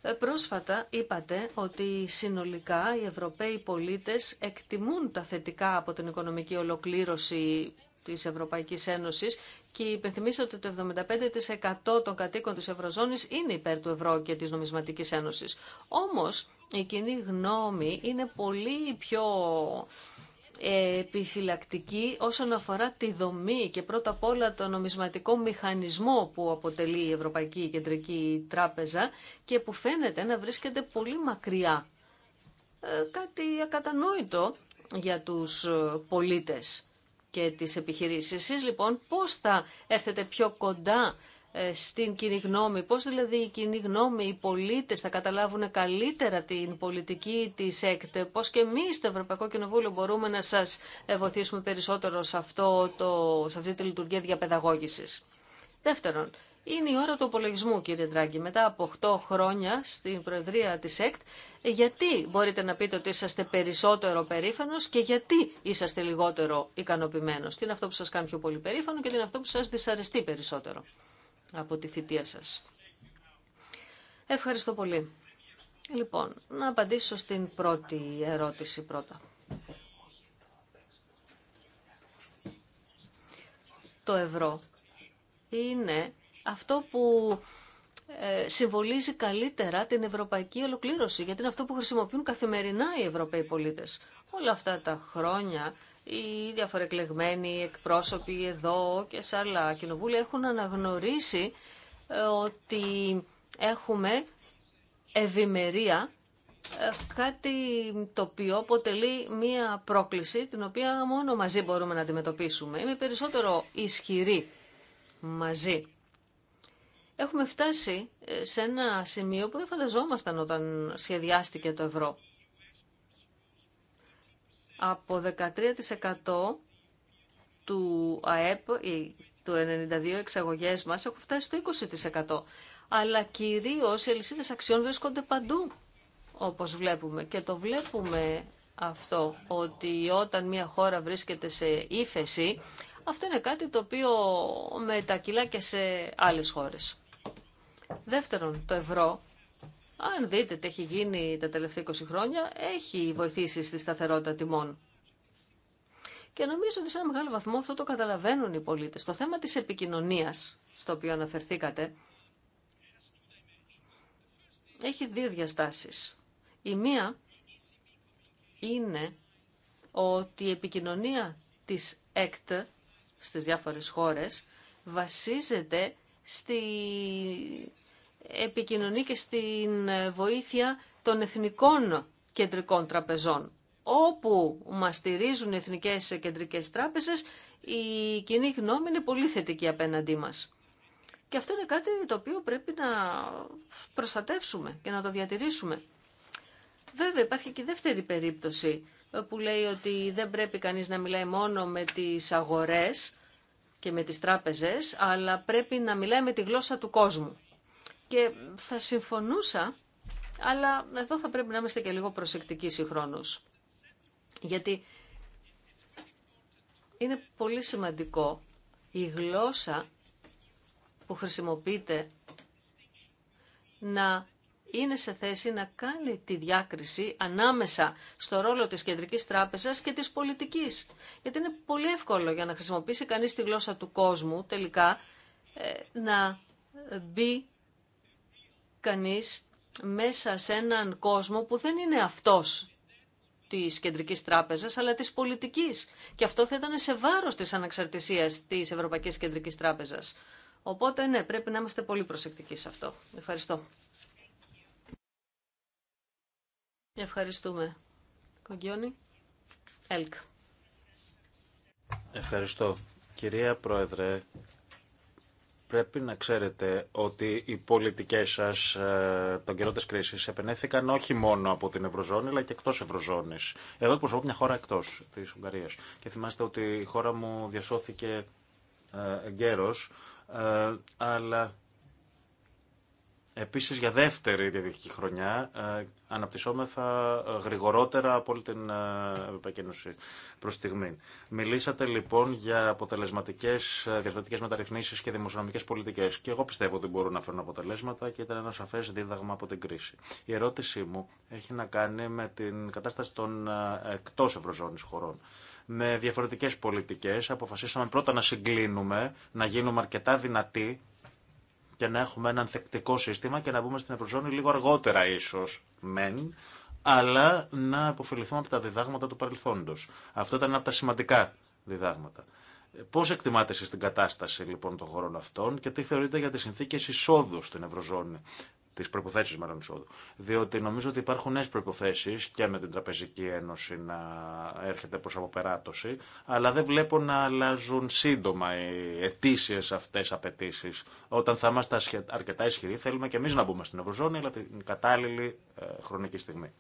A: Ε, πρόσφατα είπατε ότι συνολικά οι Ευρωπαίοι πολίτες εκτιμούν τα θετικά από την οικονομική ολοκλήρωση της Ευρωπαϊκής Ένωσης και υπενθυμίσατε ότι το 75% των κατοίκων της Ευρωζώνης είναι υπέρ του ευρώ και της νομισματικής ένωσης. Όμως η κοινή γνώμη είναι πολύ πιο επιφυλακτική όσον αφορά τη δομή και πρώτα απ' όλα το νομισματικό μηχανισμό που αποτελεί η Ευρωπαϊκή Κεντρική Τράπεζα και που φαίνεται να βρίσκεται πολύ μακριά. Ε, κάτι ακατανόητο για τους ε, πολίτες και τις επιχειρήσεις. Εσείς λοιπόν πώς θα έρθετε πιο κοντά ε, στην κοινή γνώμη. Πώς δηλαδή η κοινή γνώμη, οι πολίτες θα καταλάβουν καλύτερα την πολιτική της ΕΚΤΕ. Πώς και εμείς στο Ευρωπαϊκό Κοινοβούλιο μπορούμε να σας ε, βοηθήσουμε περισσότερο σε, αυτό το, σε αυτή τη λειτουργία διαπαιδαγώγησης. Δεύτερον, είναι η ώρα του απολογισμού, κύριε Ντράγκη. Μετά από 8 χρόνια στην Προεδρία της ΕΚΤ, γιατί μπορείτε να πείτε ότι είσαστε περισσότερο περήφανος και γιατί είσαστε λιγότερο ικανοποιημένος. Τι είναι αυτό που σας κάνει πιο πολύ περήφανο και τι είναι αυτό που σας δυσαρεστεί περισσότερο από τη θητεία σας. Ευχαριστώ πολύ. Λοιπόν, να απαντήσω στην πρώτη ερώτηση πρώτα. Το ευρώ είναι αυτό που ε, συμβολίζει καλύτερα την ευρωπαϊκή ολοκλήρωση, γιατί είναι αυτό που χρησιμοποιούν καθημερινά οι Ευρωπαίοι πολίτες. Όλα αυτά τα χρόνια οι διάφορα εκλεγμένοι εκπρόσωποι εδώ και σε άλλα κοινοβούλια έχουν αναγνωρίσει ε, ότι έχουμε ευημερία, ε, κάτι το οποίο αποτελεί μία πρόκληση την οποία μόνο μαζί μπορούμε να αντιμετωπίσουμε. Είμαι περισσότερο ισχυρή μαζί. Έχουμε φτάσει ε, σε ένα σημείο που δεν φανταζόμασταν όταν σχεδιάστηκε το ευρώ από 13% του ΑΕΠ ή του 92 εξαγωγές μας έχουν φτάσει στο 20%. Αλλά κυρίως οι αλυσίδες αξιών βρίσκονται παντού, όπως βλέπουμε. Και το βλέπουμε αυτό, ότι όταν μια χώρα βρίσκεται σε ύφεση, αυτό είναι κάτι το οποίο μετακυλά και σε άλλες χώρες. Δεύτερον, το ευρώ αν δείτε τι έχει γίνει τα τελευταία 20 χρόνια, έχει βοηθήσει στη σταθερότητα τιμών. Και νομίζω ότι σε ένα μεγάλο βαθμό αυτό το καταλαβαίνουν οι πολίτες. Το θέμα της επικοινωνία στο οποίο αναφερθήκατε, έχει δύο διαστάσει. Η μία είναι ότι η επικοινωνία της ΕΚΤ στις διάφορες χώρες βασίζεται στη επικοινωνεί και στην βοήθεια των εθνικών κεντρικών τραπεζών. Όπου μα στηρίζουν οι εθνικές κεντρικές τράπεζες, η κοινή γνώμη είναι πολύ θετική απέναντί μας. Και αυτό είναι κάτι το οποίο πρέπει να προστατεύσουμε και να το διατηρήσουμε. Βέβαια υπάρχει και η δεύτερη περίπτωση που λέει ότι δεν πρέπει κανείς να μιλάει μόνο με τις αγορές και με τις τράπεζες, αλλά πρέπει να μιλάει με τη γλώσσα του κόσμου. Και θα συμφωνούσα, αλλά εδώ θα πρέπει να είμαστε και λίγο προσεκτικοί συγχρόνως. Γιατί είναι πολύ σημαντικό η γλώσσα που χρησιμοποιείται να είναι σε θέση να κάνει τη διάκριση ανάμεσα στο ρόλο της Κεντρικής Τράπεζας και της πολιτικής. Γιατί είναι πολύ εύκολο για να χρησιμοποιήσει κανείς τη γλώσσα του κόσμου τελικά ε, να μπει κανείς μέσα σε έναν κόσμο που δεν είναι αυτός της Κεντρικής Τράπεζας, αλλά της πολιτικής. Και αυτό θα ήταν σε βάρος της αναξαρτησίας της Ευρωπαϊκής Κεντρικής Τράπεζας. Οπότε, ναι, πρέπει να είμαστε πολύ προσεκτικοί σε αυτό. Ευχαριστώ. Ευχαριστούμε. Κογκιόνι. Ελκ.
E: Ευχαριστώ. Κυρία Πρόεδρε, Πρέπει να ξέρετε ότι οι πολιτικές σας ε, τον καιρό της κρίσης επενέθηκαν όχι μόνο από την Ευρωζώνη αλλά και εκτός Ευρωζώνης. Εγώ εκπροσωπώ μια χώρα εκτός της Ουγγαρίας και θυμάστε ότι η χώρα μου διασώθηκε ε, εγκαίρως ε, αλλά Επίσης για δεύτερη διαδικτική χρονιά ε, αναπτυσσόμεθα ε, γρηγορότερα από όλη την ε, Ένωση προς στιγμή. Μιλήσατε λοιπόν για αποτελεσματικές διαδικτικές μεταρρυθμίσεις και δημοσιονομικές πολιτικές και εγώ πιστεύω ότι μπορούν να φέρουν αποτελέσματα και ήταν ένα σαφές δίδαγμα από την κρίση. Η ερώτησή μου έχει να κάνει με την κατάσταση των εκτός ευρωζώνης χωρών με διαφορετικές πολιτικές. Αποφασίσαμε πρώτα να συγκλίνουμε, να γίνουμε αρκετά δυνατοί και να έχουμε ένα ανθεκτικό σύστημα και να μπούμε στην Ευρωζώνη λίγο αργότερα ίσως, μεν, αλλά να αποφεληθούμε από τα διδάγματα του παρελθόντος. Αυτό ήταν ένα από τα σημαντικά διδάγματα. Πώς εκτιμάτε στην την κατάσταση λοιπόν των χωρών αυτών και τι θεωρείτε για τις συνθήκες εισόδου στην Ευρωζώνη τις προϋποθέσεις μάλλον εισόδου. Διότι νομίζω ότι υπάρχουν νέες προϋποθέσεις και με την Τραπεζική Ένωση να έρχεται προς αποπεράτωση, αλλά δεν βλέπω να αλλάζουν σύντομα οι αιτήσει αυτές απαιτήσει. Όταν θα είμαστε αρκετά ισχυροί θέλουμε και εμείς να μπούμε στην Ευρωζώνη, αλλά την κατάλληλη ε, χρονική στιγμή.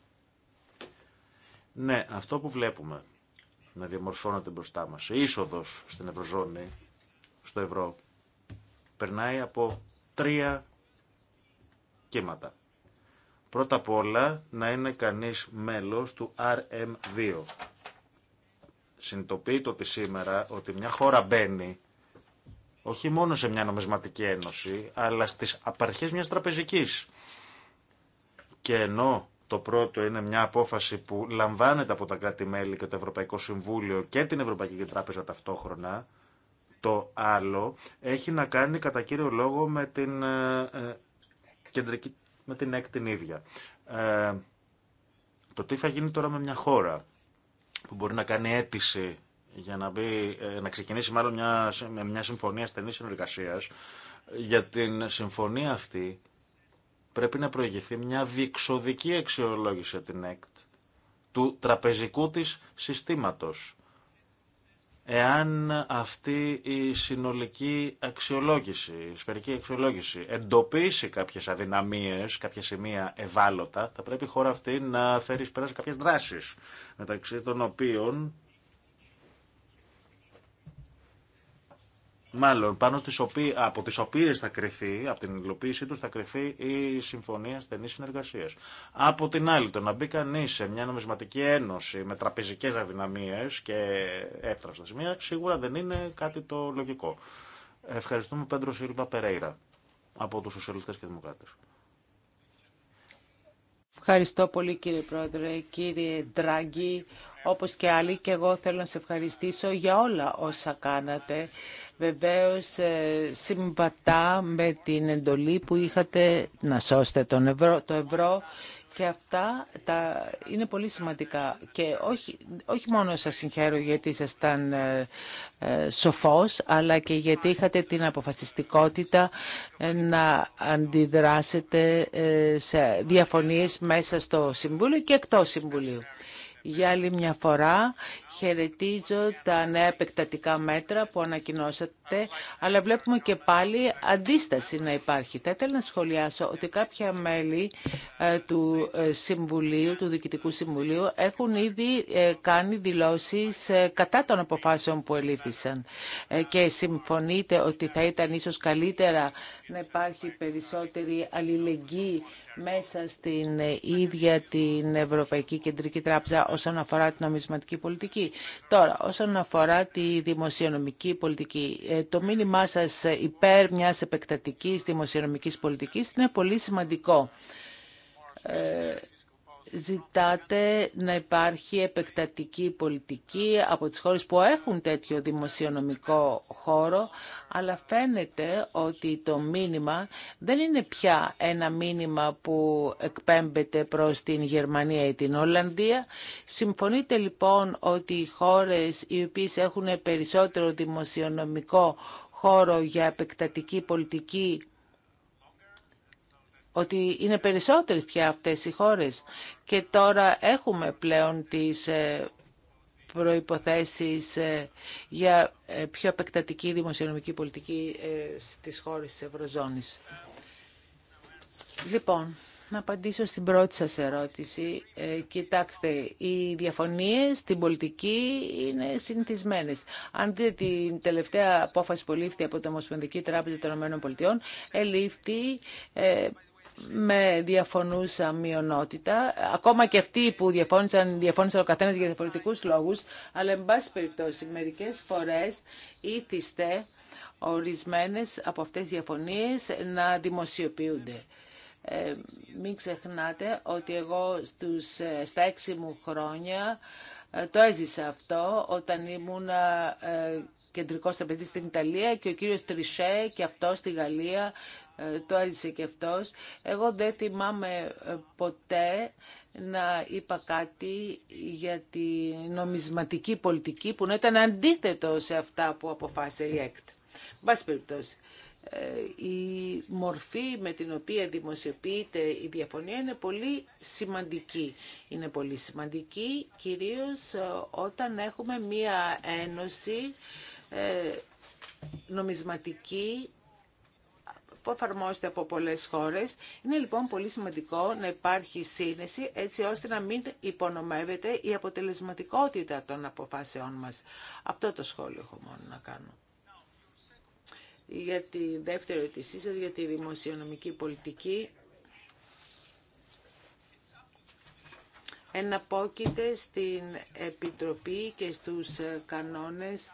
E: Ναι, αυτό που βλέπουμε να διαμορφώνεται μπροστά μας, η είσοδος στην Ευρωζώνη, στο ευρώ, περνάει από τρία κύματα. Πρώτα απ' όλα να είναι κανείς μέλος του RM2. Συνειδητοποιείται ότι σήμερα ότι μια χώρα μπαίνει όχι μόνο σε μια νομισματική ένωση, αλλά στις απαρχές μιας τραπεζικής. Και ενώ το πρώτο είναι μια απόφαση που λαμβάνεται από τα κράτη-μέλη και το Ευρωπαϊκό Συμβούλιο και την Ευρωπαϊκή Τράπεζα ταυτόχρονα, το άλλο έχει να κάνει κατά κύριο λόγο με την ε, ε, κεντρική με την ΕΚ την ίδια. Ε, το τι θα γίνει τώρα με μια χώρα που μπορεί να κάνει αίτηση για να, μπει, ε, να ξεκινήσει μάλλον μια, με μια συμφωνία στενής συνεργασία για την συμφωνία αυτή πρέπει να προηγηθεί μια διεξοδική αξιολόγηση από την ΕΚΤ του τραπεζικού της συστήματος εάν αυτή η συνολική αξιολόγηση, η σφαιρική αξιολόγηση εντοπίσει κάποιες αδυναμίες, κάποια σημεία ευάλωτα, θα πρέπει η χώρα αυτή να φέρει πέρα σε κάποιες δράσεις, μεταξύ των οποίων μάλλον πάνω στις από τις οποίες θα κρυθεί, από την υλοποίησή τους θα κρυθεί η συμφωνία στενή συνεργασία. Από την άλλη, το να μπει κανεί σε μια νομισματική ένωση με τραπεζικές αδυναμίες και έφτραστα σημεία, σίγουρα δεν είναι κάτι το λογικό. Ευχαριστούμε Πέντρο Σίλβα Περέιρα από τους Σοσιαλιστές και δημοκράτε.
B: Ευχαριστώ πολύ κύριε Πρόεδρε, κύριε Ντράγκη, όπως και άλλοι και εγώ θέλω να σε ευχαριστήσω για όλα όσα κάνατε βεβαίως ε, συμβατά με την εντολή που είχατε να σώσετε τον ευρώ, το ευρώ και αυτά τα είναι πολύ σημαντικά και όχι, όχι μόνο σας συγχαίρω γιατί ήσασταν ε, ε, σοφός αλλά και γιατί είχατε την αποφασιστικότητα να αντιδράσετε σε διαφωνίες μέσα στο Συμβούλιο και εκτός Συμβουλίου. Για άλλη μια φορά χαιρετίζω τα νέα επεκτατικά μέτρα που ανακοινώσατε, αλλά βλέπουμε και πάλι αντίσταση να υπάρχει. Θα ήθελα να σχολιάσω ότι κάποια μέλη ε, του ε, Συμβουλίου, του Διοικητικού Συμβουλίου, έχουν ήδη ε, κάνει δηλώσεις κατά των αποφάσεων που ελήφθησαν και συμφωνείτε ότι θα ήταν ίσως καλύτερα να υπάρχει περισσότερη αλληλεγγύη μέσα στην ίδια την Ευρωπαϊκή Κεντρική Τράπεζα όσον αφορά την νομισματική πολιτική. Τώρα, όσον αφορά τη δημοσιονομική πολιτική, ε, το μήνυμά σας υπέρ μιας επεκτατικής δημοσιονομικής πολιτικής είναι πολύ σημαντικό. Ε, ζητάτε να υπάρχει επεκτατική πολιτική από τις χώρες που έχουν τέτοιο δημοσιονομικό χώρο, αλλά φαίνεται ότι το μήνυμα δεν είναι πια ένα μήνυμα που εκπέμπεται προς την Γερμανία ή την Ολλανδία. Συμφωνείτε λοιπόν ότι οι χώρες οι οποίες έχουν περισσότερο δημοσιονομικό χώρο για επεκτατική πολιτική ότι είναι περισσότερες πια αυτές οι χώρες και τώρα έχουμε πλέον τις ε, προϋποθέσεις ε, για ε, πιο επεκτατική δημοσιονομική πολιτική στις χώρες της Ευρωζώνης. Λοιπόν, να απαντήσω στην πρώτη σας ερώτηση. Ε, κοιτάξτε, οι διαφωνίες στην πολιτική είναι συνηθισμένες. Αν δείτε την τελευταία απόφαση που λήφθη από το Ομοσπονδική Τράπεζα των ΗΠΑ, ελήφθη με διαφωνούσα μειονότητα. Ακόμα και αυτοί που διαφώνησαν, διαφώνησαν ο καθένας για διαφορετικούς λόγους, αλλά εν πάση περιπτώσει μερικές φορές ήθιστε ορισμένες από αυτές τις διαφωνίες να δημοσιοποιούνται. Ε, μην ξεχνάτε ότι εγώ στους, ε, στα έξι μου χρόνια ε, το έζησα αυτό όταν ήμουν ε, κεντρικός τραπεζής στην Ιταλία και ο κύριος Τρισέ και αυτό στη Γαλλία το έζησε και αυτός. Εγώ δεν θυμάμαι ε, ποτέ να είπα κάτι για τη νομισματική πολιτική που να ήταν αντίθετο σε αυτά που αποφάσισε η ΕΚΤ. Μπας περιπτώσει, ε, η μορφή με την οποία δημοσιοποιείται η διαφωνία είναι πολύ σημαντική. Είναι πολύ σημαντική κυρίως ε, όταν έχουμε μία ένωση νομισματική που εφαρμόζεται από πολλέ χώρε. Είναι λοιπόν πολύ σημαντικό να υπάρχει σύνεση έτσι ώστε να μην υπονομεύεται η αποτελεσματικότητα των αποφάσεών μας. Αυτό το σχόλιο έχω μόνο να κάνω. Για τη δεύτερη ερώτησή σα για τη δημοσιονομική πολιτική, εναπόκειται στην Επιτροπή και στους κανόνες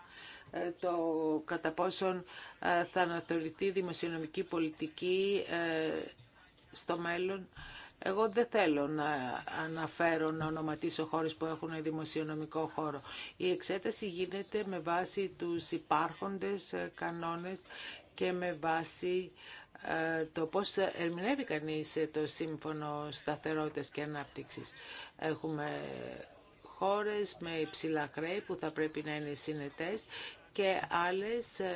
B: ε, το κατά πόσον ε, θα αναθεωρηθεί η δημοσιονομική πολιτική ε, στο μέλλον. Εγώ δεν θέλω να αναφέρω, να ονοματίσω χώρες που έχουν δημοσιονομικό χώρο. Η εξέταση γίνεται με βάση τους υπάρχοντες κανόνες και με βάση το πώς ερμηνεύει κανείς το Σύμφωνο Σταθερότητας και Ανάπτυξης. Έχουμε χώρες με υψηλά χρέη που θα πρέπει να είναι συνετές και άλλες ε,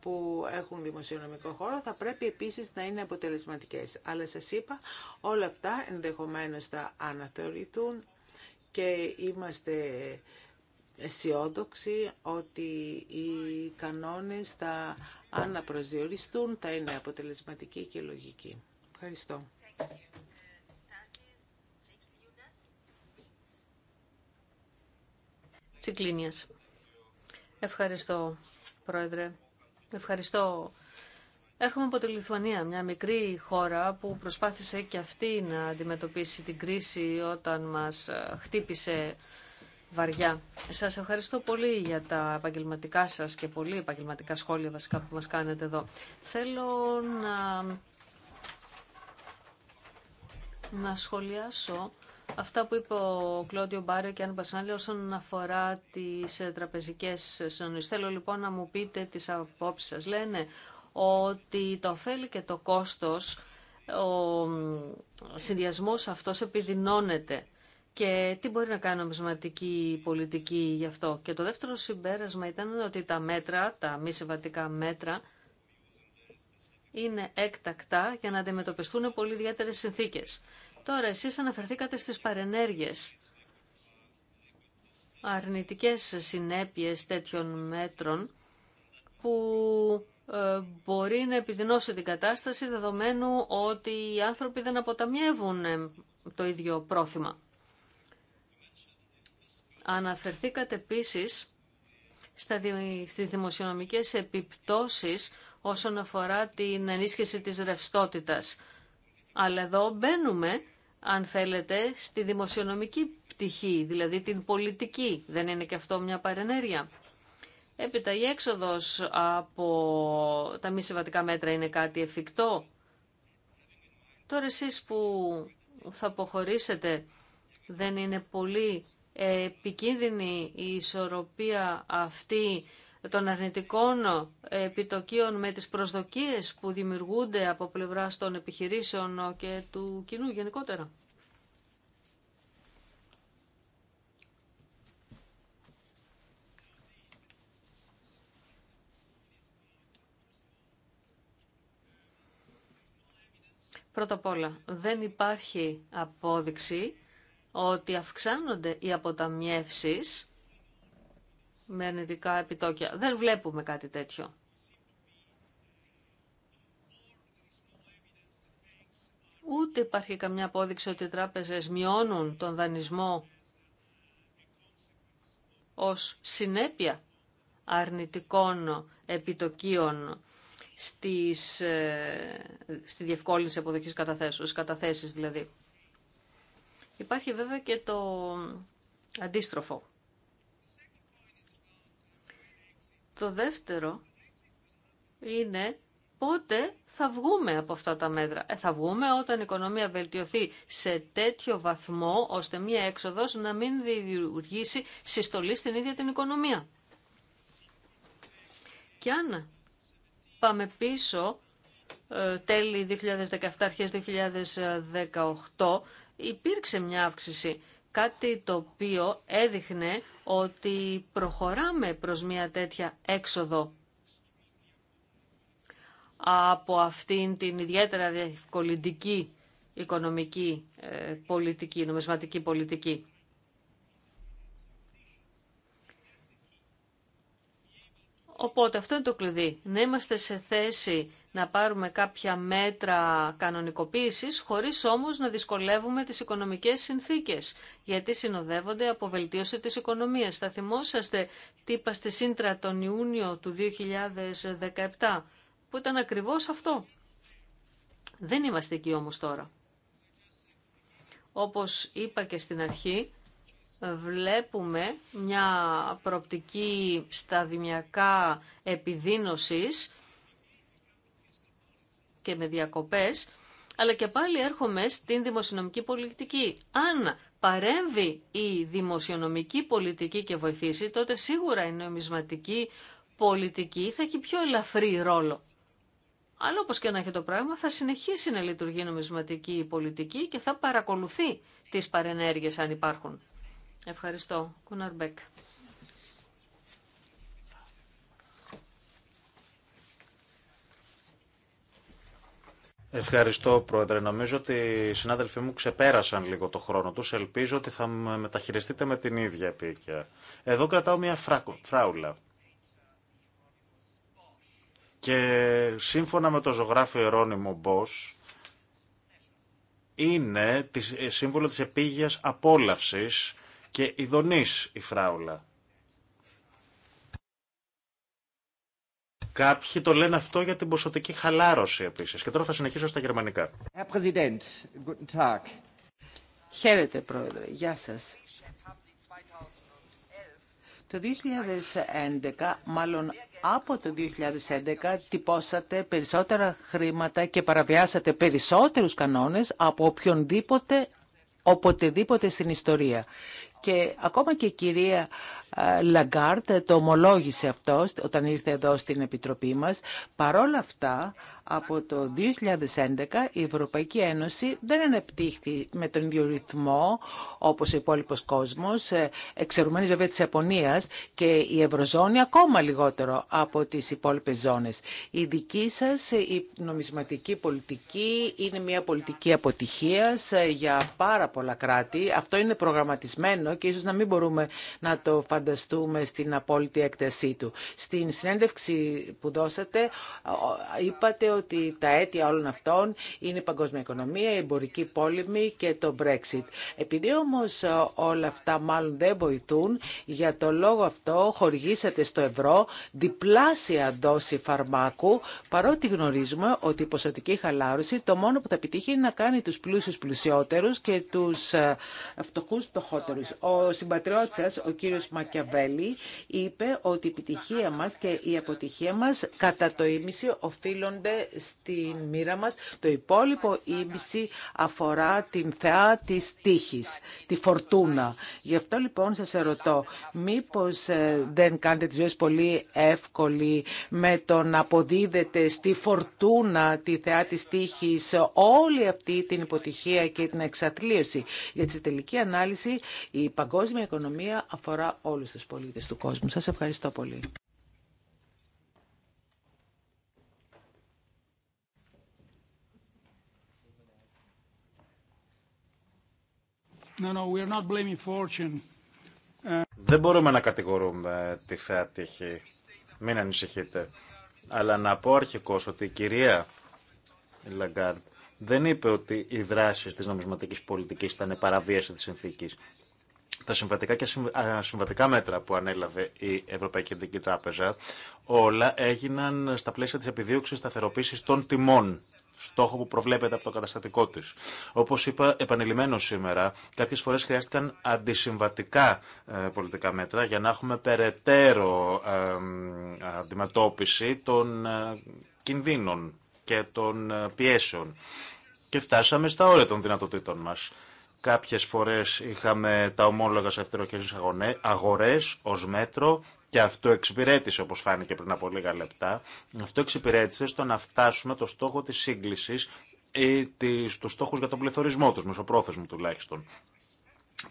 B: που έχουν δημοσιονομικό χώρο θα πρέπει επίσης να είναι αποτελεσματικές. Αλλά σας είπα, όλα αυτά ενδεχομένως θα αναθεωρηθούν και είμαστε αισιόδοξοι ότι οι κανόνες θα αναπροσδιοριστούν, θα είναι αποτελεσματικοί και λογικοί. Ευχαριστώ.
A: Τσικλίνιας. Ευχαριστώ, Πρόεδρε. Ευχαριστώ. Έρχομαι από τη Λιθουανία, μια μικρή χώρα που προσπάθησε και αυτή να αντιμετωπίσει την κρίση όταν μας ε, χτύπησε βαριά. Σας ευχαριστώ πολύ για τα επαγγελματικά σας και πολύ επαγγελματικά σχόλια βασικά που μας κάνετε εδώ. Θέλω να, να σχολιάσω Αυτά που είπε ο Κλώδιο Μπάριο και αν Μπασάνλη όσον αφορά τις ε, τραπεζικές συνονίες. Θέλω λοιπόν να μου πείτε τις απόψεις σας. Λένε ότι το ωφέλη και το κόστος, ο συνδυασμός αυτός επιδεινώνεται. Και τι μπορεί να κάνει νομισματική πολιτική γι' αυτό. Και το δεύτερο συμπέρασμα ήταν ότι τα μέτρα, τα μη συμβατικά μέτρα, είναι έκτακτα για να αντιμετωπιστούν πολύ ιδιαίτερε συνθήκες. Τώρα εσείς αναφερθήκατε στις παρενέργειες. Αρνητικές συνέπειες τέτοιων μέτρων που ε, μπορεί να επιδεινώσει την κατάσταση δεδομένου ότι οι άνθρωποι δεν αποταμιεύουν ε, το ίδιο πρόθυμα. Αναφερθήκατε επίσης στις δημοσιονομικές επιπτώσεις όσον αφορά την ενίσχυση της ρευστότητας. Αλλά εδώ μπαίνουμε αν θέλετε, στη δημοσιονομική πτυχή, δηλαδή την πολιτική. Δεν είναι και αυτό μια παρενέργεια. Έπειτα η έξοδος από τα μη συμβατικά μέτρα είναι κάτι εφικτό. Τώρα εσείς που θα αποχωρήσετε δεν είναι πολύ επικίνδυνη η ισορροπία αυτή των αρνητικών ε, επιτοκίων με τις προσδοκίες που δημιουργούνται από πλευρά των επιχειρήσεων ε, και του κοινού γενικότερα. Πρώτα απ' όλα, δεν υπάρχει απόδειξη ότι αυξάνονται οι αποταμιεύσεις με αρνητικά επιτόκια. Δεν βλέπουμε κάτι τέτοιο. Ούτε υπάρχει καμιά απόδειξη ότι οι τράπεζες μειώνουν τον δανεισμό ως συνέπεια αρνητικών επιτοκίων στις, ε, στη διευκόλυνση αποδοχής καταθέσεως, καταθέσεις δηλαδή. Υπάρχει βέβαια και το αντίστροφο. Το δεύτερο είναι πότε θα βγούμε από αυτά τα μέτρα. Ε, θα βγούμε όταν η οικονομία βελτιωθεί σε τέτοιο βαθμό ώστε μία έξοδος να μην δημιουργήσει συστολή στην ίδια την οικονομία. Και αν πάμε πίσω ε, τέλη 2017 αρχές 2018 υπήρξε μια αύξηση κάτι το οποίο έδειχνε ότι προχωράμε προς μια τέτοια έξοδο από αυτήν την ιδιαίτερα διευκολυντική οικονομική ε, πολιτική, νομισματική πολιτική. Οπότε αυτό είναι το κλειδί. Να είμαστε σε θέση να πάρουμε κάποια μέτρα κανονικοποίησης, χωρίς όμως να δυσκολεύουμε τις οικονομικές συνθήκες, γιατί συνοδεύονται από βελτίωση της οικονομίας. Θα θυμόσαστε τι είπα στη Σύντρα τον Ιούνιο του 2017, που ήταν ακριβώς αυτό. Δεν είμαστε εκεί όμως τώρα. Όπως είπα και στην αρχή, βλέπουμε μια προοπτική σταδημιακά επιδίνωσης και με διακοπές, αλλά και πάλι έρχομαι στην δημοσιονομική πολιτική. Αν παρέμβει η δημοσιονομική πολιτική και βοηθήσει, τότε σίγουρα η νομισματική πολιτική θα έχει πιο ελαφρύ ρόλο. Αλλά όπως και να έχει το πράγμα θα συνεχίσει να λειτουργεί η νομισματική πολιτική και θα παρακολουθεί τις παρενέργειες αν υπάρχουν. Ευχαριστώ. Μπέκ.
E: Ευχαριστώ, Πρόεδρε. Νομίζω ότι οι συνάδελφοί μου ξεπέρασαν λίγο το χρόνο του. Ελπίζω ότι θα μεταχειριστείτε με την ίδια επίκαια. Εδώ κρατάω μια φράουλα. Και σύμφωνα με το ζωγράφο Ερώνυμο Μπός, είναι ε, σύμβολο της επίγειας απόλαυσης και ειδονής η φράουλα. Κάποιοι το λένε αυτό για την ποσοτική χαλάρωση επίσης. Και τώρα θα συνεχίσω στα γερμανικά.
B: Χαίρετε, Πρόεδρε. Γεια σας. Το 2011, μάλλον από το 2011, τυπώσατε περισσότερα χρήματα και παραβιάσατε περισσότερους κανόνες από οποιονδήποτε, οποτεδήποτε στην ιστορία. Και ακόμα και η κυρία Λαγκάρτ το ομολόγησε αυτό όταν ήρθε εδώ στην Επιτροπή μας. Παρόλα αυτά, από το 2011 η Ευρωπαϊκή Ένωση δεν ανεπτύχθη με τον ίδιο ρυθμό όπως ο υπόλοιπο κόσμος, ε, εξαιρουμένης βέβαια της Ιαπωνίας και η Ευρωζώνη ακόμα λιγότερο από τις υπόλοιπε ζώνες. Η δική σας ε, η νομισματική πολιτική είναι μια πολιτική αποτυχίας ε, για πάρα πολλά κράτη. Αυτό είναι προγραμματισμένο και ίσως να μην μπορούμε να το φανταστούμε στην απόλυτη έκτασή του. Στην συνέντευξη που δώσατε είπατε ότι τα αίτια όλων αυτών είναι η παγκόσμια οικονομία, η εμπορική πόλεμη και το Brexit. Επειδή όμως όλα αυτά μάλλον δεν βοηθούν, για το λόγο αυτό χορηγήσατε στο ευρώ διπλάσια δόση φαρμάκου, παρότι γνωρίζουμε ότι η ποσοτική χαλάρωση το μόνο που θα επιτύχει είναι να κάνει τους πλούσιους πλουσιότερους και τους ε, φτωχούς φτωχότερους. Ο συμπατριώτης σας, ο κύριος Μακιαβέλη είπε ότι η επιτυχία μας και η αποτυχία μας κατά το ίμιση οφείλονται στην μοίρα μας. Το υπόλοιπο ίμιση αφορά την θεά της τύχης, τη φορτούνα. Γι' αυτό λοιπόν σας ερωτώ, μήπως ε, δεν κάνετε τη ζωή πολύ εύκολη με το να αποδίδετε στη φορτούνα, τη θεά της τύχης, όλη αυτή την υποτυχία και την εξατλίωση. Γιατί σε τελική ανάλυση η παγκόσμια οικονομία αφορά όλους όλους τους πολίτες του κόσμου. Σας ευχαριστώ πολύ.
C: No, no, we are not blaming fortune.
E: Δεν μπορούμε να κατηγορούμε τη θεά τύχη. Μην ανησυχείτε. Αλλά να πω αρχικώς ότι η κυρία Λαγκάρντ δεν είπε ότι οι δράσεις της νομισματικής πολιτικής ήταν παραβίαση της συνθήκης τα συμβατικά και ασυμβατικά μέτρα που ανέλαβε η Ευρωπαϊκή Κεντρική Τράπεζα, όλα έγιναν στα πλαίσια της επιδίωξης σταθεροποίησης των τιμών στόχο που προβλέπεται από το καταστατικό τη. Όπω είπα επανειλημμένω σήμερα, κάποιε φορέ χρειάστηκαν αντισυμβατικά ε, πολιτικά μέτρα για να έχουμε περαιτέρω ε, αντιμετώπιση των ε, κινδύνων και των πιέσεων. Και φτάσαμε στα όρια των δυνατοτήτων μας. Κάποιες φορές είχαμε τα ομόλογα σε ευθεροχές αγορές ως μέτρο και αυτό εξυπηρέτησε, όπως φάνηκε πριν από λίγα λεπτά, αυτό εξυπηρέτησε στο να φτάσουμε το στόχο της σύγκλησης ή τις, τους στόχους για τον πληθωρισμό τους, μεσοπρόθεσμο τουλάχιστον.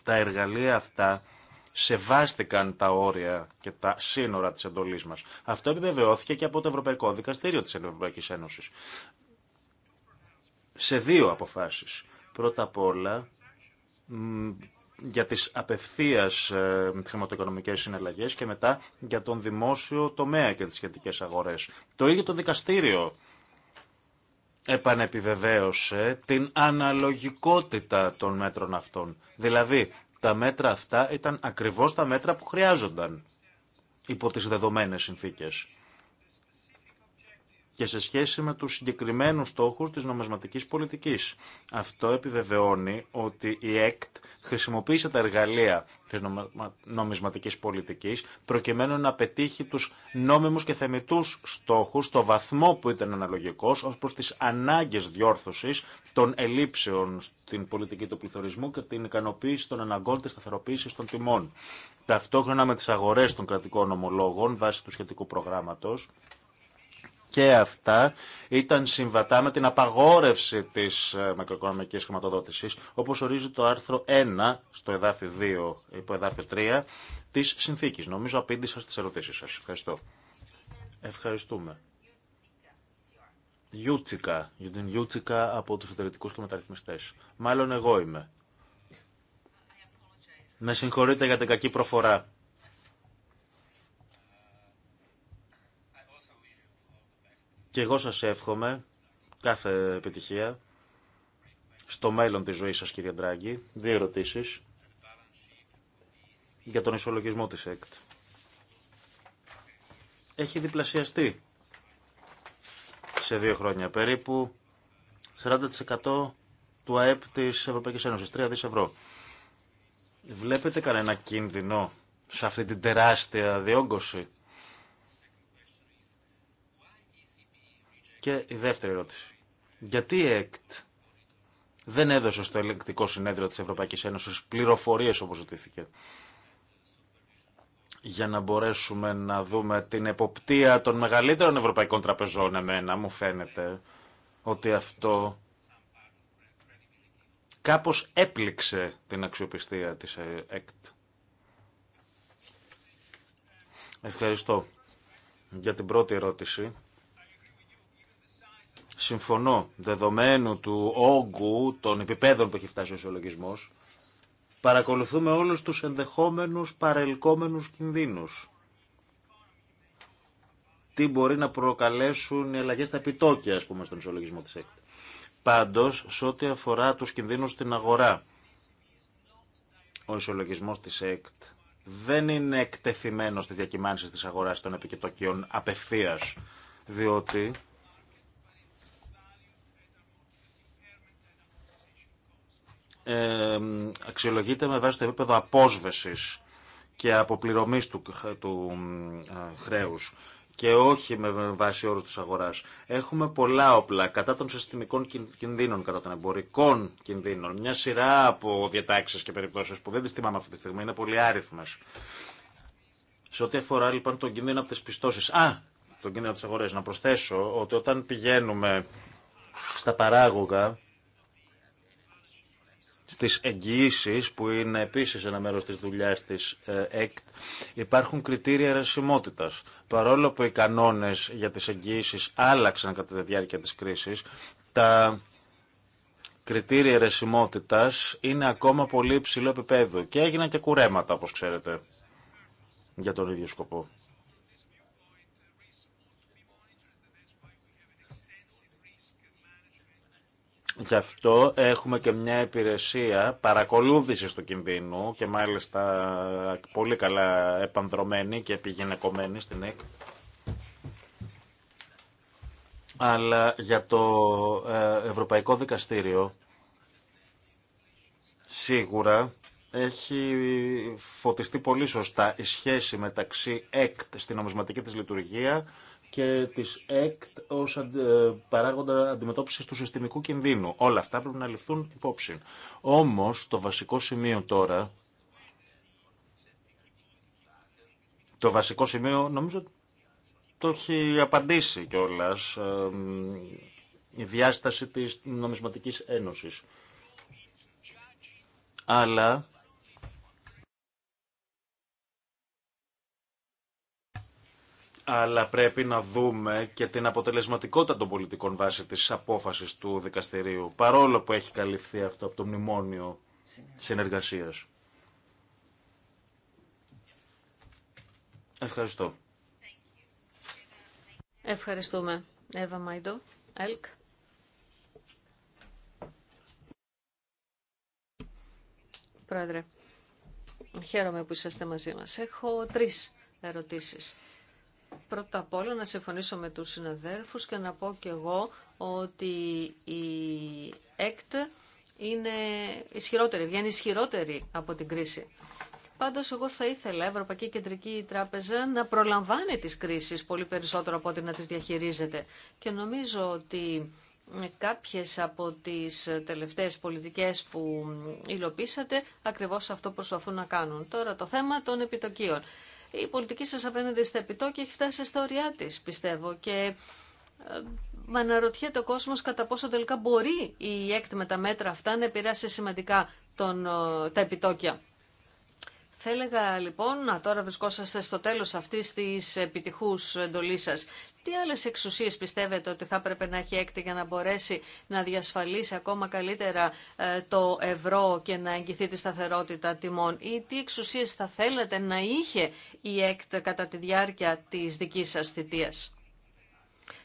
E: Τα εργαλεία αυτά σεβάστηκαν τα όρια και τα σύνορα της εντολής μας. Αυτό επιβεβαιώθηκε και από το Ευρωπαϊκό Δικαστήριο της Ευρωπαϊκής Ένωσης. Σε δύο αποφάσεις. Πρώτα απ' όλα, για τις απευθείας ε, χρηματοοικονομικές συναλλαγές και μετά για τον δημόσιο τομέα και τις σχετικές αγορές. Το ίδιο το δικαστήριο επανεπιβεβαίωσε την αναλογικότητα των μέτρων αυτών. Δηλαδή, τα μέτρα αυτά ήταν ακριβώς τα μέτρα που χρειάζονταν υπό τις δεδομένες συνθήκες και σε σχέση με τους συγκεκριμένους στόχους της νομισματικής πολιτικής. Αυτό επιβεβαιώνει ότι η ΕΚΤ χρησιμοποίησε τα εργαλεία της νομισματικής πολιτικής προκειμένου να πετύχει τους νόμιμους και θεμητούς στόχους στο βαθμό που ήταν αναλογικός ως προς τις ανάγκες διόρθωσης των ελλείψεων στην πολιτική του πληθωρισμού και την ικανοποίηση των αναγκών της σταθεροποίησης των τιμών. Ταυτόχρονα με τις αγορές των κρατικών ομολόγων βάσει του σχετικού προγράμματος, και αυτά ήταν συμβατά με την απαγόρευση της ε, μακροοικονομικής χρηματοδότησης, όπως ορίζει το άρθρο 1 στο εδάφιο 2 υπό εδάφιο 3 της συνθήκης. Νομίζω απήντησα στις ερωτήσεις σας. Ευχαριστώ. Ευχαριστούμε. Γιούτσικα, για την Γιούτσικα από τους εταιρετικούς και μεταρρυθμιστές. Μάλλον εγώ είμαι. Με συγχωρείτε για την κακή προφορά. Και εγώ σας εύχομαι κάθε επιτυχία στο μέλλον της ζωής σας κύριε Ντράγκη. Δύο ερωτήσεις για τον ισολογισμό της ΕΚΤ. Έχει διπλασιαστεί σε δύο χρόνια περίπου 40% του ΑΕΠ της Ευρωπαϊκής Ένωσης, 3 δις ευρώ. Βλέπετε κανένα κίνδυνο σε αυτή την τεράστια διόγκωση Και η δεύτερη ερώτηση. Γιατί η ΕΚΤ δεν έδωσε στο ελεγκτικό συνέδριο της Ευρωπαϊκής Ένωσης πληροφορίες όπως ζητήθηκε για να μπορέσουμε να δούμε την εποπτεία των μεγαλύτερων ευρωπαϊκών τραπεζών εμένα μου φαίνεται ότι αυτό κάπως έπληξε την αξιοπιστία της ΕΚΤ. Ευχαριστώ για την πρώτη ερώτηση συμφωνώ, δεδομένου του όγκου των επιπέδων που έχει φτάσει ο ισολογισμός, παρακολουθούμε όλους τους ενδεχόμενους παρελκόμενους κινδύνους. Τι μπορεί να προκαλέσουν οι αλλαγές στα επιτόκια, ας πούμε, στον ισολογισμό της ΕΚΤ. Πάντως, σε ό,τι αφορά τους κινδύνους στην αγορά, ο ισολογισμός της ΕΚΤ δεν είναι εκτεθειμένο στις διακυμάνσεις της αγοράς των επικοινωνιών απευθείας, διότι αξιολογείται με βάση το επίπεδο απόσβεσης και αποπληρωμής του, του χρέους και όχι με βάση όρους της αγοράς. Έχουμε πολλά όπλα κατά των συστημικών κινδύνων, κατά των εμπορικών κινδύνων. Μια σειρά από διατάξεις και περιπτώσεις που δεν τις θυμάμαι αυτή τη στιγμή, είναι πολύ άριθμες. Σε ό,τι αφορά λοιπόν τον κίνδυνο από τις πιστώσεις. Α, τον κίνδυνο από τις αγορές. Να προσθέσω ότι όταν πηγαίνουμε στα παράγωγα, στις εγγυήσει, που είναι επίσης ένα μέρος της δουλειάς της ε, ΕΚΤ, υπάρχουν κριτήρια ρεσιμότητας. Παρόλο που οι κανόνες για τις εγγυήσει άλλαξαν κατά τη διάρκεια της κρίσης, τα κριτήρια ρεσιμότητας είναι ακόμα πολύ υψηλό επίπεδο και έγιναν και κουρέματα, όπως ξέρετε, για τον ίδιο σκοπό. Γι' αυτό έχουμε και μια υπηρεσία παρακολούθησης του κινδύνου και μάλιστα πολύ καλά επανδρομένη και επιγυναικωμένη στην ΕΚ. Αλλά για το ε, Ευρωπαϊκό Δικαστήριο σίγουρα έχει φωτιστεί πολύ σωστά η σχέση μεταξύ ΕΚΤ στην νομισματική της λειτουργία και της ΕΚΤ ως ε, παράγοντα αντιμετώπιση του συστημικού κινδύνου. Όλα αυτά πρέπει να ληφθούν υπόψη. Όμως το βασικό σημείο τώρα, το βασικό σημείο νομίζω το έχει απαντήσει κιόλα η διάσταση της νομισματικής ένωσης. Αλλά αλλά πρέπει να δούμε και την αποτελεσματικότητα των πολιτικών βάσει της απόφασης του δικαστηρίου, παρόλο που έχει καλυφθεί αυτό από το μνημόνιο συνεργασίας. Ευχαριστώ.
A: Ευχαριστούμε. Εύα Μαϊντό, ΕΛΚ. Πρόεδρε, χαίρομαι που είσαστε μαζί μας. Έχω τρεις ερωτήσεις. Πρώτα απ' όλα να συμφωνήσω με τους συναδέρφους και να πω και εγώ ότι η ΕΚΤ είναι ισχυρότερη, βγαίνει ισχυρότερη από την κρίση. Πάντως εγώ θα ήθελα η Ευρωπαϊκή Κεντρική Τράπεζα να προλαμβάνει τις κρίσεις πολύ περισσότερο από ότι να τις διαχειρίζεται. Και νομίζω ότι κάποιες από τις τελευταίες πολιτικές που υλοποίησατε ακριβώς αυτό προσπαθούν να κάνουν. Τώρα το θέμα των επιτοκίων η πολιτική σας απέναντι στα επιτόκια έχει φτάσει στα ωριά της, πιστεύω. Και με αναρωτιέται ο κόσμος κατά πόσο τελικά μπορεί η έκτη με τα μέτρα αυτά να επηρεάσει σημαντικά τον, ε, τα επιτόκια. Θα έλεγα λοιπόν, να τώρα βρισκόσαστε στο τέλος αυτής της επιτυχούς εντολής σας. Τι άλλες εξουσίες πιστεύετε ότι θα έπρεπε να έχει έκτη για να μπορέσει να διασφαλίσει ακόμα καλύτερα ε, το ευρώ και να εγγυθεί τη σταθερότητα τιμών ή τι εξουσίες θα θέλετε να είχε η ΕΚΤ κατά τη διάρκεια της δικής σας θητείας.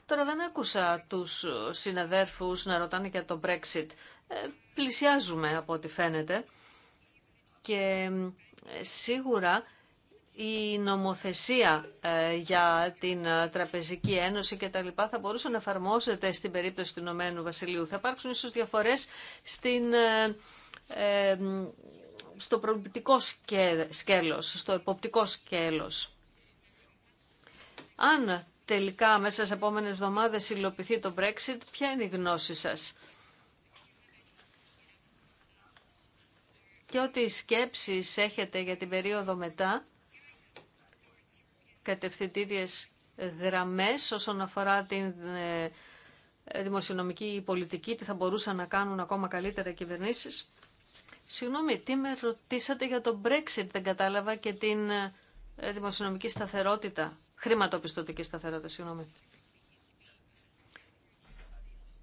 A: Τώρα δεν άκουσα τους συναδέρφους να ρωτάνε για το Brexit. Ε, πλησιάζουμε από ό,τι φαίνεται και ε, σίγουρα η νομοθεσία ε, για την ε, Τραπεζική Ένωση και τα λοιπά θα μπορούσε να εφαρμόζεται στην περίπτωση του Ηνωμένου Βασιλείου. Θα υπάρξουν ίσως διαφορές στην, στο προληπτικό σκέλος, στο εποπτικό σκέλος. Αν τελικά μέσα σε επόμενες εβδομάδες υλοποιηθεί το Brexit, ποια είναι η γνώση σας. και ό,τι σκέψεις έχετε για την περίοδο μετά, κατευθυντήριες γραμμές όσον αφορά την ε, δημοσιονομική πολιτική, τι θα μπορούσαν να κάνουν ακόμα καλύτερα οι κυβερνήσεις. Συγγνώμη, τι με ρωτήσατε για το Brexit, δεν κατάλαβα, και την ε, δημοσιονομική σταθερότητα, χρηματοπιστωτική σταθερότητα, συγγνώμη.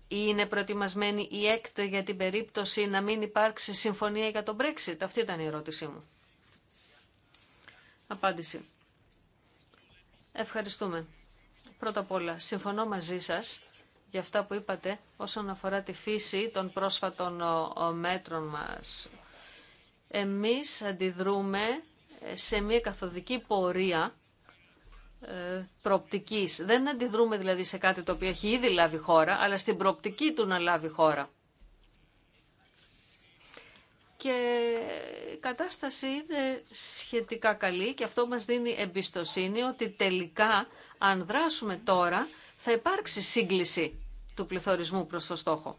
A: Είναι προετοιμασμένη η ΕΚΤ για την περίπτωση να μην υπάρξει συμφωνία για τον Brexit. Αυτή ήταν η ερώτησή μου. Απάντηση. Ευχαριστούμε. Πρώτα απ' όλα, συμφωνώ μαζί σας για αυτά που είπατε όσον αφορά τη φύση των πρόσφατων μέτρων μας. Εμείς αντιδρούμε ε, σε μια καθοδική πορεία προπτικής. Δεν αντιδρούμε δηλαδή σε κάτι το οποίο έχει ήδη λάβει χώρα, αλλά στην προπτική του να λάβει χώρα. Και η κατάσταση είναι σχετικά καλή και αυτό μας δίνει εμπιστοσύνη ότι τελικά αν δράσουμε τώρα θα υπάρξει σύγκληση του πληθωρισμού προς το στόχο.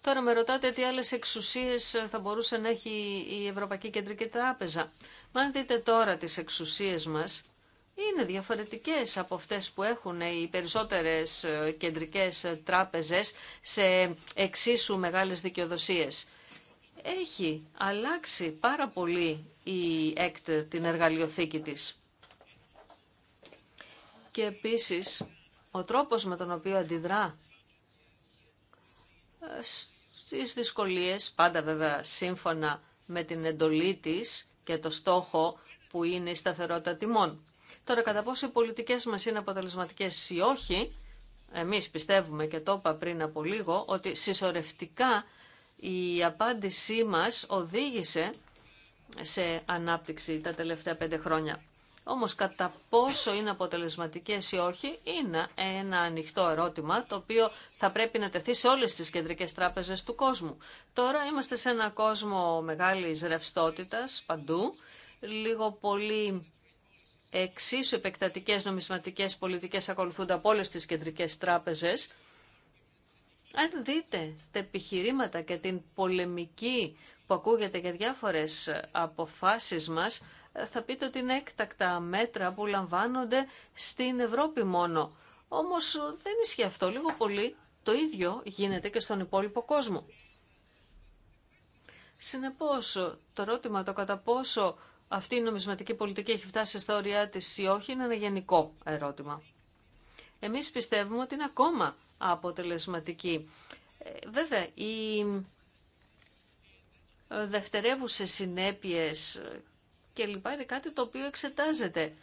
A: Τώρα με ρωτάτε τι άλλες εξουσίες θα μπορούσε να έχει η Ευρωπαϊκή Κεντρική Τράπεζα. Μα αν δείτε τώρα τις εξουσίες μας, είναι διαφορετικές από αυτές που έχουν οι περισσότερες ε, κεντρικές ε, τράπεζες σε εξίσου μεγάλες δικαιοδοσίες. Έχει αλλάξει πάρα πολύ η ΕΚΤ την εργαλειοθήκη της. Και επίσης, ο τρόπος με τον οποίο αντιδρά ε, στις δυσκολίες, πάντα βέβαια σύμφωνα με την εντολή της και το στόχο που είναι η σταθερότητα τιμών. Τώρα, κατά πόσο οι πολιτικέ μα είναι αποτελεσματικές ή όχι, εμείς πιστεύουμε και το είπα πριν από λίγο, ότι συσσωρευτικά η απάντησή μας οδήγησε σε ανάπτυξη τα τελευταία πέντε χρόνια. Όμως κατά πόσο είναι αποτελεσματικές ή όχι είναι ένα ανοιχτό ερώτημα το οποίο θα πρέπει να τεθεί σε όλες τις κεντρικέ τράπεζε του κόσμου. Τώρα είμαστε σε ένα κόσμο μεγάλης ρευστότητας παντού, λίγο πολύ εξίσου επεκτατικές νομισματικές πολιτικές ακολουθούνται από όλες τις κεντρικές τράπεζες, αν δείτε τα επιχειρήματα και την πολεμική που ακούγεται για διάφορες αποφάσεις μας, θα πείτε ότι είναι έκτακτα μέτρα που λαμβάνονται στην Ευρώπη μόνο. Όμως δεν ισχύει αυτό. Λίγο πολύ το ίδιο γίνεται και στον υπόλοιπο κόσμο. Συνεπώς, το ερώτημα το κατά πόσο αυτή η νομισματική πολιτική έχει φτάσει στα όρια της ή όχι είναι ένα γενικό ερώτημα. Εμείς πιστεύουμε ότι είναι ακόμα αποτελεσματική. Ε, βέβαια, οι δευτερεύουσες συνέπειες και λοιπά είναι κάτι το οποίο εξετάζεται.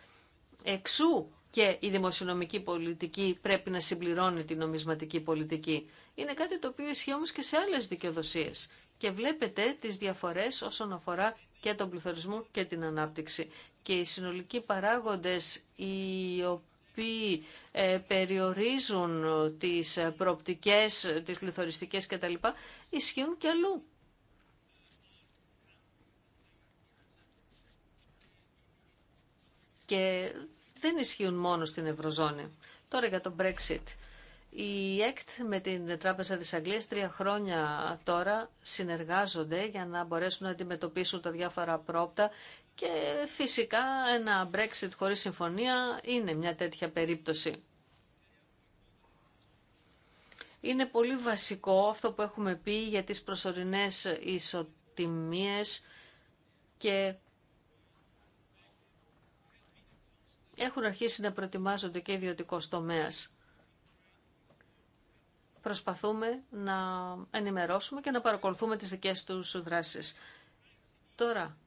A: Εξού και η δημοσιονομική πολιτική πρέπει να συμπληρώνει την νομισματική πολιτική. Είναι κάτι το οποίο ισχύει όμως και σε άλλες δικαιοδοσίες. Και βλέπετε τις διαφορές όσον αφορά και τον πληθωρισμό και την ανάπτυξη. Και οι συνολικοί παράγοντες οι οποίοι ε, περιορίζουν τις ε, προοπτικές, τις πληθωριστικές κτλ. ισχύουν και αλλού. Και δεν ισχύουν μόνο στην Ευρωζώνη. Τώρα για το Brexit. Η ΕΚΤ με την Τράπεζα της Αγγλίας τρία χρόνια τώρα συνεργάζονται για να μπορέσουν να αντιμετωπίσουν τα διάφορα πρόπτα και φυσικά ένα Brexit χωρίς συμφωνία είναι μια τέτοια περίπτωση. Είναι πολύ βασικό αυτό που έχουμε πει για τις προσωρινές ισοτιμίες και έχουν αρχίσει να προετοιμάζονται και ιδιωτικό τομέας προσπαθούμε να ενημερώσουμε και να παρακολουθούμε τις δικές τους δράσεις. Τώρα,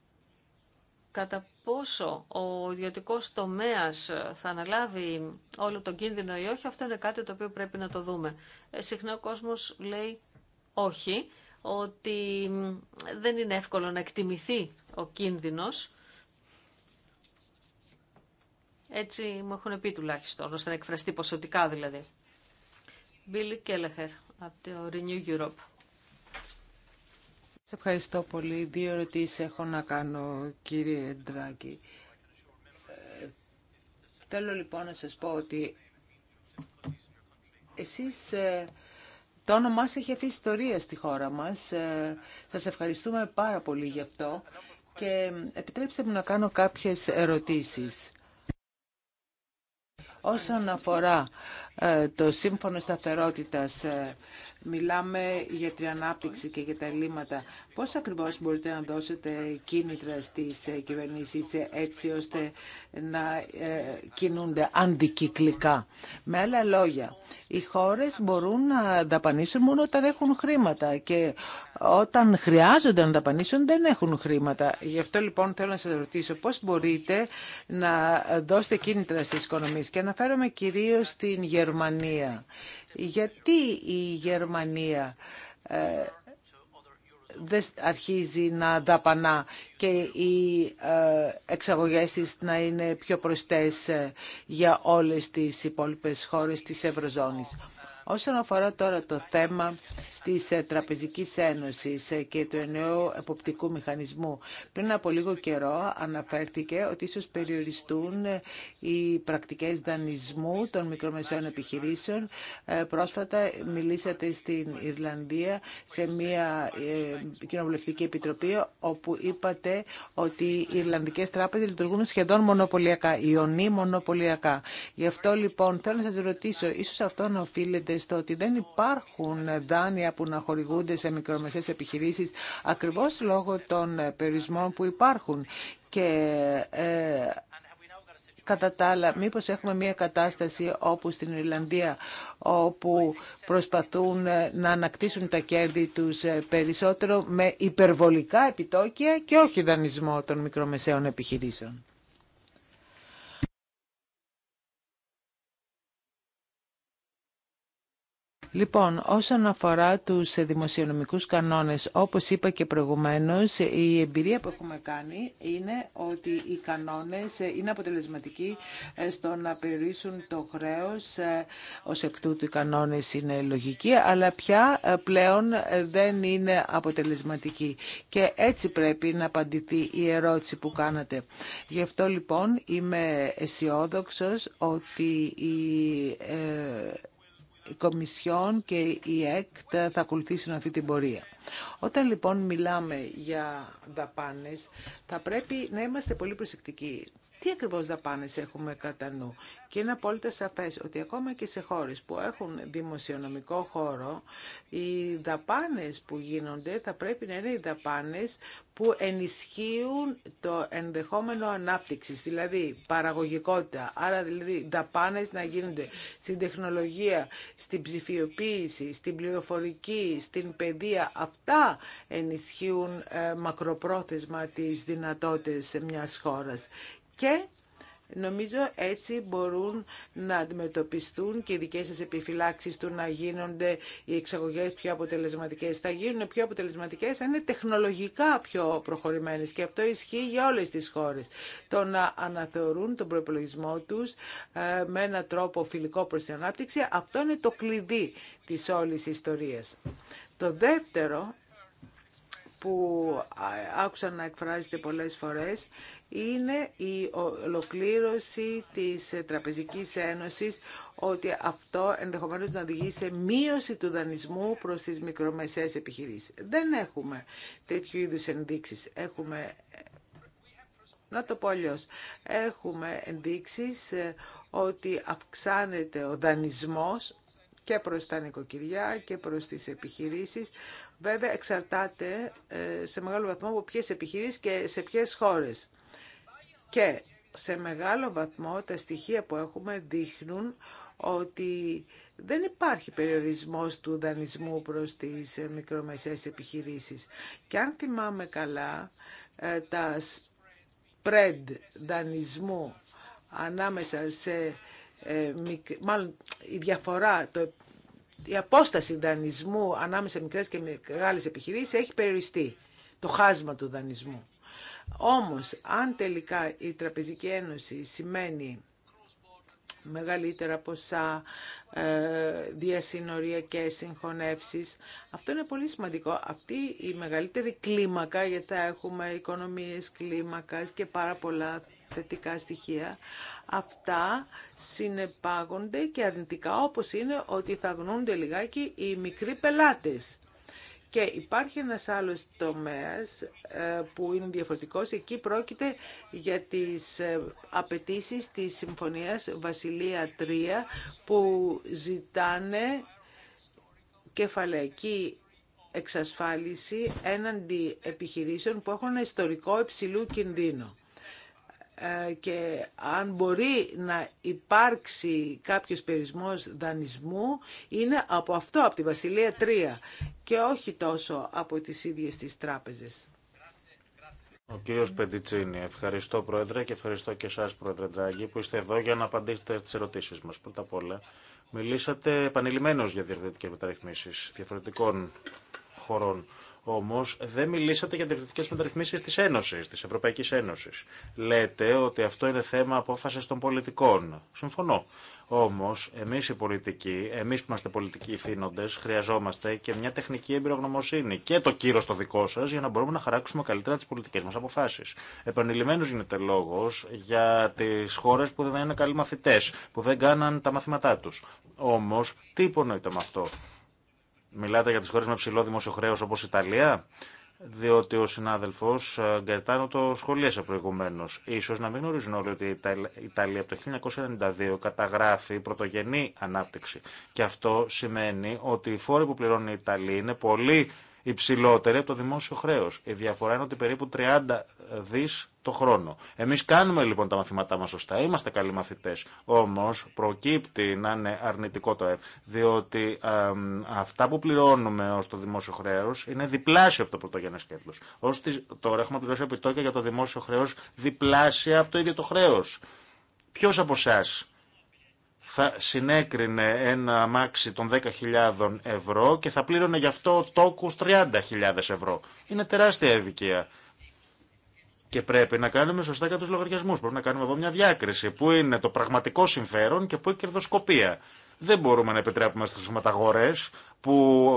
A: κατά πόσο ο ιδιωτικό τομέας θα αναλάβει όλο τον κίνδυνο ή όχι, αυτό είναι κάτι το οποίο πρέπει να το δούμε. Ε, συχνά ο κόσμος λέει όχι, ότι δεν είναι εύκολο να εκτιμηθεί ο κίνδυνος. Έτσι μου έχουν πει τουλάχιστον, ώστε να εκφραστεί ποσοτικά δηλαδή. Μπίλι Κέλεχερ από το Renew Europe.
B: ευχαριστώ πολύ. Δύο ερωτήσεις έχω να κάνω, κύριε Ντράγκη. Ε, θέλω λοιπόν να σας πω ότι εσείς ε, το όνομά σας έχει αφήσει ιστορία στη χώρα μας. Ε, σας ευχαριστούμε πάρα πολύ γι' αυτό και επιτρέψτε μου να κάνω κάποιες ερωτήσεις. Όσον αφορά ε, το σύμφωνο σταθερότητας, ε, μιλάμε για την ανάπτυξη και για τα ελλείμματα. Πώς ακριβώς μπορείτε να δώσετε κίνητρα στις ε, κυβερνήσεις έτσι ώστε να κινούνται αντικυκλικά. Με άλλα λόγια, οι χώρες μπορούν να δαπανίσουν μόνο όταν έχουν χρήματα και όταν χρειάζονται να δαπανίσουν δεν έχουν χρήματα. Γι' αυτό λοιπόν θέλω να σας ρωτήσω πώς μπορείτε να δώσετε κίνητρα στις οικονομίες και αναφέρομαι κυρίως στην Γερμανία. Γιατί η Γερμανία ε, δεν αρχίζει να δαπανά και οι ε, εξαγωγές της να είναι πιο προστές ε, για όλες τις υπόλοιπες χώρες της Ευρωζώνης. Όσον αφορά τώρα το θέμα της ε, Τραπεζικής Ένωσης ε, και του νέου εποπτικού μηχανισμού. Πριν από λίγο καιρό αναφέρθηκε ότι ίσως περιοριστούν ε, οι πρακτικές δανεισμού των μικρομεσαίων επιχειρήσεων. Πρόσφατα μιλήσατε στην Ιρλανδία σε μια κοινοβουλευτική επιτροπή όπου είπατε ότι οι Ιρλανδικές τράπεζες λειτουργούν σχεδόν μονοπωλιακά, ιονή μονοπωλιακά. Γι' αυτό λοιπόν θέλω να σας ρωτήσω, ίσως αυτό να οφείλεται στο ότι δεν υπάρχουν δάνεια που να χορηγούνται σε μικρομεσαίες επιχειρήσεις ακριβώς λόγω των περισμών που υπάρχουν. Και ε, κατά τα άλλα, μήπως έχουμε μια κατάσταση όπου στην Ιρλανδία, όπου προσπαθούν ε, να ανακτήσουν τα κέρδη τους ε, περισσότερο με υπερβολικά επιτόκια και όχι δανεισμό των μικρομεσαίων επιχειρήσεων. Λοιπόν, όσον αφορά τους δημοσιονομικούς κανόνες, όπως είπα και προηγουμένως, η εμπειρία που έχουμε κάνει είναι ότι οι κανόνες είναι αποτελεσματικοί ε, στο να περιορίσουν το χρέος. Ε, ως εκ τούτου οι κανόνες είναι λογικοί, αλλά πια ε, πλέον δεν είναι αποτελεσματικοί. Και έτσι πρέπει να απαντηθεί η ερώτηση που κάνατε. Γι' αυτό λοιπόν είμαι αισιόδοξο ότι η Κομισιόν και η ΕΚΤ θα ακολουθήσουν αυτή την πορεία. Όταν λοιπόν μιλάμε για δαπάνες, θα πρέπει να είμαστε πολύ προσεκτικοί τι ακριβώς δαπάνες έχουμε κατά νου. Και είναι απόλυτα σαφές ότι ακόμα και σε χώρες που έχουν δημοσιονομικό χώρο, οι δαπάνες που γίνονται θα πρέπει να είναι οι δαπάνες που ενισχύουν το ενδεχόμενο ανάπτυξης, δηλαδή παραγωγικότητα, άρα δηλαδή δαπάνες να γίνονται στην τεχνολογία, στην ψηφιοποίηση, στην πληροφορική, στην παιδεία. Αυτά ενισχύουν ε, μακροπρόθεσμα τις δυνατότητες μιας χώρας και Νομίζω έτσι μπορούν να αντιμετωπιστούν και οι δικές σας επιφυλάξεις του να γίνονται οι εξαγωγές πιο αποτελεσματικές. Θα γίνουν πιο αποτελεσματικές, είναι τεχνολογικά πιο προχωρημένες και αυτό ισχύει για όλες τις χώρες. Το να αναθεωρούν τον προπολογισμό τους ε, με έναν τρόπο φιλικό προς την ανάπτυξη, αυτό είναι το κλειδί της όλης ιστορίας. Το δεύτερο που άκουσα να εκφράζεται πολλές φορές είναι η ολοκλήρωση της Τραπεζικής Ένωσης ότι αυτό ενδεχομένως να οδηγεί σε μείωση του δανεισμού προς τις μικρομεσαίες επιχειρήσεις. Δεν έχουμε τέτοιου είδους ενδείξεις. Έχουμε να το πω Έχουμε ενδείξεις ε, ότι αυξάνεται ο δανεισμός, και προς τα νοικοκυριά και προς τις επιχειρήσεις. Βέβαια εξαρτάται ε, σε μεγάλο βαθμό από ποιες επιχειρήσεις και σε ποιες χώρες. Και σε μεγάλο βαθμό τα στοιχεία που έχουμε δείχνουν ότι δεν υπάρχει περιορισμός του δανεισμού προς τις ε, μικρομεσαίες επιχειρήσεις. Και αν θυμάμαι καλά, ε, τα spread δανεισμού ανάμεσα σε ε, μάλλον η διαφορά, το, η απόσταση δανεισμού ανάμεσα μικρές και μεγάλες επιχειρήσεις έχει περιοριστεί, το χάσμα του δανεισμού. Όμως, αν τελικά η Τραπεζική Ένωση σημαίνει μεγαλύτερα ποσά, ε, διασυνοριακές συγχωνεύσεις. Αυτό είναι πολύ σημαντικό. Αυτή η μεγαλύτερη κλίμακα, γιατί έχουμε οικονομίες κλίμακας και πάρα πολλά θετικά στοιχεία. Αυτά συνεπάγονται και αρνητικά όπως είναι ότι θα γνούνται λιγάκι οι μικροί πελάτες. Και υπάρχει ένας άλλος τομέας ε, που είναι διαφορετικός. Εκεί πρόκειται για τις ε, απαιτήσεις της Συμφωνίας Βασιλεία 3 που ζητάνε κεφαλαϊκή εξασφάλιση έναντι επιχειρήσεων που έχουν ιστορικό υψηλού κινδύνου. Ε, και αν μπορεί να υπάρξει κάποιος περισμός δανεισμού είναι από αυτό, από τη Βασιλεία 3 και όχι τόσο από τις ίδιες τις τράπεζες.
E: Ο κύριο Πεντιτσίνη, ευχαριστώ Πρόεδρε και ευχαριστώ και εσά Πρόεδρε Ντράγκη που είστε εδώ για να απαντήσετε στι ερωτήσει μα. Πρώτα απ' όλα, μιλήσατε επανειλημμένω για διαφορετικέ μεταρρυθμίσει διαφορετικών χωρών. Όμω δεν μιλήσατε για διευθυντικέ μεταρρυθμίσει τη Ένωση, τη Ευρωπαϊκή Ένωση. Λέτε ότι αυτό είναι θέμα απόφαση των πολιτικών. Συμφωνώ. Όμω, εμεί οι πολιτικοί, εμεί που είμαστε πολιτικοί ηθήνοντε, χρειαζόμαστε και μια τεχνική εμπειρογνωμοσύνη και το κύρο το δικό σα για να μπορούμε να χαράξουμε καλύτερα τι πολιτικέ μα αποφάσει. Επανειλημμένω γίνεται λόγο για τι χώρε που δεν είναι καλοί μαθητέ, που δεν κάναν τα μαθήματά του. Όμω, τι υπονοείται με αυτό. Μιλάτε για τις χώρες με ψηλό χρέος όπως η Ιταλία, διότι ο συνάδελφος ε, Γκερτάνο το σχολίασε προηγουμένως. Ίσως να μην γνωρίζουν όλοι ότι η Ιταλία από το 1992 καταγράφει πρωτογενή ανάπτυξη. Και αυτό σημαίνει ότι οι φόροι που πληρώνει η Ιταλία είναι πολύ υψηλότερη από το δημόσιο χρέο. Η διαφορά είναι ότι περίπου 30 δις το χρόνο. Εμεί κάνουμε λοιπόν τα μαθήματά μα σωστά, είμαστε καλοί μαθητέ. Όμω, προκύπτει να είναι αρνητικό το ΕΠ, διότι α, αυτά που πληρώνουμε ω το δημόσιο χρέο είναι διπλάσιο από το πρωτογενές κέρδο. Ω τώρα έχουμε πληρώσει επιτόκια για το δημόσιο χρέο, διπλάσια από το ίδιο το χρέο. Ποιο από εσά θα συνέκρινε ένα αμάξι των 10.000 ευρώ και θα πλήρωνε γι' αυτό τόκους 30.000 ευρώ. Είναι τεράστια ειδικία. Και πρέπει να κάνουμε σωστά για τους λογαριασμούς. Πρέπει να κάνουμε εδώ μια διάκριση. Πού είναι το πραγματικό συμφέρον και πού η κερδοσκοπία. Δεν μπορούμε να επιτρέπουμε στις χρηματαγορές που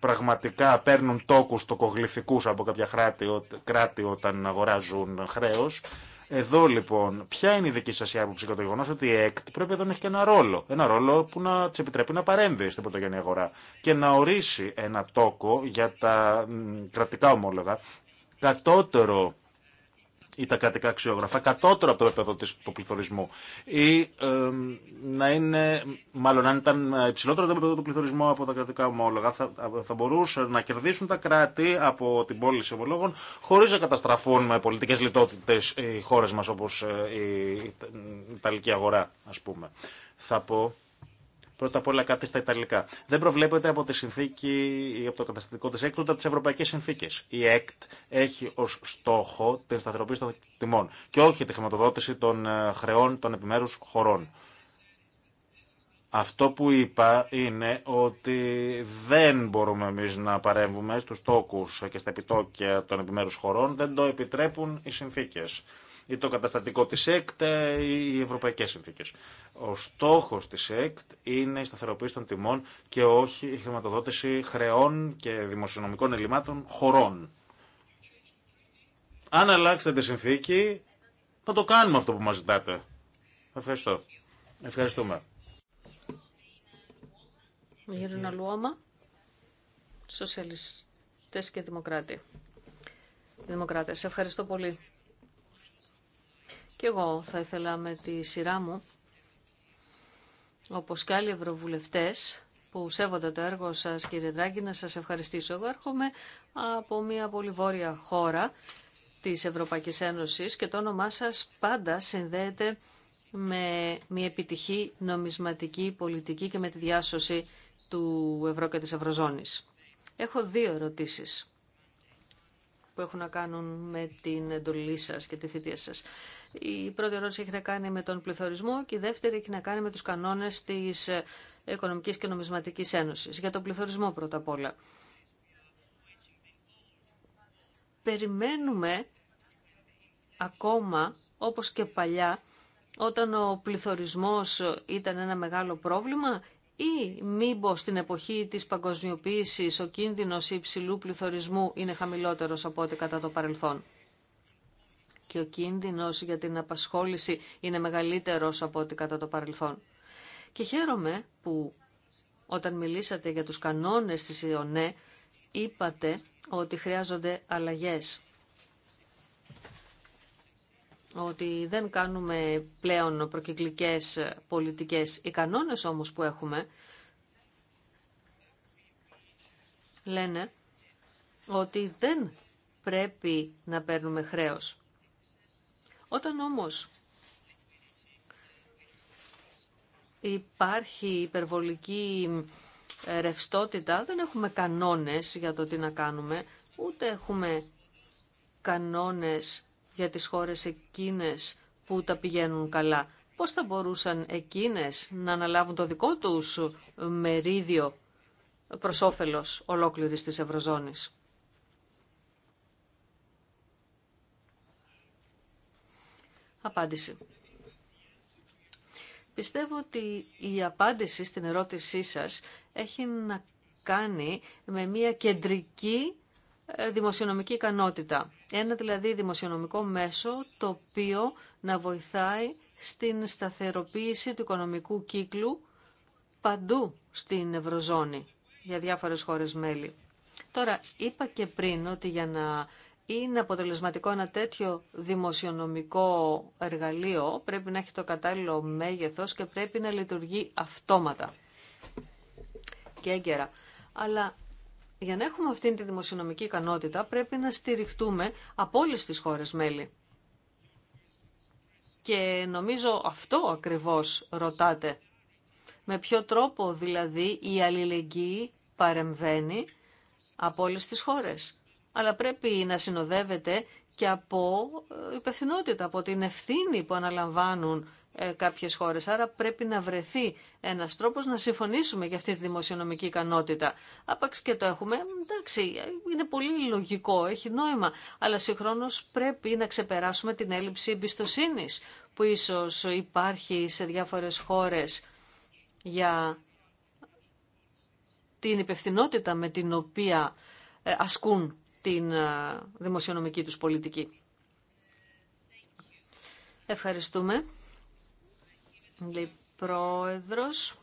E: πραγματικά παίρνουν τόκους τοκογλυφικούς από κάποια κράτη όταν αγοράζουν χρέος εδώ λοιπόν, ποια είναι η δική σα άποψη για το γεγονό ότι η ΕΚΤ πρέπει εδώ να έχει και ένα ρόλο. Ένα ρόλο που να τη επιτρέπει να παρέμβει στην πρωτογενή αγορά και να ορίσει ένα τόκο για τα κρατικά ομόλογα κατώτερο ή τα κρατικά αξιόγραφα κατώτερο από το επίπεδο του πληθωρισμού ή να είναι, μάλλον αν ήταν υψηλότερο το επίπεδο του πληθωρισμού από τα κρατικά ομόλογα, θα, θα μπορούσαν να κερδίσουν τα κράτη από την πώληση ομολόγων χωρί να καταστραφούν με πολιτικέ λιτότητε οι χώρε μα όπω ε, η Ιταλική αγορά, α πούμε. Θα πω Πρώτα απ' όλα κάτι στα Ιταλικά. Δεν προβλέπεται από τη συνθήκη ή από το καταστατικό τη ΕΚΤ ούτε από τι ευρωπαϊκέ συνθήκε. Η ΕΚΤ έχει ω στόχο την σταθεροποίηση των τιμών και όχι τη χρηματοδότηση των ε, χρεών των επιμέρου χωρών. Αυτό που είπα είναι ότι δεν μπορούμε εμεί να παρέμβουμε στους τόκου και στα επιτόκια των επιμέρου χωρών. Δεν το επιτρέπουν οι συνθήκε ή το καταστατικό της ΕΚΤ ε, ή οι ευρωπαϊκές συνθήκες. Ο στόχος της ΕΚΤ είναι η σταθεροποίηση των τιμών και όχι η χρηματοδότηση χρεών και δημοσιονομικών ελλημάτων χωρών. Αν αλλάξετε τη συνθήκη, θα το κάνουμε αυτό που μας ζητάτε. Ευχαριστώ. Ευχαριστούμε.
A: Λούωμα, σοσιαλιστές και δημοκράτες. δημοκράτες. Ευχαριστώ πολύ. Και εγώ θα ήθελα με τη σειρά μου, όπως και άλλοι που σέβονται το έργο σας κύριε Ντράγκη, να σας ευχαριστήσω. Εγώ έρχομαι από μια πολύ βόρεια χώρα της Ευρωπαϊκής Ένωσης και το όνομά σας πάντα συνδέεται με μια επιτυχή νομισματική πολιτική και με τη διάσωση του ευρώ και της ευρωζώνης. Έχω δύο ερωτήσεις που έχουν να κάνουν με την εντολή σας και τη θητεία σα. Η πρώτη ερώτηση έχει να κάνει με τον πληθωρισμό και η δεύτερη έχει να κάνει με τους κανόνες τη οικονομική και Νομισματικής Ένωση. Για τον πληθωρισμό πρώτα απ' όλα. Περιμένουμε ακόμα, όπως και παλιά, όταν ο πληθωρισμός ήταν ένα μεγάλο πρόβλημα ή μήπω στην εποχή της παγκοσμιοποίηση, ο κίνδυνος υψηλού πληθωρισμού είναι χαμηλότερος από ό,τι κατά το παρελθόν και ο κίνδυνο για την απασχόληση είναι μεγαλύτερος από ό,τι κατά το παρελθόν. Και χαίρομαι που όταν μιλήσατε για τους κανόνες της ΙΟΝΕ είπατε ότι χρειάζονται αλλαγές ότι δεν κάνουμε πλέον προκυκλικές πολιτικές. Οι κανόνες όμως που έχουμε λένε ότι δεν πρέπει να παίρνουμε χρέος. Όταν όμως υπάρχει υπερβολική ρευστότητα, δεν έχουμε κανόνες για το τι να κάνουμε, ούτε έχουμε κανόνες για τις χώρες εκείνες που τα πηγαίνουν καλά. Πώς θα μπορούσαν εκείνες να αναλάβουν το δικό τους μερίδιο προς όφελος ολόκληρης της Ευρωζώνης. Απάντηση. Πιστεύω ότι η απάντηση στην ερώτησή σας έχει να κάνει με μια κεντρική ε, δημοσιονομική ικανότητα. Ένα δηλαδή δημοσιονομικό μέσο το οποίο να βοηθάει στην σταθεροποίηση του οικονομικού κύκλου παντού στην Ευρωζώνη για διάφορες χώρες μέλη. Τώρα, είπα και πριν ότι για να είναι αποτελεσματικό ένα τέτοιο δημοσιονομικό εργαλείο πρέπει να έχει το κατάλληλο μέγεθος και πρέπει να λειτουργεί αυτόματα και έγκαιρα. Αλλά για να έχουμε αυτήν τη δημοσιονομική ικανότητα πρέπει να στηριχτούμε από όλες τις χώρες μέλη. Και νομίζω αυτό ακριβώς ρωτάτε. Με ποιο τρόπο δηλαδή η αλληλεγγύη παρεμβαίνει από όλες τις χώρες. Αλλά πρέπει να συνοδεύεται και από ε, υπευθυνότητα, από την ευθύνη που αναλαμβάνουν ε, κάποιες χώρες. Άρα πρέπει να βρεθεί ένας τρόπος να συμφωνήσουμε για αυτή τη δημοσιονομική ικανότητα. Άπαξ και το έχουμε, εντάξει, είναι πολύ λογικό, έχει νόημα, αλλά συγχρόνως πρέπει να ξεπεράσουμε την έλλειψη εμπιστοσύνης που ίσως υπάρχει σε διάφορες χώρες για την υπευθυνότητα με την οποία ε, ασκούν την ε, δημοσιονομική τους πολιτική. Ευχαριστούμε. Λοιπόν, πρόεδρος.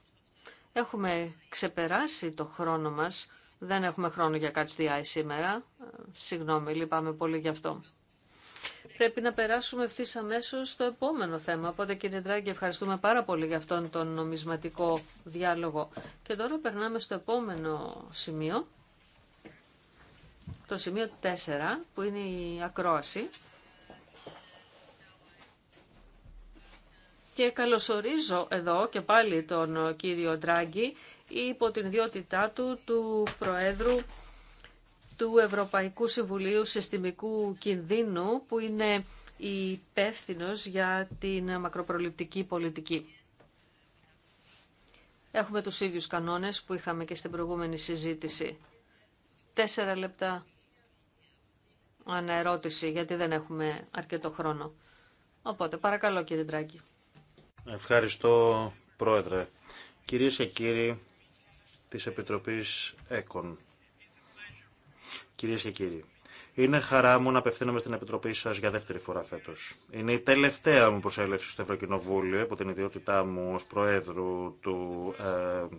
A: Έχουμε ξεπεράσει το χρόνο μας. Δεν έχουμε χρόνο για κάτι σήμερα. Ε, συγγνώμη, λυπάμαι πολύ γι' αυτό. Πρέπει να περάσουμε ευθύ αμέσω στο επόμενο θέμα. Οπότε, κύριε Ντράγκη, ευχαριστούμε πάρα πολύ για αυτόν τον νομισματικό διάλογο. Και τώρα περνάμε στο επόμενο σημείο, το σημείο 4, που είναι η ακρόαση Και καλωσορίζω εδώ και πάλι τον κύριο Ντράγκη υπό την ιδιότητά του του Προέδρου του Ευρωπαϊκού Συμβουλίου Συστημικού Κινδύνου που είναι υπεύθυνο για την μακροπροληπτική πολιτική. Έχουμε τους ίδιους κανόνες που είχαμε και στην προηγούμενη συζήτηση. Τέσσερα λεπτά αναερώτηση γιατί δεν έχουμε αρκετό χρόνο. Οπότε παρακαλώ κύριε Ντράγκη.
E: Ευχαριστώ, Πρόεδρε. Κυρίες και κύριοι της Επιτροπής ΕΚΟΝ. Κυρίες και κύριοι, είναι χαρά μου να απευθύνομαι στην Επιτροπή σα για δεύτερη φορά φέτο. Είναι η τελευταία μου προσέλευση στο Ευρωκοινοβούλιο από την ιδιότητά μου ω Προέδρου του ε,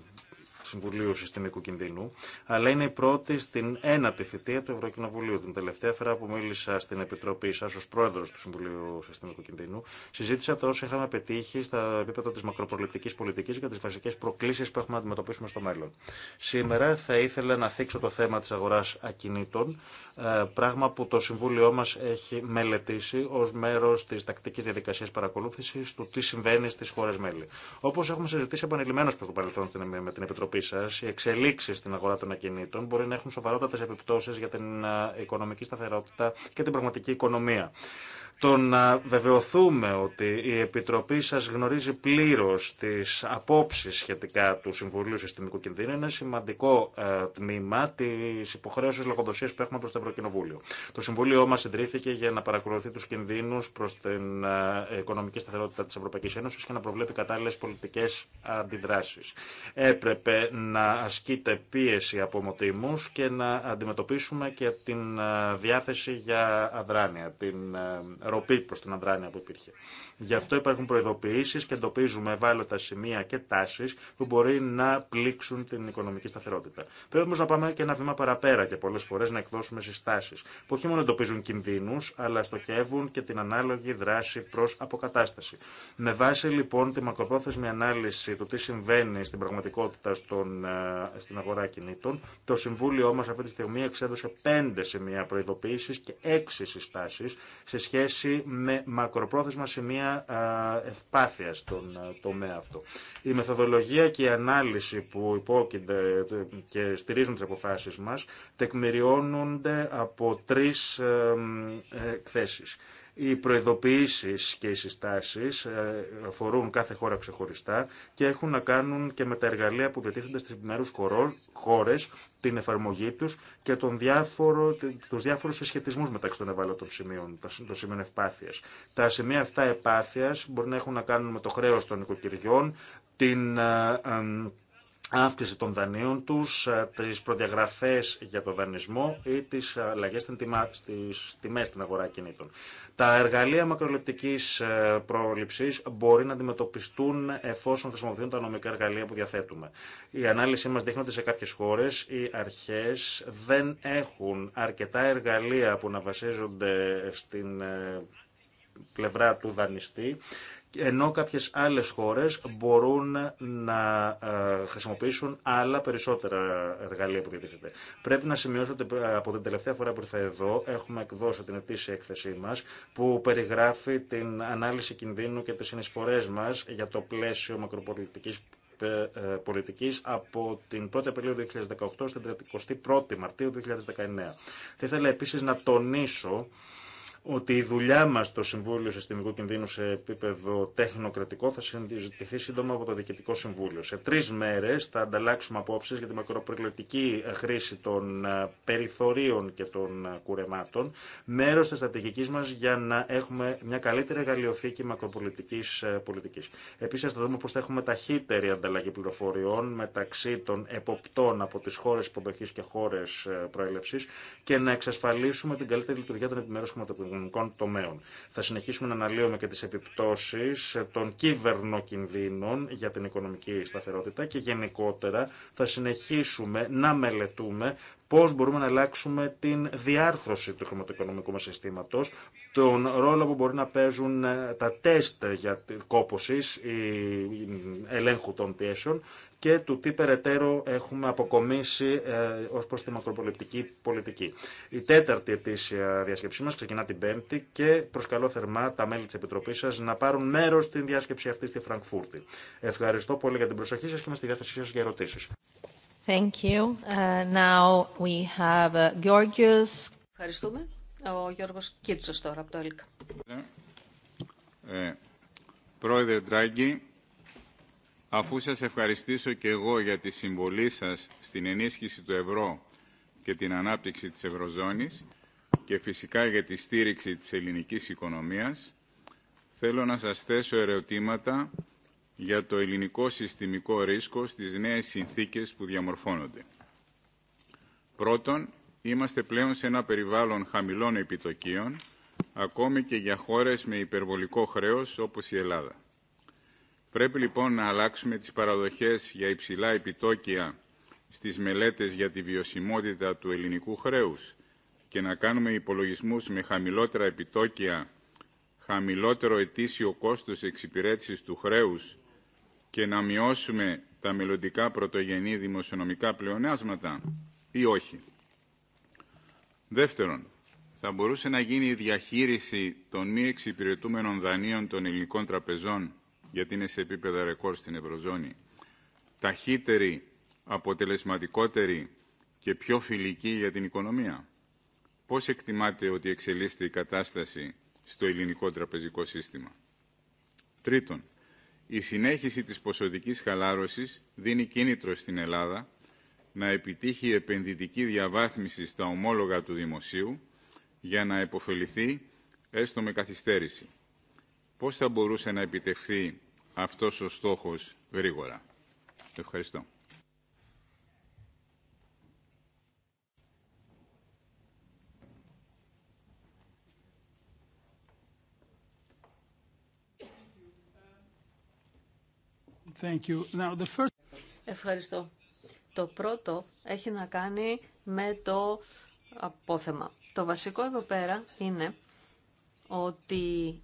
E: Συμβουλίου Συστημικού Κινδύνου, αλλά είναι η πρώτη στην ένατη θητεία του Ευρωκοινοβουλίου. Την τελευταία φορά που μίλησα στην Επιτροπή σα ω πρόεδρο του Συμβουλίου Συστημικού Κινδύνου, συζήτησα τα όσα είχαμε πετύχει στα επίπεδα τη μακροπροληπτική πολιτική για τι βασικέ προκλήσει που έχουμε να αντιμετωπίσουμε στο μέλλον. Σήμερα θα ήθελα να θίξω το θέμα τη αγορά ακινήτων, ε, πράγμα που το Συμβούλιο μα έχει μελετήσει ω μέρο τη τακτική διαδικασία παρακολούθηση του τι συμβαίνει στι χώρε μέλη. Όπω έχουμε συζητήσει επανειλημμένω προ το παρελθόν με την Επιτροπή σας, σα, οι εξελίξει στην αγορά των ακινήτων μπορεί να έχουν σοβαρότατε επιπτώσει για την ε, οικονομική σταθερότητα και την πραγματική οικονομία το να βεβαιωθούμε ότι η Επιτροπή σας γνωρίζει πλήρως τις απόψεις σχετικά του Συμβουλίου Συστημικού Κινδύνου είναι σημαντικό ε, τμήμα της υποχρέωσης λογοδοσίας που έχουμε προς το Ευρωκοινοβούλιο. Το Συμβούλιο μας ιδρύθηκε για να παρακολουθεί τους κινδύνους προς την ε, οικονομική σταθερότητα της Ευρωπαϊκής Ένωσης και να προβλέπει κατάλληλες πολιτικές αντιδράσεις. Έπρεπε να ασκείται πίεση από μοτίμους και να αντιμετωπίσουμε και την ε, διάθεση για αδράνεια, την ε, ροπή προ την αδράνεια που υπήρχε. Γι' αυτό υπάρχουν προειδοποιήσει και εντοπίζουμε ευάλωτα σημεία και τάσει που μπορεί να πλήξουν την οικονομική σταθερότητα. Πρέπει όμω να πάμε και ένα βήμα παραπέρα και πολλέ φορέ να εκδώσουμε συστάσει που όχι μόνο εντοπίζουν κινδύνου, αλλά στοχεύουν και την ανάλογη δράση προ αποκατάσταση. Με βάση λοιπόν τη μακροπρόθεσμη ανάλυση του τι συμβαίνει στην πραγματικότητα στον, ε, στην αγορά κινήτων, το Συμβούλιο μα αυτή τη στιγμή εξέδωσε πέντε σημεία προειδοποίηση και έξι συστάσει σε σχέση με μακροπρόθεσμα σημεία ευπάθεια στον τομέα αυτό. Η μεθοδολογία και η ανάλυση που υπόκεινται ε, και στηρίζουν τις αποφάσεις μας τεκμηριώνονται από τρεις ε, εκθέσεις. Οι προειδοποιήσει και οι συστάσεις ε, αφορούν κάθε χώρα ξεχωριστά και έχουν να κάνουν και με τα εργαλεία που διατίθενται στι επιμέρου χώρε, την εφαρμογή του και διάφορο, του διάφορου συσχετισμού μεταξύ των ευάλωτων σημείων, των σημείων ευπάθεια. Τα σημεία αυτά επάθεια μπορεί να έχουν να κάνουν με το χρέο των οικοκυριών, την ε, ε, αύξηση των δανείων τους, ε, τις προδιαγραφές για το δανεισμό ή τις αλλαγές στις τιμές στην αγορά κινήτων. Τα εργαλεία μακροληπτικής ε, πρόληψης μπορεί να αντιμετωπιστούν εφόσον χρησιμοποιούν τα νομικά εργαλεία που διαθέτουμε. Η τις αλλαγες στις τιμες στην αγορα κινητων τα εργαλεια μακρολεπτικης προληψης μπορει να αντιμετωπιστουν εφοσον χρησιμοποιουν τα νομικα εργαλεια που διαθετουμε η αναλυση μας δείχνει ότι σε κάποιες χώρες οι αρχές δεν έχουν αρκετά εργαλεία που να βασίζονται στην ε, πλευρά του δανειστή ενώ κάποιες άλλες χώρες μπορούν να ε, χρησιμοποιήσουν άλλα περισσότερα εργαλεία που διατίθεται. Πρέπει να σημειώσω ότι ε, από την τελευταία φορά που ήρθα εδώ έχουμε εκδώσει την ετήσια έκθεσή μας που περιγράφει την ανάλυση κινδύνου και τις συνεισφορές μας για το πλαίσιο μακροπολιτικής ε, πολιτικής από την 1η Απριλίου 2018 στην 31η Μαρτίου 2019. Θα ήθελα επίσης να τονίσω ότι η δουλειά μα στο Συμβούλιο Συστημικού Κινδύνου σε επίπεδο τεχνοκρατικό θα συζητηθεί σύντομα από το Διοικητικό Συμβούλιο. Σε τρει μέρε θα ανταλλάξουμε απόψει για τη μακροπροληπτική χρήση των ε, περιθωρίων και των ε, κουρεμάτων, μέρο τη στρατηγική μα για να έχουμε μια καλύτερη εργαλειοθήκη μακροπολιτική ε, πολιτική. Επίση, θα δούμε πώ θα έχουμε ταχύτερη ανταλλαγή πληροφοριών μεταξύ των εποπτών από τι χώρε υποδοχή και χώρε προέλευση και να εξασφαλίσουμε την καλύτερη λειτουργία των επιμέρου χρηματοποιητών θα συνεχίσουμε να αναλύουμε και τις επιπτώσεις των κυβερνοκινδύνων για την οικονομική σταθερότητα και γενικότερα θα συνεχίσουμε να μελετούμε πώ μπορούμε να αλλάξουμε την διάρθρωση του χρηματοοικονομικού μα συστήματο, τον ρόλο που μπορεί να παίζουν τα τεστ για κόπωση ή ελέγχου των πιέσεων και του τι περαιτέρω έχουμε αποκομίσει ε, ως προς τη μακροπολιτική πολιτική. Η τέταρτη ετήσια διασκεψή μας ξεκινά την Πέμπτη και προσκαλώ θερμά τα μέλη της Επιτροπής σας να πάρουν μέρος στην διάσκεψη αυτή στη Φραγκφούρτη. Ευχαριστώ πολύ για την προσοχή σας και είμαι στη διάθεσή σας για ερωτήσεις.
A: Thank you. Uh, now we have Georgios. Uh, Ευχαριστούμε. Ο Γιώργος Κίτσος τώρα από το
C: Ε, πρόεδρε Ντράγκη, αφού σας ευχαριστήσω και εγώ για τη συμβολή σας στην ενίσχυση του ευρώ και την ανάπτυξη της Ευρωζώνης και φυσικά για τη στήριξη της ελληνικής οικονομίας, θέλω να σας θέσω ερωτήματα για το ελληνικό συστημικό ρίσκο στις νέες συνθήκες που διαμορφώνονται. Πρώτον, είμαστε πλέον σε ένα περιβάλλον χαμηλών επιτοκίων, ακόμη και για χώρες με υπερβολικό χρέος όπως η Ελλάδα. Πρέπει λοιπόν να αλλάξουμε τις παραδοχές για υψηλά επιτόκια στις μελέτες για τη βιωσιμότητα του ελληνικού χρέους και να κάνουμε υπολογισμούς με χαμηλότερα επιτόκια, χαμηλότερο ετήσιο κόστος εξυπηρέτησης του χρέους και να μειώσουμε τα μελλοντικά πρωτογενή δημοσιονομικά πλεονάσματα ή όχι. Δεύτερον, θα μπορούσε να γίνει η διαχείριση των μη εξυπηρετούμενων δανείων των ελληνικών τραπεζών γιατί είναι σε επίπεδα ρεκόρ στην Ευρωζώνη, ταχύτερη, αποτελεσματικότερη και πιο φιλική για την οικονομία. Πώς εκτιμάτε ότι εξελίσσεται η κατάσταση στο ελληνικό τραπεζικό σύστημα. Τρίτον, η συνέχιση της ποσοτικής χαλάρωσης δίνει κίνητρο στην Ελλάδα να επιτύχει επενδυτική διαβάθμιση στα ομόλογα του δημοσίου για να επωφεληθεί έστω με καθυστέρηση πώς θα μπορούσε να επιτευχθεί αυτός ο στόχος γρήγορα. Ευχαριστώ. Thank you. Now,
A: Ευχαριστώ. Το πρώτο έχει να κάνει με το απόθεμα. Το βασικό εδώ πέρα είναι ότι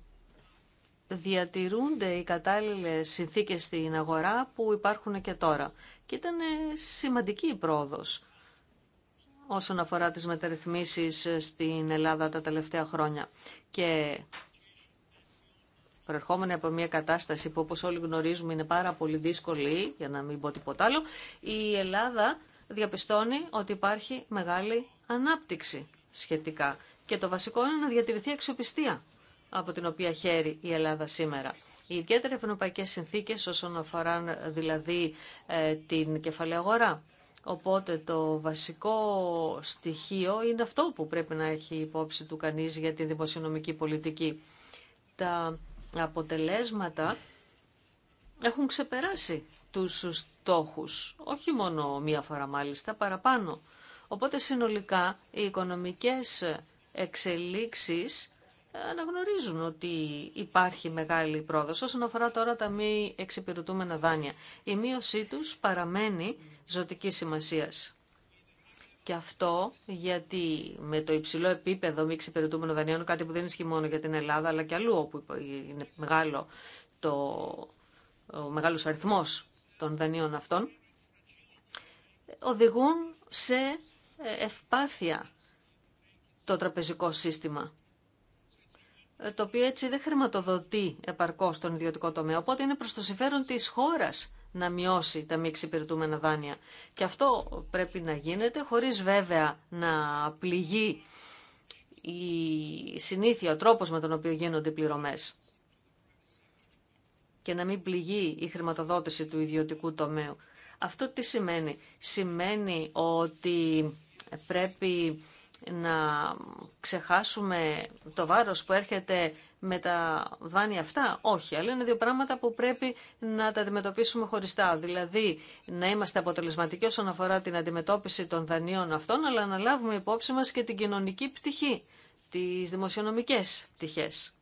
A: διατηρούνται οι κατάλληλες συνθήκες στην αγορά που υπάρχουν και τώρα. Και ήταν σημαντική η πρόοδος όσον αφορά τις μεταρρυθμίσεις στην Ελλάδα τα τελευταία χρόνια. Και προερχόμενη από μια κατάσταση που όπως όλοι γνωρίζουμε είναι πάρα πολύ δύσκολη, για να μην πω τίποτα άλλο, η Ελλάδα διαπιστώνει ότι υπάρχει μεγάλη ανάπτυξη σχετικά. Και το βασικό είναι να διατηρηθεί αξιοπιστία από την οποία χαίρει η Ελλάδα σήμερα. Οι Ιδιαίτερε ευρωπαϊκέ συνθήκες όσον αφορά δηλαδή ε, την κεφαλαία αγορά. Οπότε το βασικό στοιχείο είναι αυτό που πρέπει να έχει υπόψη του κανείς για την δημοσιονομική πολιτική. Τα αποτελέσματα έχουν ξεπεράσει τους στόχους, όχι μόνο μία φορά μάλιστα, παραπάνω. Οπότε συνολικά οι οικονομικές εξελίξεις αναγνωρίζουν ότι υπάρχει μεγάλη πρόοδος όσον αφορά τώρα τα μη εξυπηρετούμενα δάνεια. Η μείωσή τους παραμένει ζωτική σημασίας. Και αυτό γιατί με το υψηλό επίπεδο μη εξυπηρετούμενων δανείων, κάτι που δεν ισχύει μόνο για την Ελλάδα, αλλά και αλλού όπου είναι μεγάλο το, ο μεγάλος αριθμός των δανείων αυτών, οδηγούν σε ε, ευπάθεια το τραπεζικό σύστημα. Ε, το οποίο έτσι δεν χρηματοδοτεί επαρκώς τον ιδιωτικό τομέα. Οπότε είναι προ το συμφέρον τη χώρα να μειώσει τα μη εξυπηρετούμενα δάνεια. Και αυτό πρέπει να γίνεται χωρίς βέβαια να πληγεί η συνήθεια, ο τρόπος με τον οποίο γίνονται οι πληρωμές και να μην πληγεί η χρηματοδότηση του ιδιωτικού τομέου. Αυτό τι σημαίνει. Σημαίνει ότι πρέπει να ξεχάσουμε το βάρος που έρχεται με τα δάνεια αυτά. Όχι, αλλά είναι δύο πράγματα που πρέπει να τα αντιμετωπίσουμε χωριστά. Δηλαδή να είμαστε αποτελεσματικοί όσον αφορά την αντιμετώπιση των δανείων αυτών, αλλά να λάβουμε υπόψη μας και την κοινωνική πτυχή, τις δημοσιονομικές πτυχές.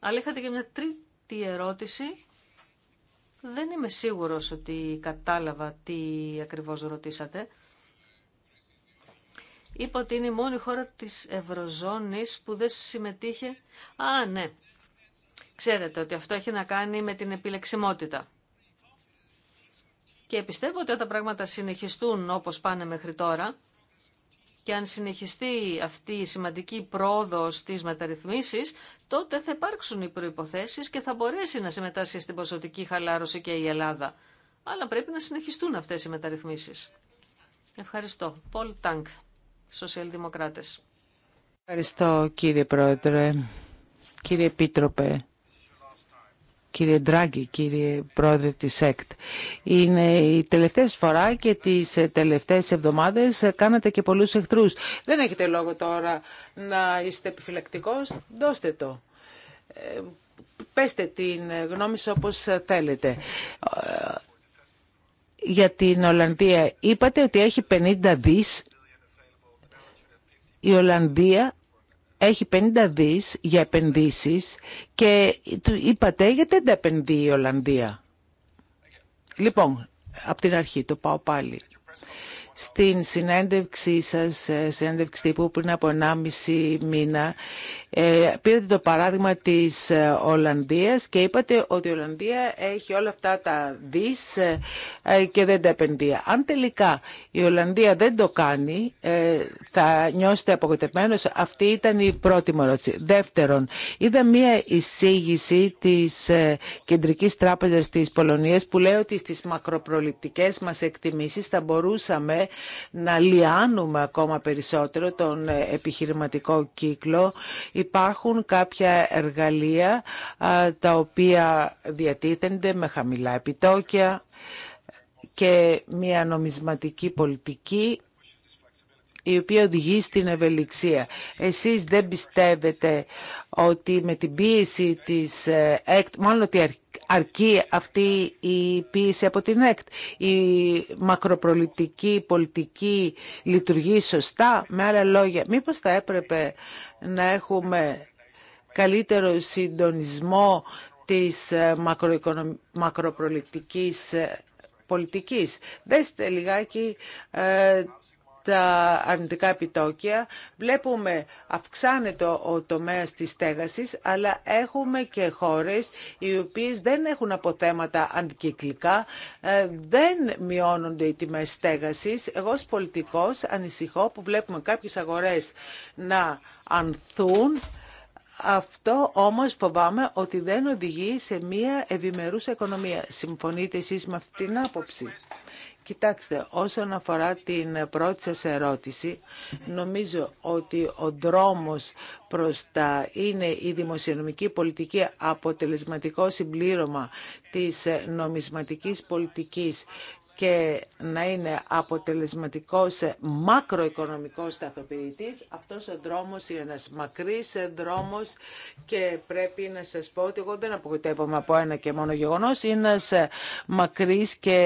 A: Αλλά είχατε και μια τρίτη ερώτηση. Δεν είμαι σίγουρος ότι κατάλαβα τι ακριβώς ρωτήσατε. Είπα ότι είναι η μόνη χώρα της Ευρωζώνης που δεν συμμετείχε. Α, ναι. Ξέρετε ότι αυτό έχει να κάνει με την επιλεξιμότητα. Και πιστεύω ότι όταν τα πράγματα συνεχιστούν όπως πάνε μέχρι τώρα και αν συνεχιστεί αυτή η σημαντική πρόοδος της μεταρρυθμίσεις, τότε θα υπάρξουν οι προϋποθέσεις και θα μπορέσει να συμμετάσχει στην ποσοτική χαλάρωση και η Ελλάδα. Αλλά πρέπει να συνεχιστούν αυτές οι μεταρρυθμίσεις. Ευχαριστώ. Πολ Τάνκ. Σοσιαλδημοκράτες.
B: Ευχαριστώ κύριε Πρόεδρε, κύριε Επίτροπε κύριε Ντράγκη, κύριε πρόεδρε της ΕΚΤ. Είναι η τελευταία φορά και τις τελευταίες εβδομάδες κάνατε και πολλούς εχθρούς. Δεν έχετε λόγο τώρα να είστε επιφυλακτικός, δώστε το. Ε, πέστε την γνώμη σας όπως θέλετε. Ε, για την Ολλανδία είπατε ότι έχει 50 δις η Ολλανδία έχει 50 δις για επενδύσεις και του είπατε γιατί δεν τα επενδύει η Ολλανδία. Λοιπόν, από την αρχή το πάω πάλι. Στην συνέντευξή σας, ε, συνέντευξη τύπου πριν από 1,5 μήνα, ε, πήρατε το παράδειγμα της ε, Ολλανδίας και είπατε ότι η Ολλανδία έχει όλα αυτά τα δις ε, και δεν τα επενδύει. Αν τελικά η Ολλανδία δεν το κάνει, θα νιώσετε απογοητευμένος. Αυτή ήταν η πρώτη μου ερώτηση. Δεύτερον, είδα μία εισήγηση της Κεντρικής Τράπεζας της Πολωνίας που λέει ότι στις μακροπροληπτικές μας εκτιμήσεις θα μπορούσαμε να λιάνουμε ακόμα περισσότερο τον επιχειρηματικό κύκλο. Υπάρχουν κάποια εργαλεία τα οποία διατίθενται με χαμηλά επιτόκια και μια νομισματική πολιτική η οποία οδηγεί στην ευελιξία. Εσείς δεν πιστεύετε ότι με την πίεση της ε, ΕΚΤ, μάλλον ότι αρκεί αυτή η πίεση από την ΕΚΤ, η μακροπροληπτική πολιτική λειτουργεί σωστά, με άλλα λόγια, μήπως θα έπρεπε να έχουμε καλύτερο συντονισμό της ε, μακροοικονομ... μακροπροληπτικής ε, πολιτικής. Δέστε λιγάκι τα αρνητικά επιτόκια. Βλέπουμε αυξάνεται ο τομέας της στέγασης, αλλά έχουμε και χώρες οι οποίες δεν έχουν αποθέματα αντικυκλικά, ε, δεν μειώνονται οι τιμές στέγασης. Εγώ ως πολιτικός ανησυχώ που βλέπουμε κάποιες αγορές να ανθούν, αυτό όμως φοβάμαι ότι δεν οδηγεί σε μια ευημερούσα οικονομία. Συμφωνείτε εσείς με αυτή την άποψη. Κοιτάξτε, όσον αφορά την πρώτη σας ερώτηση, νομίζω ότι ο δρόμος προς τα είναι η δημοσιονομική πολιτική αποτελεσματικό συμπλήρωμα της νομισματικής πολιτικής και να είναι αποτελεσματικός μακροοικονομικός σταθοποιητής, αυτός ο δρόμος είναι ένας μακρύς δρόμος και πρέπει να σας πω ότι εγώ δεν απογοητεύομαι από ένα και μόνο γεγονός, είναι ένας μακρύς και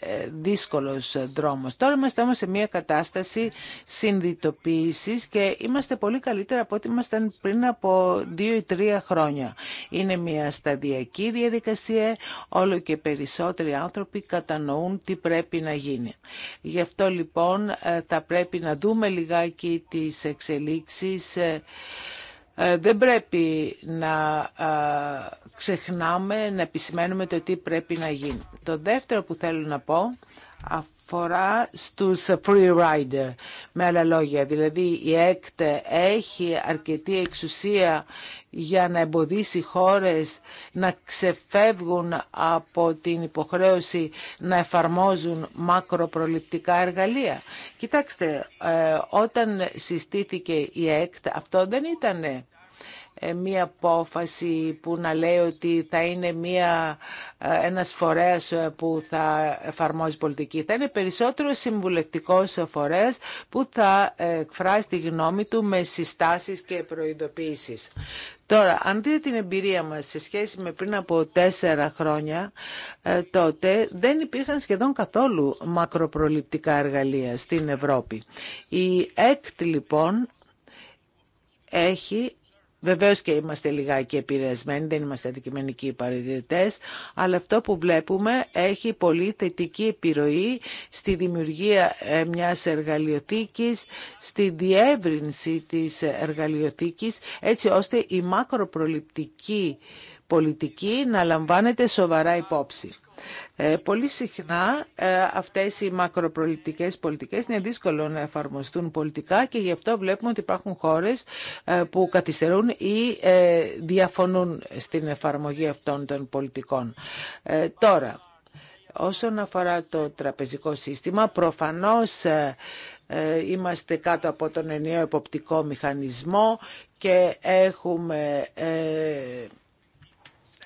B: ε, δύσκολος δρόμος. Τώρα είμαστε όμως σε μια κατάσταση συνδυτοποίησης και είμαστε πολύ καλύτερα από ό,τι ήμασταν πριν από δύο ή τρία χρόνια. Είναι μια σταδιακή διαδικασία, όλο και περισσότεροι άνθρωποι κατανοούν τι πρέπει να γίνει. Γι' αυτό λοιπόν ε, θα πρέπει να δούμε λιγάκι τις εξελίξεις ε, ε, δεν πρέπει να ξεχνάμε, να επισημαίνουμε το τι πρέπει να γίνει. Το δεύτερο που θέλω να πω φορά στους free rider. Με άλλα λόγια, δηλαδή η ΕΚΤ έχει αρκετή εξουσία για να εμποδίσει χώρες να ξεφεύγουν από την υποχρέωση να εφαρμόζουν μακροπροληπτικά εργαλεία. Κοιτάξτε, ε, όταν συστήθηκε η ΕΚΤ αυτό δεν ήταν ε, μία απόφαση που να λέει ότι θα είναι μία, ε, ένας φορέας ε, που θα εφαρμόζει πολιτική. Θα είναι περισσότερο συμβουλευτικός φορέας που θα εκφράσει τη γνώμη του με συστάσεις και προειδοποίησεις. Τώρα, αν δείτε την εμπειρία μας σε σχέση με πριν από τέσσερα χρόνια, τότε δεν υπήρχαν σχεδόν καθόλου μακροπροληπτικά εργαλεία στην Ευρώπη. Η ΕΚΤ, λοιπόν, έχει Βεβαίως και είμαστε λιγάκι επηρεασμένοι, δεν είμαστε αντικειμενικοί παρεδιωτές, αλλά αυτό που βλέπουμε έχει πολύ θετική επιρροή στη δημιουργία ε, μιας εργαλειοθήκης, στη διεύρυνση της εργαλειοθήκης, έτσι ώστε η μακροπροληπτική πολιτική να λαμβάνεται σοβαρά υπόψη. Ε, πολύ συχνά ε, αυτές οι μακροπροληπτικές πολιτικές είναι δύσκολο να εφαρμοστούν πολιτικά και γι' αυτό βλέπουμε ότι υπάρχουν χώρες ε, που καθυστερούν ή διαφωνούν στην εφαρμογή αυτών των πολιτικών. Τώρα, όσον αφορά το τραπεζικό σύστημα, προφανώς είμαστε κάτω από τον ενιαίο εποπτικό μηχανισμό και έχουμε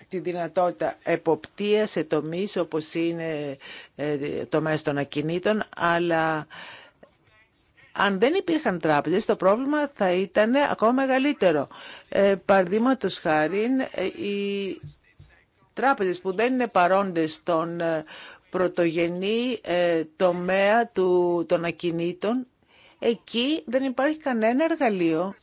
B: τη δυνατότητα εποπτεία σε τομεί, όπως είναι ε, το μέσο των ακινήτων, αλλά αν δεν υπήρχαν τράπεζες, το πρόβλημα θα ήταν ακόμα μεγαλύτερο. Ε, τους χάρη, ε, οι τράπεζες που δεν είναι παρόντες στον ε, πρωτογενή τομέα του, των ακινήτων, εκεί δεν υπάρχει κανένα εργαλείο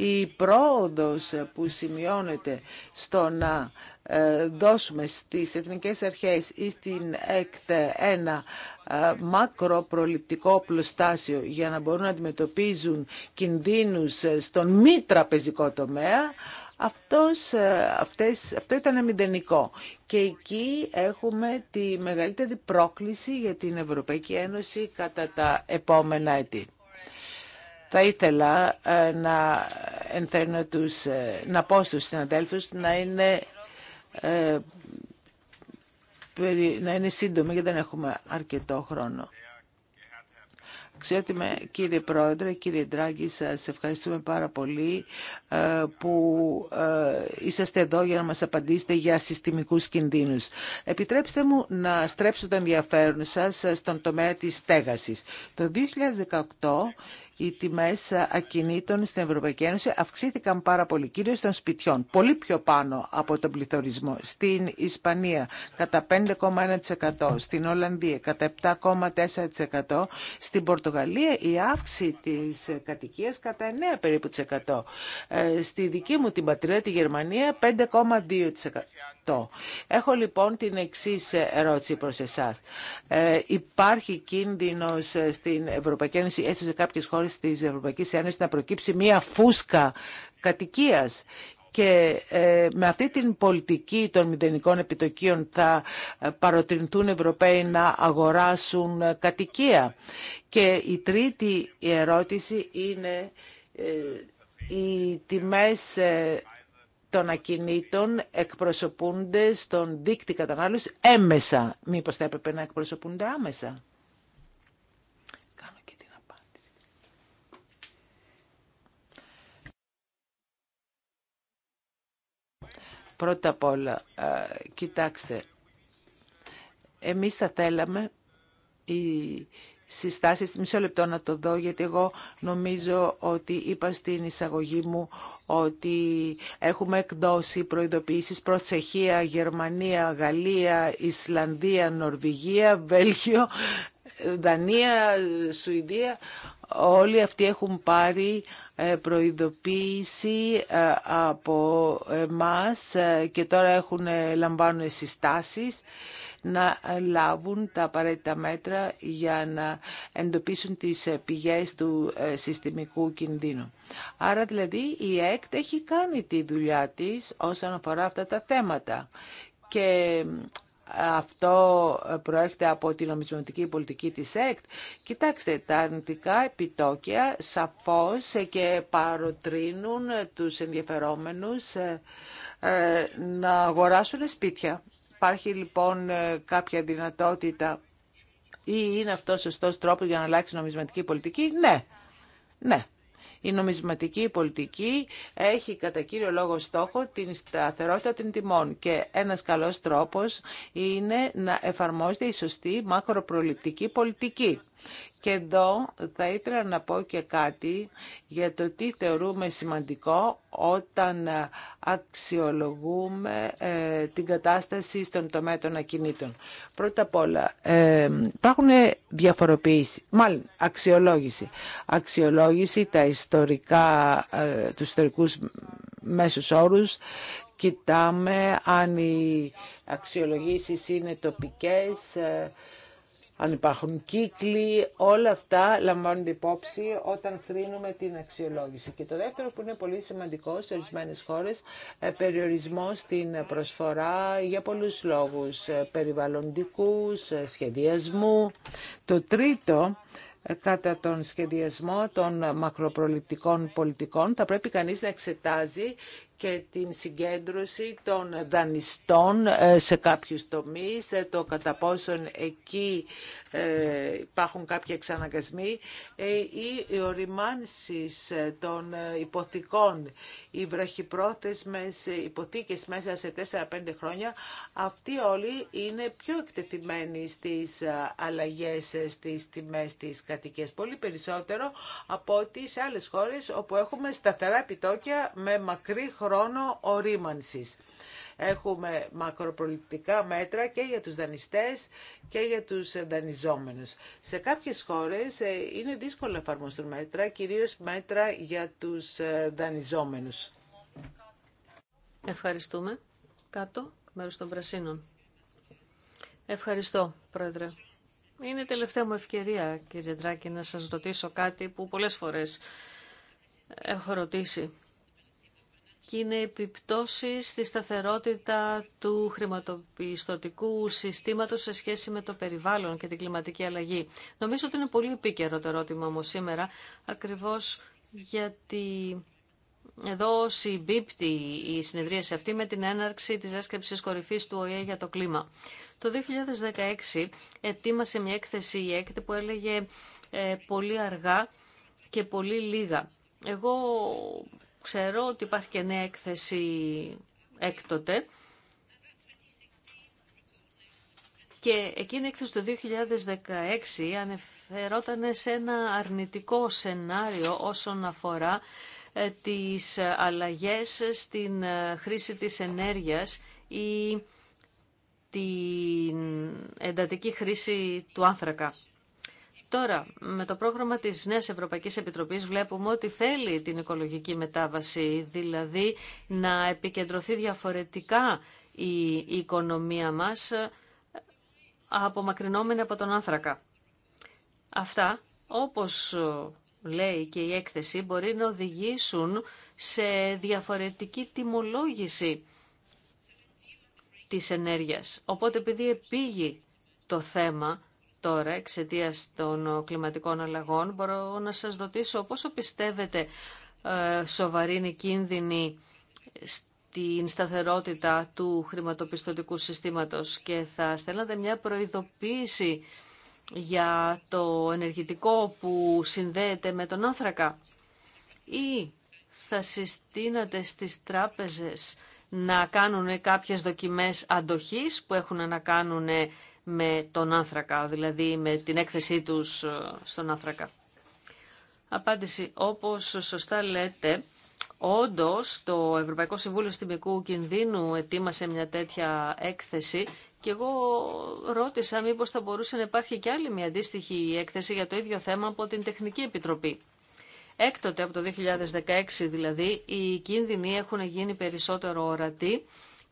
B: η πρόοδος που σημειώνεται στο να ε, δώσουμε στις Εθνικές Αρχές ή στην ΕΚΤ ένα ε, μακροπροληπτικό πλωστάσιο για να μπορούν να αντιμετωπίζουν κινδύνους στον μη τραπεζικό τομέα, αυτός, ε, αυτές, αυτό ήταν μηδενικό. Και εκεί έχουμε τη μεγαλύτερη πρόκληση για την Ευρωπαϊκή Ένωση κατά τα επόμενα έτη. Θα ήθελα ε, να τους, ε, να πω στους συναδέλφους να είναι, ε, να είναι σύντομοι γιατί δεν έχουμε αρκετό χρόνο. Ξέρετε κύριε Πρόεδρε, κύριε Ντράγκη, σας ευχαριστούμε πάρα πολύ που είσαστε εδώ για να μας απαντήσετε για συστημικούς κινδύνους. Επιτρέψτε μου να στρέψω το ενδιαφέρον σας στον τομέα της στέγασης. Το 2018 οι τιμέ ακινήτων στην Ευρωπαϊκή Ένωση αυξήθηκαν πάρα πολύ, κυρίω των σπιτιών, πολύ πιο πάνω από τον πληθωρισμό. Στην Ισπανία κατά 5,1%, στην Ολλανδία κατά 7,4%, στην Πορτογαλία η αύξηση τη κατοικία κατά 9 περίπου%. Ε, στη δική μου την πατρίδα, τη Γερμανία, 5,2%. Έχω λοιπόν την εξής ερώτηση προς εσάς. Ε, υπάρχει κίνδυνος ε, στην Ευρωπαϊκή Ένωση, έστω σε κάποιες χώρες της Ευρωπαϊκής Ένωσης, να προκύψει μία φούσκα κατοικίας και ε, με αυτή την πολιτική των μηδενικών επιτοκίων θα ε, παροτρινθούν Ευρωπαίοι να αγοράσουν κατοικία. Και η τρίτη ερώτηση είναι οι τιμές των ακινήτων εκπροσωπούνται στον δίκτυο κατανάλωση έμεσα. Μήπως θα έπρεπε να εκπροσωπούνται άμεσα. Κάνω και την απάντηση. Πρώτα απ' όλα, κοιτάξτε, εμείς θα θέλαμε συστάσεις. Μισό λεπτό να το δω, γιατί εγώ νομίζω ότι είπα στην εισαγωγή μου ότι έχουμε εκδώσει προειδοποιήσεις προ Γερμανία, Γαλλία, Ισλανδία, Νορβηγία, Βέλγιο, Δανία, Σουηδία. Όλοι αυτοί έχουν πάρει ε, προειδοποίηση ε, από μας ε, και τώρα έχουν λαμβάνουν συστάσεις να λάβουν τα απαραίτητα μέτρα για να εντοπίσουν τις ε, πηγές του ε, συστημικού κινδύνου. Άρα δηλαδή η ΕΚΤ έχει κάνει τη δουλειά της όσον αφορά αυτά τα θέματα. Και ε, αυτό προέρχεται από τη νομισματική πολιτική της ΕΚΤ. Κοιτάξτε, τα αρνητικά επιτόκια σαφώς και παροτρύνουν τους ενδιαφερόμενους να αγοράσουν σπίτια Υπάρχει λοιπόν ε, κάποια δυνατότητα ή είναι αυτό ο σωστό τρόπο για να αλλάξει η νομισματική πολιτική. Ναι, ναι. Η νομισματική πολιτική έχει κατά κύριο λόγο στόχο την σταθερότητα των τιμών και ένας καλός τρόπος είναι να εφαρμόζεται η σωστή μακροπροληπτική πολιτική. Και εδώ θα ήθελα να πω και κάτι για το τι θεωρούμε σημαντικό όταν αξιολογούμε ε, την κατάσταση στον τομέα των ακινήτων. Πρώτα απ' όλα, ε, υπάρχουν διαφοροποίηση, μάλλον αξιολόγηση. Αξιολόγηση τα ιστορικά, ε, τους ιστορικούς μέσους όρους, κοιτάμε αν οι αξιολογήσεις είναι τοπικές, ε, αν υπάρχουν κύκλοι, όλα αυτά λαμβάνονται υπόψη όταν κρίνουμε την αξιολόγηση. Και το δεύτερο που είναι πολύ σημαντικό σε ορισμένε χώρε, περιορισμό στην προσφορά για πολλού λόγους, ε, περιβαλλοντικούς, ε, σχεδιασμού. Το τρίτο, ε, κατά τον σχεδιασμό των μακροπροληπτικών πολιτικών θα πρέπει κανείς να εξετάζει και την συγκέντρωση των δανειστών ε, σε κάποιους τομείς, ε, το κατά πόσον εκεί ε, υπάρχουν κάποιοι εξαναγκασμοί ε, ή οι οριμάνσεις ε, των υποθηκών, οι βραχυπρόθεσμες υποθήκες μέσα σε 4-5 χρόνια, αυτοί όλοι είναι πιο εκτεθειμένοι στις αλλαγές στις τιμές της κατοικίας, πολύ περισσότερο από ότι σε άλλες χώρες όπου έχουμε σταθερά επιτόκια με μακρύ χρόνο ορίμανσης. Έχουμε μακροπολιτικά μέτρα και για τους δανειστές και για τους δανειζόμενους. Σε κάποιες χώρες ε, είναι δύσκολο να εφαρμοστούν μέτρα, κυρίως μέτρα για τους ε, δανειζόμενους. Ευχαριστούμε.
A: Κάτω, μέρος των Πρασίνων. Ευχαριστώ, Πρόεδρε. Είναι τελευταία μου ευκαιρία, κύριε Δράκη, να σας ρωτήσω κάτι που πολλές φορές έχω ρωτήσει και είναι επιπτώσει στη σταθερότητα του χρηματοπιστωτικού συστήματος σε σχέση με το περιβάλλον και την κλιματική αλλαγή. Νομίζω ότι είναι πολύ επίκαιρο το ερώτημα όμω σήμερα, ακριβώς γιατί εδώ συμπίπτει η συνεδρίαση αυτή με την έναρξη της έσκεψης κορυφής του ΟΗΕ για το κλίμα. Το 2016 ετοίμασε μια έκθεση η ΕΚΤ που έλεγε ε, πολύ αργά και πολύ λίγα. Εγώ Ξέρω ότι υπάρχει και νέα έκθεση έκτοτε και εκείνη η έκθεση το 2016 ανεφερόταν σε ένα αρνητικό σενάριο όσον αφορά ε, τις αλλαγές στην ε, χρήση της ενέργειας ή την εντατική χρήση του άνθρακα. Τώρα, με το πρόγραμμα της Νέας Ευρωπαϊκής Επιτροπής βλέπουμε ότι θέλει την οικολογική μετάβαση, δηλαδή να επικεντρωθεί διαφορετικά η οικονομία μας ε, απομακρυνόμενη από τον άνθρακα. Αυτά, όπως ε, λέει και η έκθεση, μπορεί να οδηγήσουν σε διαφορετική τιμολόγηση της ενέργειας. Οπότε επειδή επήγει το θέμα, τώρα εξαιτία των ε, κλιματικών αλλαγών, μπορώ να σας ρωτήσω πόσο πιστεύετε ε, σοβαρή είναι η κίνδυνη στην σταθερότητα του χρηματοπιστωτικού συστήματος και θα στέλνατε μια προειδοποίηση για το ενεργητικό που συνδέεται με τον άνθρακα ή θα συστήνατε στις τράπεζες να κάνουν κάποιες δοκιμές αντοχής που έχουν να κάνουν ε, με τον άνθρακα, δηλαδή με την έκθεσή τους ε, στον άνθρακα. Απάντηση, όπως σωστά λέτε, όντως το Ευρωπαϊκό Συμβούλιο Στιμικού Κινδύνου ετοίμασε μια τέτοια έκθεση και εγώ ρώτησα μήπως θα μπορούσε να υπάρχει και άλλη μια αντίστοιχη έκθεση για το ίδιο θέμα από την Τεχνική Επιτροπή. Έκτοτε από το 2016 δηλαδή οι κίνδυνοι έχουν γίνει περισσότερο ορατοί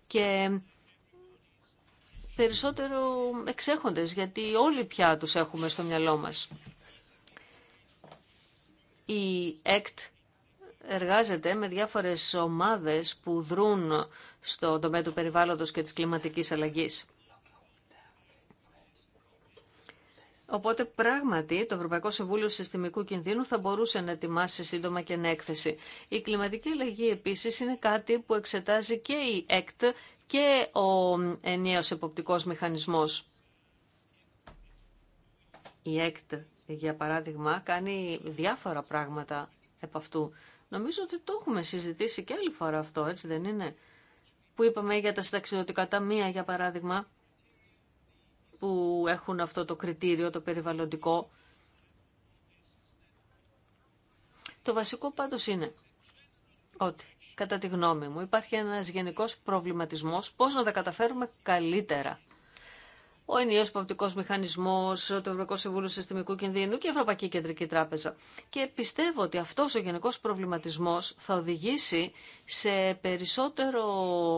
A: και περισσότερο εξέχοντες, γιατί όλοι πια τους έχουμε στο μυαλό μας. Η ΕΚΤ εργάζεται με διάφορες ομάδες που δρούν στο τομέα του περιβάλλοντος και της κλιματικής αλλαγής. Οπότε πράγματι το Ευρωπαϊκό Συμβούλιο Συστημικού Κινδύνου θα μπορούσε να ετοιμάσει σύντομα και ένα έκθεση. Η κλιματική αλλαγή επίσης είναι κάτι που εξετάζει και η ΕΚΤ και ο ενιαίος εποπτικός μηχανισμός. Η ΕΚΤ, για παράδειγμα, κάνει διάφορα πράγματα επ' αυτού. Νομίζω ότι το έχουμε συζητήσει και άλλη φορά αυτό, έτσι δεν είναι. Που είπαμε για τα συνταξιδοτικά ταμεία, για παράδειγμα, που έχουν αυτό το κριτήριο, το περιβαλλοντικό. Το βασικό πάντως είναι ότι κατά τη γνώμη μου. Υπάρχει ένας γενικός προβληματισμός πώς να τα καταφέρουμε καλύτερα. Ο ενιαίο παπτικό μηχανισμό, το Ευρωπαϊκό Συμβούλιο Συστημικού Κινδύνου και η Ευρωπαϊκή Κεντρική Τράπεζα. Και πιστεύω ότι αυτό ο γενικό προβληματισμό θα οδηγήσει σε περισσότερο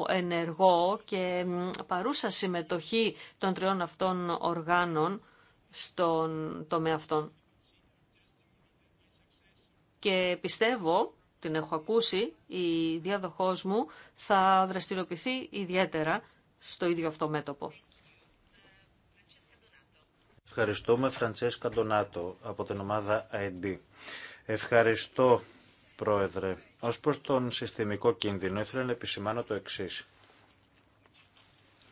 A: ενεργό και παρούσα συμμετοχή των τριών αυτών οργάνων στον τομέα αυτών. Και πιστεύω την έχω ακούσει, η διάδοχός μου θα δραστηριοποιηθεί ιδιαίτερα στο ίδιο αυτό μέτωπο.
E: Ευχαριστούμε Φραντσέσκα Ντονάτο από την ομάδα ID. Ευχαριστώ Πρόεδρε. Ως προς τον συστημικό κίνδυνο ήθελα να επισημάνω το εξής.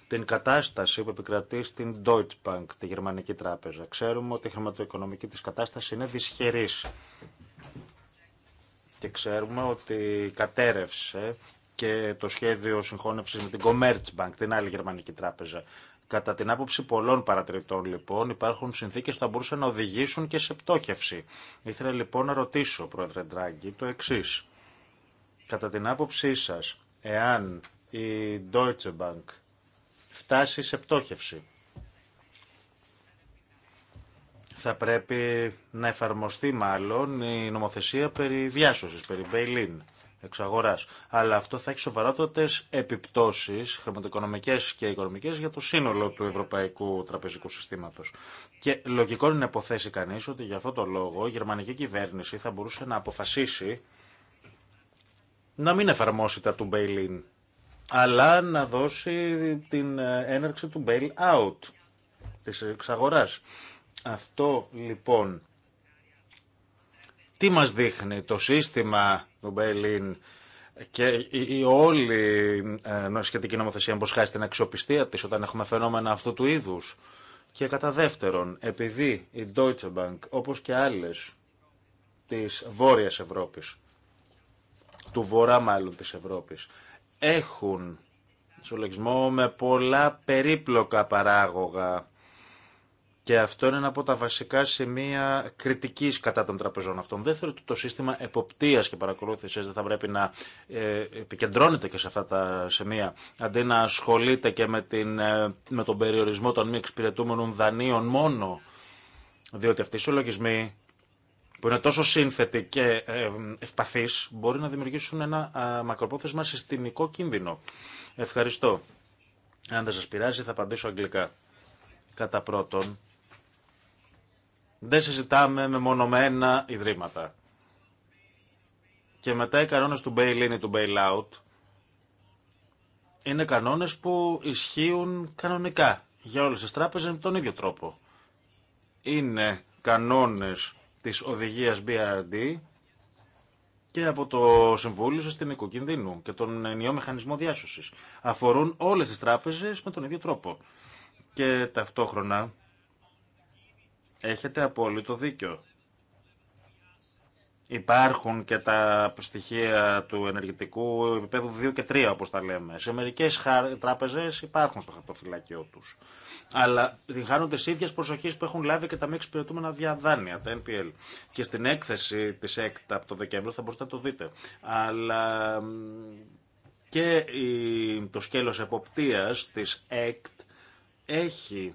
E: Την κατάσταση που επικρατεί στην Deutsche Bank, τη γερμανική τράπεζα. Ξέρουμε ότι η χρηματοοικονομική της κατάσταση είναι δυσχερής και ξέρουμε ότι κατέρευσε και το σχέδιο συγχώνευσης με την Commerzbank, την άλλη γερμανική τράπεζα. Κατά την άποψη πολλών παρατηρητών, λοιπόν, υπάρχουν συνθήκες που θα μπορούσαν να οδηγήσουν και σε πτώχευση. Ήθελα λοιπόν να ρωτήσω, Πρόεδρε Ντράγκη, το εξή. Κατά την άποψή σας, εάν η Deutsche Bank φτάσει σε πτώχευση, θα πρέπει να εφαρμοστεί μάλλον η νομοθεσία περί διάσωσης, περί bail-in, εξαγοράς. Αλλά αυτό θα έχει σοβαρότατες επιπτώσεις χρηματοοικονομικές και οικονομικές για το σύνολο του ευρωπαϊκού τραπεζικού συστήματος. Και λογικό είναι να υποθέσει κανείς ότι για αυτό το λόγο η γερμανική κυβέρνηση θα μπορούσε να αποφασίσει να μην εφαρμόσει τα του bail-in, αλλά να δώσει την έναρξη του bail-out, της εξαγοράς. Αυτό λοιπόν, τι μας δείχνει το σύστημα του Μπέιλιν και η, η όλη ε, σχετική νομοθεσία πως χάσει την αξιοπιστία της όταν έχουμε φαινόμενα αυτού του είδους. Και κατά δεύτερον, επειδή η Deutsche Bank, όπως και άλλες της Βόρειας Ευρώπης, του Βορρά μάλλον της Ευρώπης, έχουν συλλογισμό με πολλά περίπλοκα παράγωγα και αυτό είναι ένα από τα βασικά σημεία κριτική κατά των τραπεζών αυτών. Δεν το σύστημα εποπτεία και παρακολούθηση δεν θα πρέπει να ε, επικεντρώνεται και σε αυτά τα σημεία, αντί να ασχολείται και με, την, ε, με τον περιορισμό των μη εξυπηρετούμενων δανείων μόνο. Διότι αυτοί οι συλλογισμοί που είναι τόσο σύνθετοι και ε, ευπαθεί μπορεί να δημιουργήσουν ένα μακροπρόθεσμα συστημικό κίνδυνο. Ευχαριστώ. Αν δεν σα πειράζει, θα απαντήσω αγγλικά. Κατά πρώτον, δεν συζητάμε με μονομένα ιδρύματα. Και μετά οι κανόνες του bail-in ή του bail-out είναι κανόνες που ισχύουν κανονικά για όλες τις τράπεζες με τον ίδιο τρόπο. Είναι κανόνες της οδηγίας BRD και από το Συμβούλιο Συστημικού Κινδύνου και τον Ενιό μηχανισμό διάσωσης. Αφορούν όλες τις τράπεζες με τον ίδιο τρόπο. Και ταυτόχρονα Έχετε απόλυτο δίκιο. Υπάρχουν και τα στοιχεία του ενεργητικού επίπεδου 2 και 3, όπως τα λέμε. Σε μερικές τράπεζες υπάρχουν στο χαρτοφυλάκιό τους. Αλλά διχάνουν χάνουν τις ίδιες προσοχές που έχουν λάβει και τα μη εξυπηρετούμενα διαδάνεια, τα NPL. Και στην έκθεση της ΕΚΤΑ από το Δεκέμβριο θα μπορούσατε να το δείτε. Αλλά και το σκέλος εποπτείας της ΕΚΤ έχει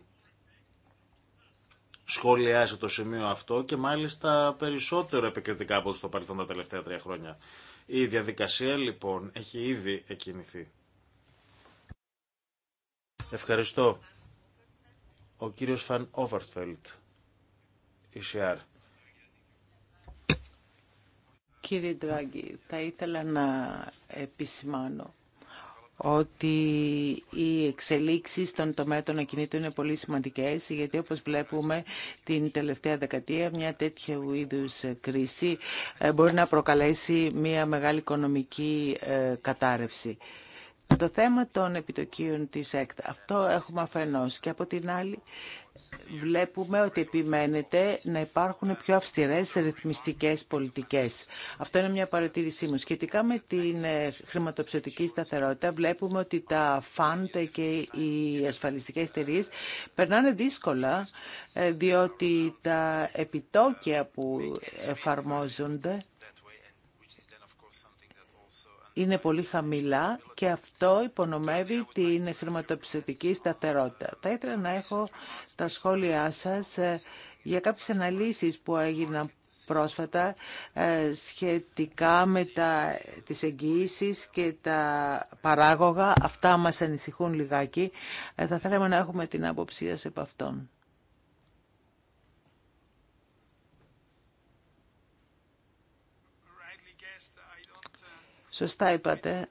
E: σχολιάσει το σημείο αυτό και μάλιστα περισσότερο επικριτικά από στο παρελθόν τα τελευταία τρία χρόνια. Η διαδικασία λοιπόν έχει ήδη εκκινηθεί. Ευχαριστώ. Ο κύριος Φαν Όβαρτφελτ,
B: ECR. Κύριε Ντράγκη, θα ήθελα να επισημάνω ότι οι εξελίξεις των τομέα των ακινήτων είναι πολύ σημαντικές γιατί όπως βλέπουμε την τελευταία δεκαετία μια τέτοια είδου κρίση ε, μπορεί να προκαλέσει μια μεγάλη οικονομική ε, κατάρρευση το θέμα των επιτοκίων της ΕΚΤ, αυτό έχουμε αφενός και από την άλλη βλέπουμε ότι επιμένεται να υπάρχουν πιο αυστηρές ρυθμιστικές πολιτικές. Αυτό είναι μια παρατήρησή μου. Σχετικά με την ε, χρηματοψηφιακή σταθερότητα βλέπουμε ότι τα φάντα και οι ασφαλιστικές εταιρείε περνάνε δύσκολα ε, διότι τα επιτόκια που εφαρμόζονται είναι πολύ χαμηλά και αυτό υπονομεύει την χρηματοπιστωτική σταθερότητα. Θα ήθελα να έχω τα σχόλιά σας ε, για κάποιες αναλύσεις που έγιναν πρόσφατα ε, σχετικά με τα, τις εγγυήσει και τα παράγωγα. Αυτά μας ανησυχούν λιγάκι. Ε, θα θέλαμε να έχουμε την άποψή σας επ' Σωστά είπατε.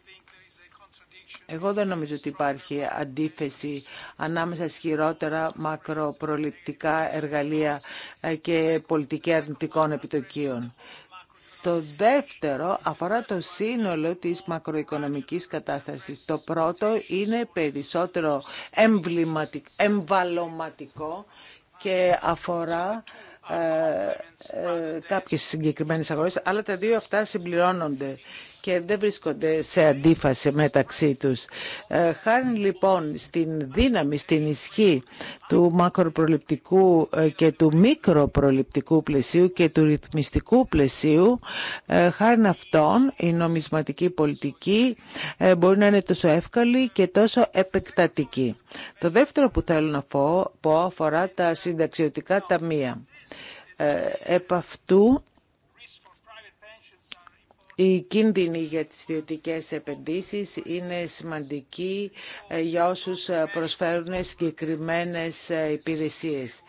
B: Εγώ δεν νομίζω ότι υπάρχει αντίθεση ανάμεσα στις χειρότερα μακροπροληπτικά εργαλεία ε, και πολιτική αρνητικών επιτοκίων. Το δεύτερο αφορά το σύνολο της μακροοικονομικής κατάστασης. Το πρώτο είναι περισσότερο εμβαλωματικό και αφορά ε, ε, κάποιες συγκεκριμένες αγορές, αλλά τα δύο αυτά συμπληρώνονται και δεν βρίσκονται σε αντίφαση μεταξύ τους. Ε, χάρη λοιπόν στην δύναμη, στην ισχύ του μακροπροληπτικού ε, και του μικροπροληπτικού πλαισίου και του ρυθμιστικού πλαισίου, ε, χάρη αυτών η νομισματική πολιτική μπορεί να είναι τόσο εύκολη και τόσο επεκτατική. Το δεύτερο που θέλω να πω αφορά τα συνταξιωτικά ταμεία. επ' αυτού οι κίνδυνοι για τις ιδιωτικές επενδύσεις είναι σημαντικοί ε, για όσους ε, προσφέρουν συγκεκριμένες ε, υπηρεσίες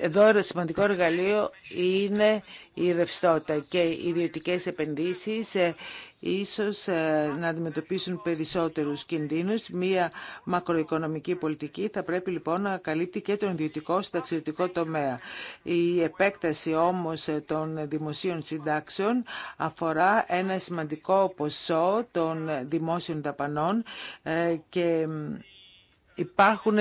B: εδώ ένα σημαντικό εργαλείο είναι η ρευστότητα και οι ιδιωτικέ επενδύσεις ε, ίσως ε, να αντιμετωπίσουν περισσότερους κινδύνους. Μία μακροοικονομική πολιτική θα πρέπει λοιπόν να καλύπτει και τον ιδιωτικό συνταξιδιωτικό τομέα. Η επέκταση όμως ε, των δημοσίων συντάξεων αφορά ένα σημαντικό ποσό των δημόσιων δαπανών και υπάρχουν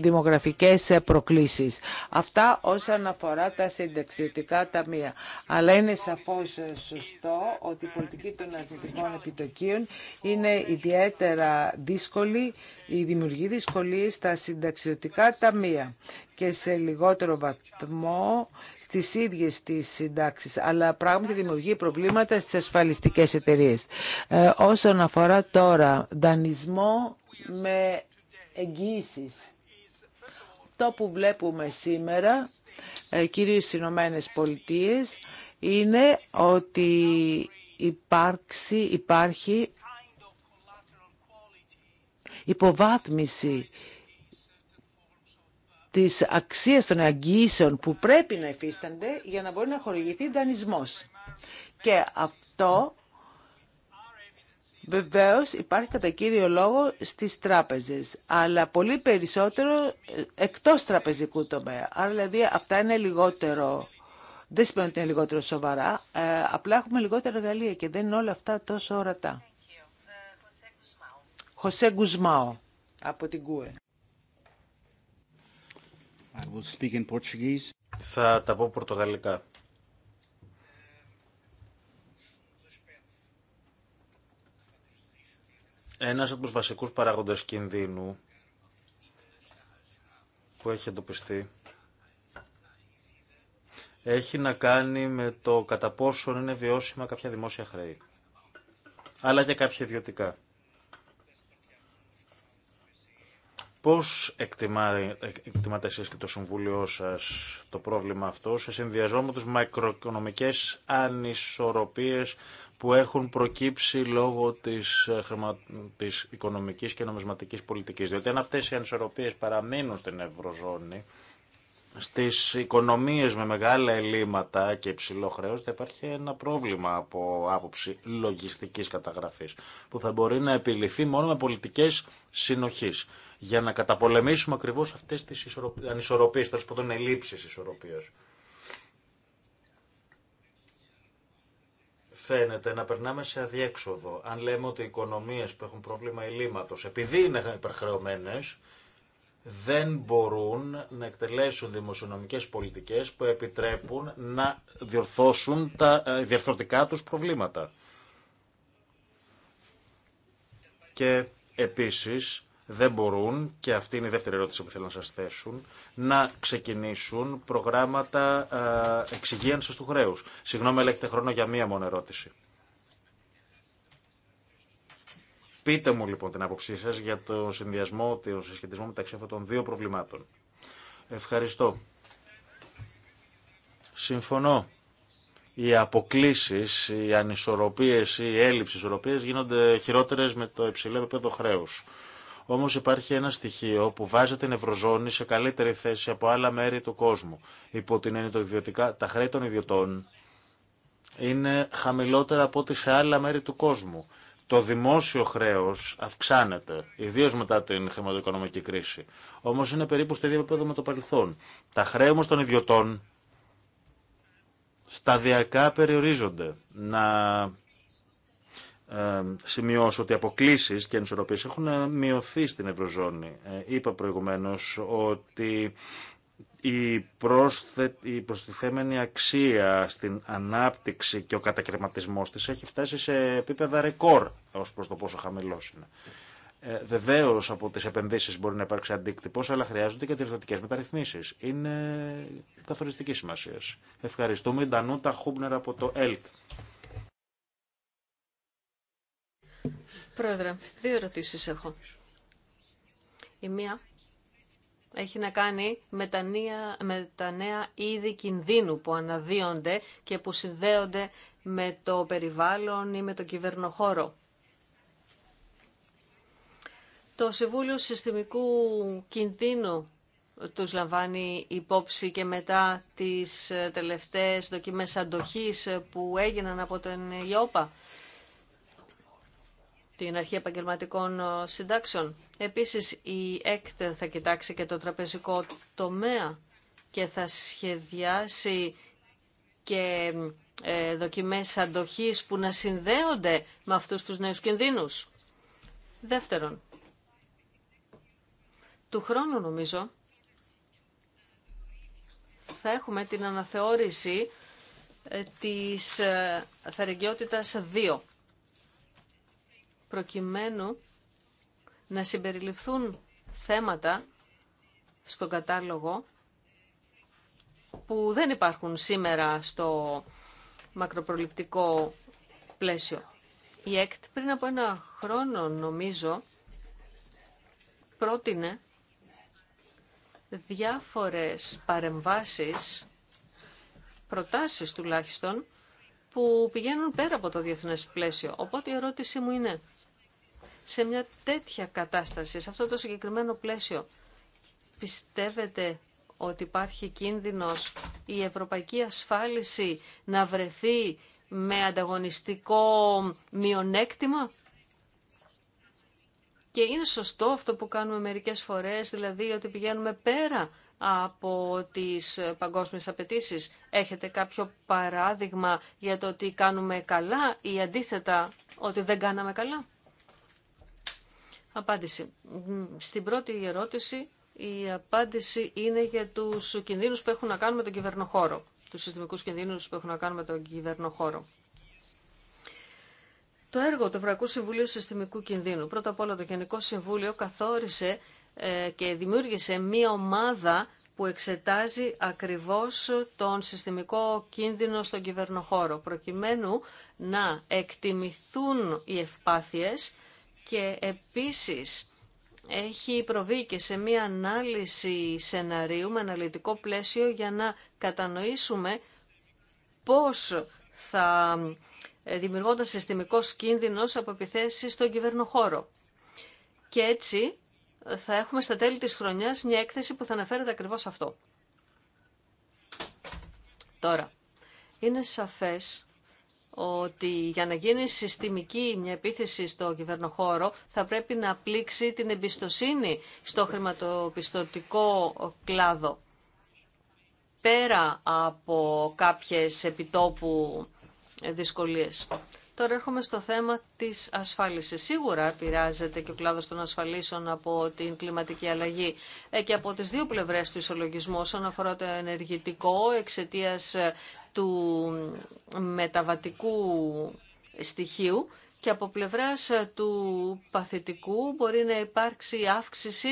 B: δημογραφικές ε, προκλήσεις. Αυτά όσον αφορά τα συνταξιωτικά ταμεία. Αλλά είναι σαφώς ε, σωστό ότι η πολιτική των αρνητικών επιτοκίων είναι ιδιαίτερα δύσκολη, η δημιουργεί δυσκολίες στα συνταξιωτικά ταμεία και σε λιγότερο βαθμό στις ίδιες τις συντάξεις, αλλά πράγματι δημιουργεί προβλήματα στις ασφαλιστικές εταιρείες. Ε, όσον αφορά τώρα δανεισμό με εγγύησης. Το που βλέπουμε σήμερα, ε, κυρίως στις Ηνωμένε Πολιτείες, είναι ότι υπάρξει, υπάρχει υποβάθμιση της αξίας των αγγίσεων που πρέπει να υφίστανται για να μπορεί να χορηγηθεί δανεισμός. Και αυτό Βεβαίως υπάρχει κατά κύριο λόγο στις τράπεζες, αλλά πολύ περισσότερο ε, εκτός τραπεζικού τομέα. Άρα δηλαδή αυτά είναι λιγότερο, δεν σημαίνει ότι είναι λιγότερο σοβαρά, ε, απλά έχουμε λιγότερα εργαλεία και δεν είναι όλα αυτά τόσο ορατά. Χωσέ Γκουσμάο από την ΚΟΕ.
E: Θα τα πω πορτογαλικά. Ένας από τους βασικούς παράγοντες κινδύνου που έχει εντοπιστεί έχει να κάνει με το κατά πόσο είναι βιώσιμα κάποια δημόσια χρέη, αλλά και κάποια ιδιωτικά. Πώς εκτιμά, εκτιμάτε εσείς και το Συμβούλιο σας το πρόβλημα αυτό σε συνδυασμό με τους μακροοικονομικές ανισορροπίες που έχουν προκύψει λόγω της, ε, της οικονομικής και νομισματικής πολιτικής. Διότι αν αυτές οι ανισορροπίες παραμείνουν στην Ευρωζώνη, στις οικονομίες με μεγάλα ελλείμματα και υψηλό χρέος θα υπάρχει ένα πρόβλημα από άποψη λογιστικής καταγραφής που θα μπορεί να επιληθεί μόνο με πολιτικές συνοχής για να καταπολεμήσουμε ακριβώς αυτές τις ανισορροπίες, τέλος πάντων ελλείψεις ισορροπίας. φαίνεται να περνάμε σε αδιέξοδο. Αν λέμε ότι οι οικονομίες που έχουν πρόβλημα ελλείμματο, επειδή είναι υπερχρεωμένε, δεν μπορούν να εκτελέσουν δημοσιονομικές πολιτικές που επιτρέπουν να διορθώσουν τα ε, διορθωτικά τους προβλήματα. Και επίσης δεν μπορούν, και αυτή είναι η δεύτερη ερώτηση που θέλω να σας θέσουν, να ξεκινήσουν προγράμματα εξυγίανσης του χρέους. Συγγνώμη, αλλά έχετε χρόνο για μία μόνο ερώτηση. Πείτε μου λοιπόν την άποψή σας για το συνδυασμό, το συσχετισμό μεταξύ αυτών των δύο προβλημάτων. Ευχαριστώ. Συμφωνώ οι αποκλήσει, οι ανισορροπίε, η έλλειψει ισορροπίε γίνονται χειρότερε με το υψηλό επίπεδο χρέου. Όμως υπάρχει ένα στοιχείο που βάζει την Ευρωζώνη σε καλύτερη θέση από άλλα μέρη του κόσμου. Υπό την έννοια το ιδιωτικά, τα χρέη των ιδιωτών είναι χαμηλότερα από ό,τι σε άλλα μέρη του κόσμου. Το δημόσιο χρέος αυξάνεται, ιδίως μετά την χρηματοοικονομική κρίση. Όμως είναι περίπου στο ίδιο επίπεδο με το παρελθόν. Τα χρέη όμω των ιδιωτών σταδιακά περιορίζονται να σημειώσω ότι αποκλήσεις και ενισορροπίες έχουν ε, μειωθεί στην Ευρωζώνη. Ε, είπα προηγουμένως ότι η, πρόσθε, η προστιθέμενη αξία στην ανάπτυξη και ο κατακρεματισμός της έχει φτάσει σε επίπεδα ρεκόρ ως προς το πόσο χαμηλός είναι. Ε, Βεβαίω από τι επενδύσει μπορεί να υπάρξει αντίκτυπο, αλλά χρειάζονται και διορθωτικέ μεταρρυθμίσει. Είναι καθοριστική σημασία. Ευχαριστούμε. Ντανούτα Χούμπνερ από το ΕΛΚ.
A: Πρόεδρε, δύο ερωτήσεις έχω. Η μία έχει να κάνει με τα, νέα, είδη κινδύνου που αναδύονται και που συνδέονται με το περιβάλλον ή με το κυβερνοχώρο. Το Συμβούλιο Συστημικού Κινδύνου τους λαμβάνει υπόψη και μετά τις τελευταίες δοκιμές αντοχής που έγιναν από τον ΙΟΠΑ την Αρχή Επαγγελματικών ε, Συντάξεων. Επίσης η ΕΚΤ θα κοιτάξει και το τραπεζικό τομέα και θα σχεδιάσει και ε, δοκιμές αντοχής που να συνδέονται με αυτούς τους νέους κινδύνους. Δεύτερον, του χρόνου νομίζω θα έχουμε την αναθεώρηση ε, της αφαιρεγγιότητας 2 προκειμένου να συμπεριληφθούν θέματα στο κατάλογο που δεν υπάρχουν σήμερα στο μακροπροληπτικό πλαίσιο. Η ΕΚΤ πριν από ένα χρόνο νομίζω πρότεινε διάφορες παρεμβάσεις, προτάσεις τουλάχιστον, που πηγαίνουν πέρα από το διεθνές πλαίσιο. Οπότε η ερώτηση μου είναι, σε μια τέτοια κατάσταση, σε αυτό το συγκεκριμένο πλαίσιο. Πιστεύετε ότι υπάρχει κίνδυνος η ευρωπαϊκή ασφάλιση να βρεθεί με ανταγωνιστικό μειονέκτημα. Και είναι σωστό αυτό που κάνουμε μερικές φορές, δηλαδή ότι πηγαίνουμε πέρα από τις παγκόσμιες απαιτήσεις. Έχετε κάποιο παράδειγμα για το ότι κάνουμε καλά ή αντίθετα ότι δεν κάναμε καλά. Απάντηση. Στην πρώτη ερώτηση η απάντηση είναι για του κίνδυνου που έχουν να κάνουν με τον κυβερνοχώρο. Τους συστημικούς κινδύνους που έχουν να κάνουν με τον κυβερνοχώρο. Το έργο του Ευρωπαϊκού Συμβουλίου Συστημικού Κινδύνου. Πρώτα απ' όλα το Γενικό Συμβούλιο καθόρισε ε, και δημιούργησε μία ομάδα που εξετάζει ακριβώς τον συστημικό κίνδυνο στον κυβερνοχώρο, προκειμένου να εκτιμηθούν οι ευπάθειες και επίσης έχει προβεί και σε μία ανάλυση σεναρίου με αναλυτικό πλαίσιο για να κατανοήσουμε πώς θα ε, δημιουργώντα συστημικός κίνδυνος από επιθέσεις στον κυβερνοχώρο. Και έτσι ε, θα έχουμε στα τέλη της χρονιάς μια έκθεση που θα αναφέρεται ακριβώς αυτό. Τώρα, είναι σαφές ότι για να γίνει συστημική μια επίθεση στο κυβερνοχώρο θα πρέπει να πλήξει την εμπιστοσύνη στο χρηματοπιστωτικό κλάδο. Πέρα από κάποιες επιτόπου δυσκολίες. Τώρα έρχομαι στο θέμα της ασφάλισης. Σίγουρα επηρεάζεται και ο κλάδος των ασφαλίσεων από την κλιματική αλλαγή ε, και από τις δύο πλευρές του ισολογισμού όσον αφορά το ενεργητικό εξαιτία του μεταβατικού στοιχείου και από πλευράς ε, του παθητικού μπορεί να υπάρξει αύξηση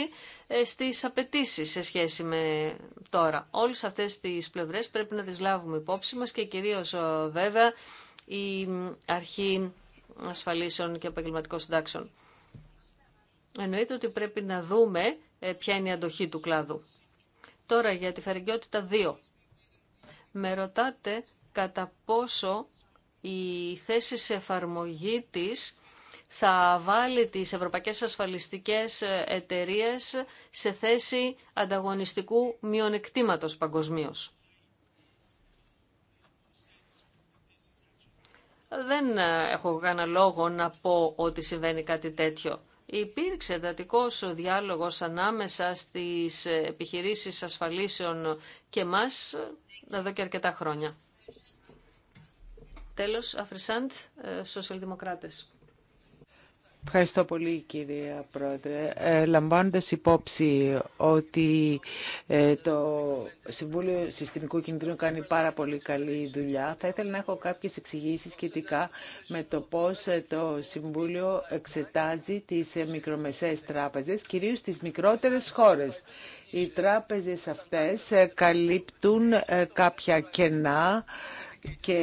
A: ε, στις απαιτήσει σε σχέση με τώρα. Όλες αυτές τις πλευρές πρέπει να τις λάβουμε υπόψη μας και κυρίως ε, βέβαια η αρχή ασφαλίσεων και επαγγελματικών συντάξεων. Εννοείται ότι πρέπει να δούμε ποια είναι η αντοχή του κλάδου. Τώρα για τη φερικιότητα 2 με ρωτάτε κατά πόσο η θέση σε εφαρμογή της θα βάλει τις ευρωπαϊκές ασφαλιστικές εταιρείες σε θέση ανταγωνιστικού μειονεκτήματος παγκοσμίω. Δεν έχω κανένα λόγο να πω ότι συμβαίνει κάτι τέτοιο υπήρξε εντατικός διάλογος ανάμεσα στις επιχειρήσεις ασφαλίσεων και μας εδώ και αρκετά χρόνια. Τέλος, Αφρισάντ, ε, Σοσιαλδημοκράτες.
B: Ευχαριστώ πολύ κυρία Πρόεδρε. Ε, λαμβάνοντας υπόψη ότι ε, το Συμβούλιο Συστημικού κινδύνου κάνει πάρα πολύ καλή δουλειά, θα ήθελα να έχω κάποιες εξηγήσεις σχετικά με το πώς ε, το Συμβούλιο εξετάζει τις ε, μικρομεσαίες τράπεζες, κυρίως τις μικρότερες χώρες. Οι τράπεζες αυτές καλύπτουν κάποια κενά και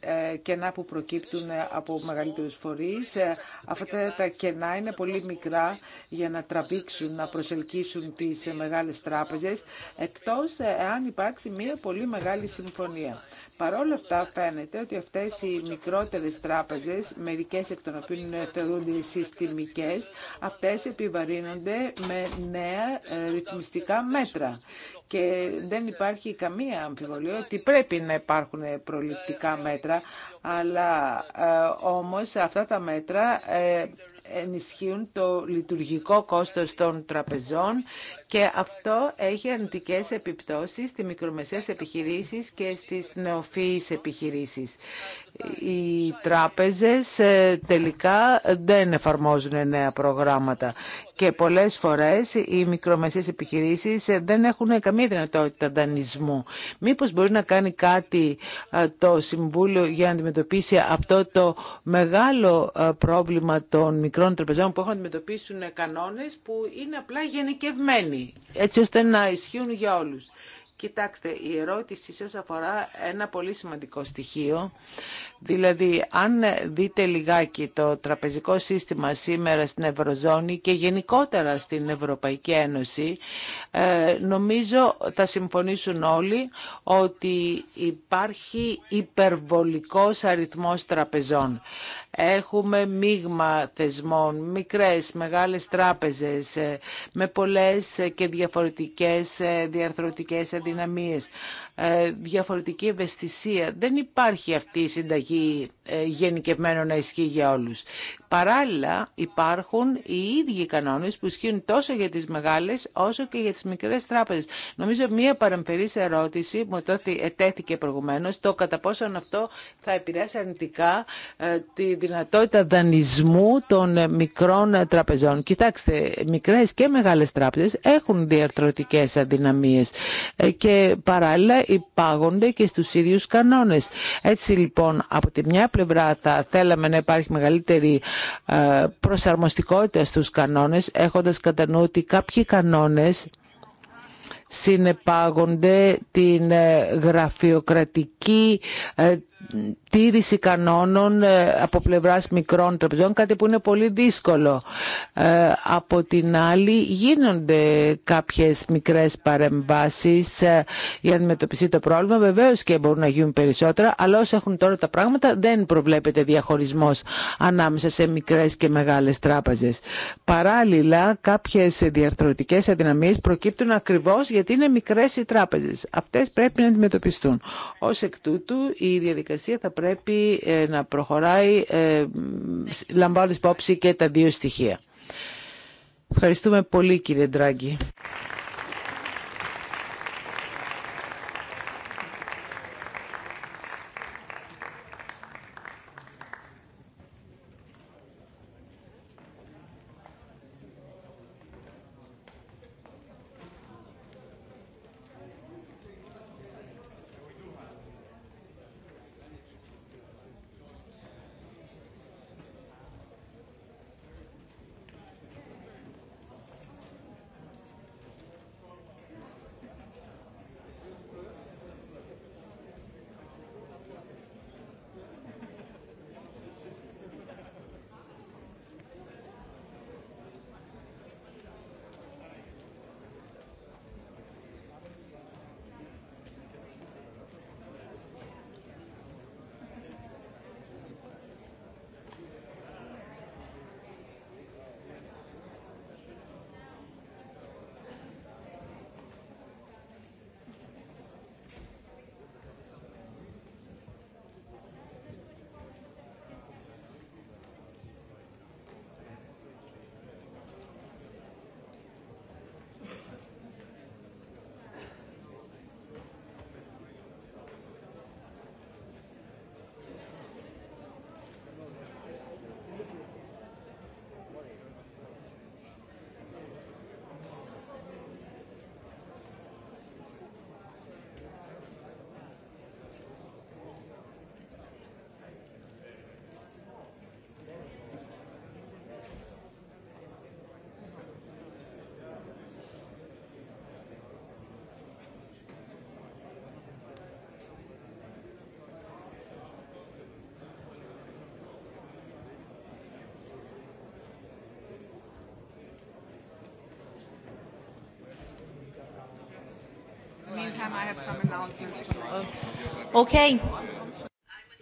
B: ε, κενά που προκύπτουν από μεγαλύτερους φορείς. Ε, αυτά τα κενά είναι πολύ μικρά για να τραβήξουν, να προσελκύσουν τις μεγάλες τράπεζες, εκτός αν υπάρξει μια πολύ μεγάλη συμφωνία όλα αυτά φαίνεται ότι αυτές οι μικρότερες τράπεζες, μερικές εκ των οποίων θεωρούνται συστημικές, αυτές επιβαρύνονται με νέα ε, ρυθμιστικά μέτρα. Και δεν υπάρχει καμία αμφιβολία ότι πρέπει να υπάρχουν προληπτικά μέτρα, αλλά ε, όμως αυτά τα μέτρα ε, ενισχύουν το λειτουργικό κόστος των τραπεζών και αυτό έχει αρνητικές επιπτώσεις στις μικρομεσαίες επιχειρήσεις και στις νεοφύης επιχειρήσεις. Οι τράπεζες ε, τελικά δεν εφαρμόζουν νέα προγράμματα και πολλές φορές οι μικρομεσαίες επιχειρήσεις ε, δεν έχουν καμία δυνατότητα δανεισμού. Μήπως μπορεί να κάνει κάτι ε, το Συμβούλιο για να αντιμετωπίσει αυτό το μεγάλο ε, πρόβλημα των μικρών τραπεζών που έχουν να αντιμετωπίσουν κανόνες που είναι απλά γενικευμένοι, έτσι ώστε να ισχύουν για όλους. Κοιτάξτε, η ερώτησή σας αφορά ένα πολύ σημαντικό στοιχείο Δηλαδή, αν δείτε λιγάκι το τραπεζικό σύστημα σήμερα στην Ευρωζώνη και γενικότερα στην Ευρωπαϊκή Ένωση, ε, νομίζω θα συμφωνήσουν όλοι ότι υπάρχει υπερβολικός αριθμός τραπεζών. Έχουμε μείγμα θεσμών, μικρές, μεγάλες τράπεζες, ε, με πολλές και διαφορετικές ε, διαρθρωτικές αδυναμίες, διαφορετική ευαισθησία. Δεν υπάρχει αυτή η συνταγή ε, γενικευμένο να ισχύει για όλους. Παράλληλα υπάρχουν οι ίδιοι κανόνες που ισχύουν τόσο για τις μεγάλες όσο και για τις μικρές τράπεζες. Νομίζω μία παραμφερής ερώτηση που ετέθηκε προηγουμένως το κατά πόσο αυτό θα επηρεάσει αρνητικά ε, τη δυνατότητα δανεισμού των ε, μικρών ε, τραπεζών. Κοιτάξτε, μικρές και μεγάλες τράπεζες έχουν διαρτρωτικές αδυναμίες και παράλληλα υπάγονται και στους ίδιους κανόνες. Έτσι λοιπόν από τη μια πλευρά θα θέλαμε να υπάρχει μεγαλύτερη ε, προσαρμοστικότητα στους κανόνες, έχοντας κατά νου ότι κάποιοι κανόνες συνεπάγονται την ε, γραφειοκρατική, ε, τήρηση κανόνων ε, από πλευράς μικρών τραπεζών, κάτι που είναι πολύ δύσκολο. Ε, από την άλλη γίνονται κάποιες μικρές παρεμβάσεις ε, για να αντιμετωπιστεί το πρόβλημα. Βεβαίως και μπορούν να γίνουν περισσότερα, αλλά όσο έχουν τώρα τα πράγματα δεν προβλέπεται διαχωρισμός ανάμεσα σε μικρές και μεγάλες τράπεζες. Παράλληλα κάποιες διαρθρωτικές αδυναμίες προκύπτουν ακριβώς γιατί είναι μικρές οι τράπεζες. Αυτές πρέπει να αντιμετωπιστούν. Ως εκ τούτου η διαδικασία διαδικασία θα πρέπει ε, να προχωράει ε, λαμβάνοντας υπόψη και τα δύο στοιχεία. Ευχαριστούμε πολύ κύριε Ντράγκη.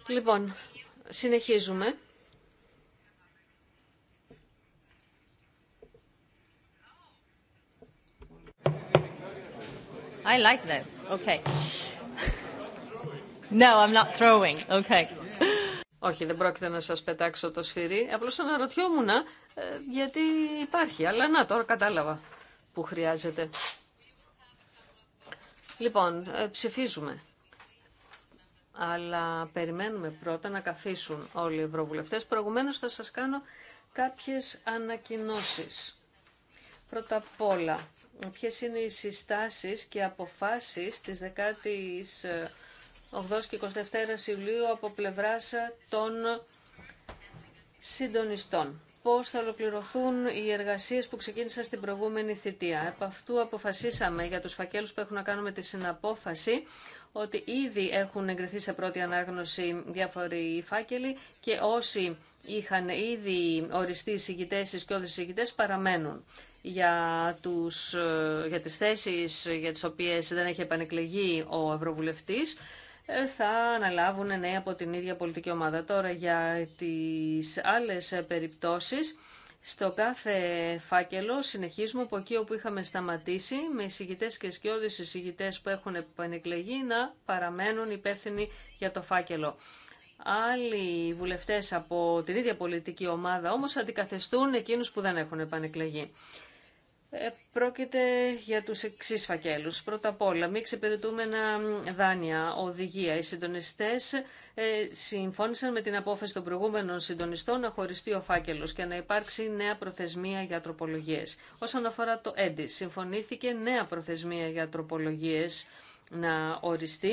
A: Λοιπόν, συνεχίζουμε. I like this. Okay. No, I'm not throwing. Okay. Όχι, δεν πρόκειται να σας πετάξω το σφυρί. Απλώς αναρωτιόμουν ε, γιατί υπάρχει. Αλλά να, τώρα κατάλαβα που χρειάζεται. Λοιπόν, ε, ψηφίζουμε αλλά περιμένουμε πρώτα να καθίσουν όλοι οι ευρωβουλευτές. Προηγουμένως θα σας κάνω κάποιες ανακοινώσεις. Πρώτα απ' όλα, ποιες είναι οι συστάσεις και αποφάσεις της 18 ε, και 27 Ιουλίου από πλευράς των συντονιστών. Πώς θα ολοκληρωθούν οι εργασίες που ξεκίνησαν στην προηγούμενη θητεία. Επ' αυτού αποφασίσαμε για τους φακέλους που έχουν να κάνουν με τη συναπόφαση ότι ήδη έχουν εγκριθεί σε πρώτη ανάγνωση διάφοροι φάκελοι και όσοι είχαν ήδη οριστεί συγκητές και όλες παραμένουν. Για, τους, ε, για τις θέσεις για τις οποίες δεν έχει επανεκλεγεί ο Ευρωβουλευτής ε, θα αναλάβουν νέα από την ίδια πολιτική ομάδα. Τώρα για τις άλλες ε, περιπτώσεις στο κάθε φάκελο συνεχίζουμε από εκεί όπου είχαμε σταματήσει με εισηγητές και σκιώδεις εισηγητές που έχουν επανεκλεγεί να παραμένουν υπεύθυνοι για το φάκελο. Άλλοι βουλευτές από την ίδια πολιτική ομάδα όμως αντικαθεστούν εκείνους που δεν έχουν επανεκλεγεί. Ε, πρόκειται για τους εξή φακέλους. Πρώτα απ' όλα, μη εξυπηρετούμενα δάνεια, οδηγία. Οι συντονιστές ε, συμφώνησαν με την απόφαση των προηγούμενων συντονιστών να χωριστεί ο φάκελος και να υπάρξει νέα προθεσμία για τροπολογίες. Όσον αφορά το ΕΝΤΙΣ, συμφωνήθηκε νέα προθεσμία για τροπολογίες να οριστεί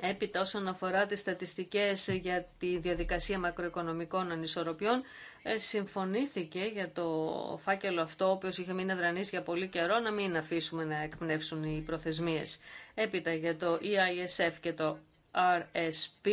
A: Έπειτα όσον αφορά τις στατιστικές για τη διαδικασία μακροοικονομικών ανισορροπιών, ε, συμφωνήθηκε για το φάκελο αυτό, ο οποίος είχε μείνει αδρανής για πολύ καιρό, να μην αφήσουμε να εκπνεύσουν οι προθεσμίες. Έπειτα για το EISF και το RSP,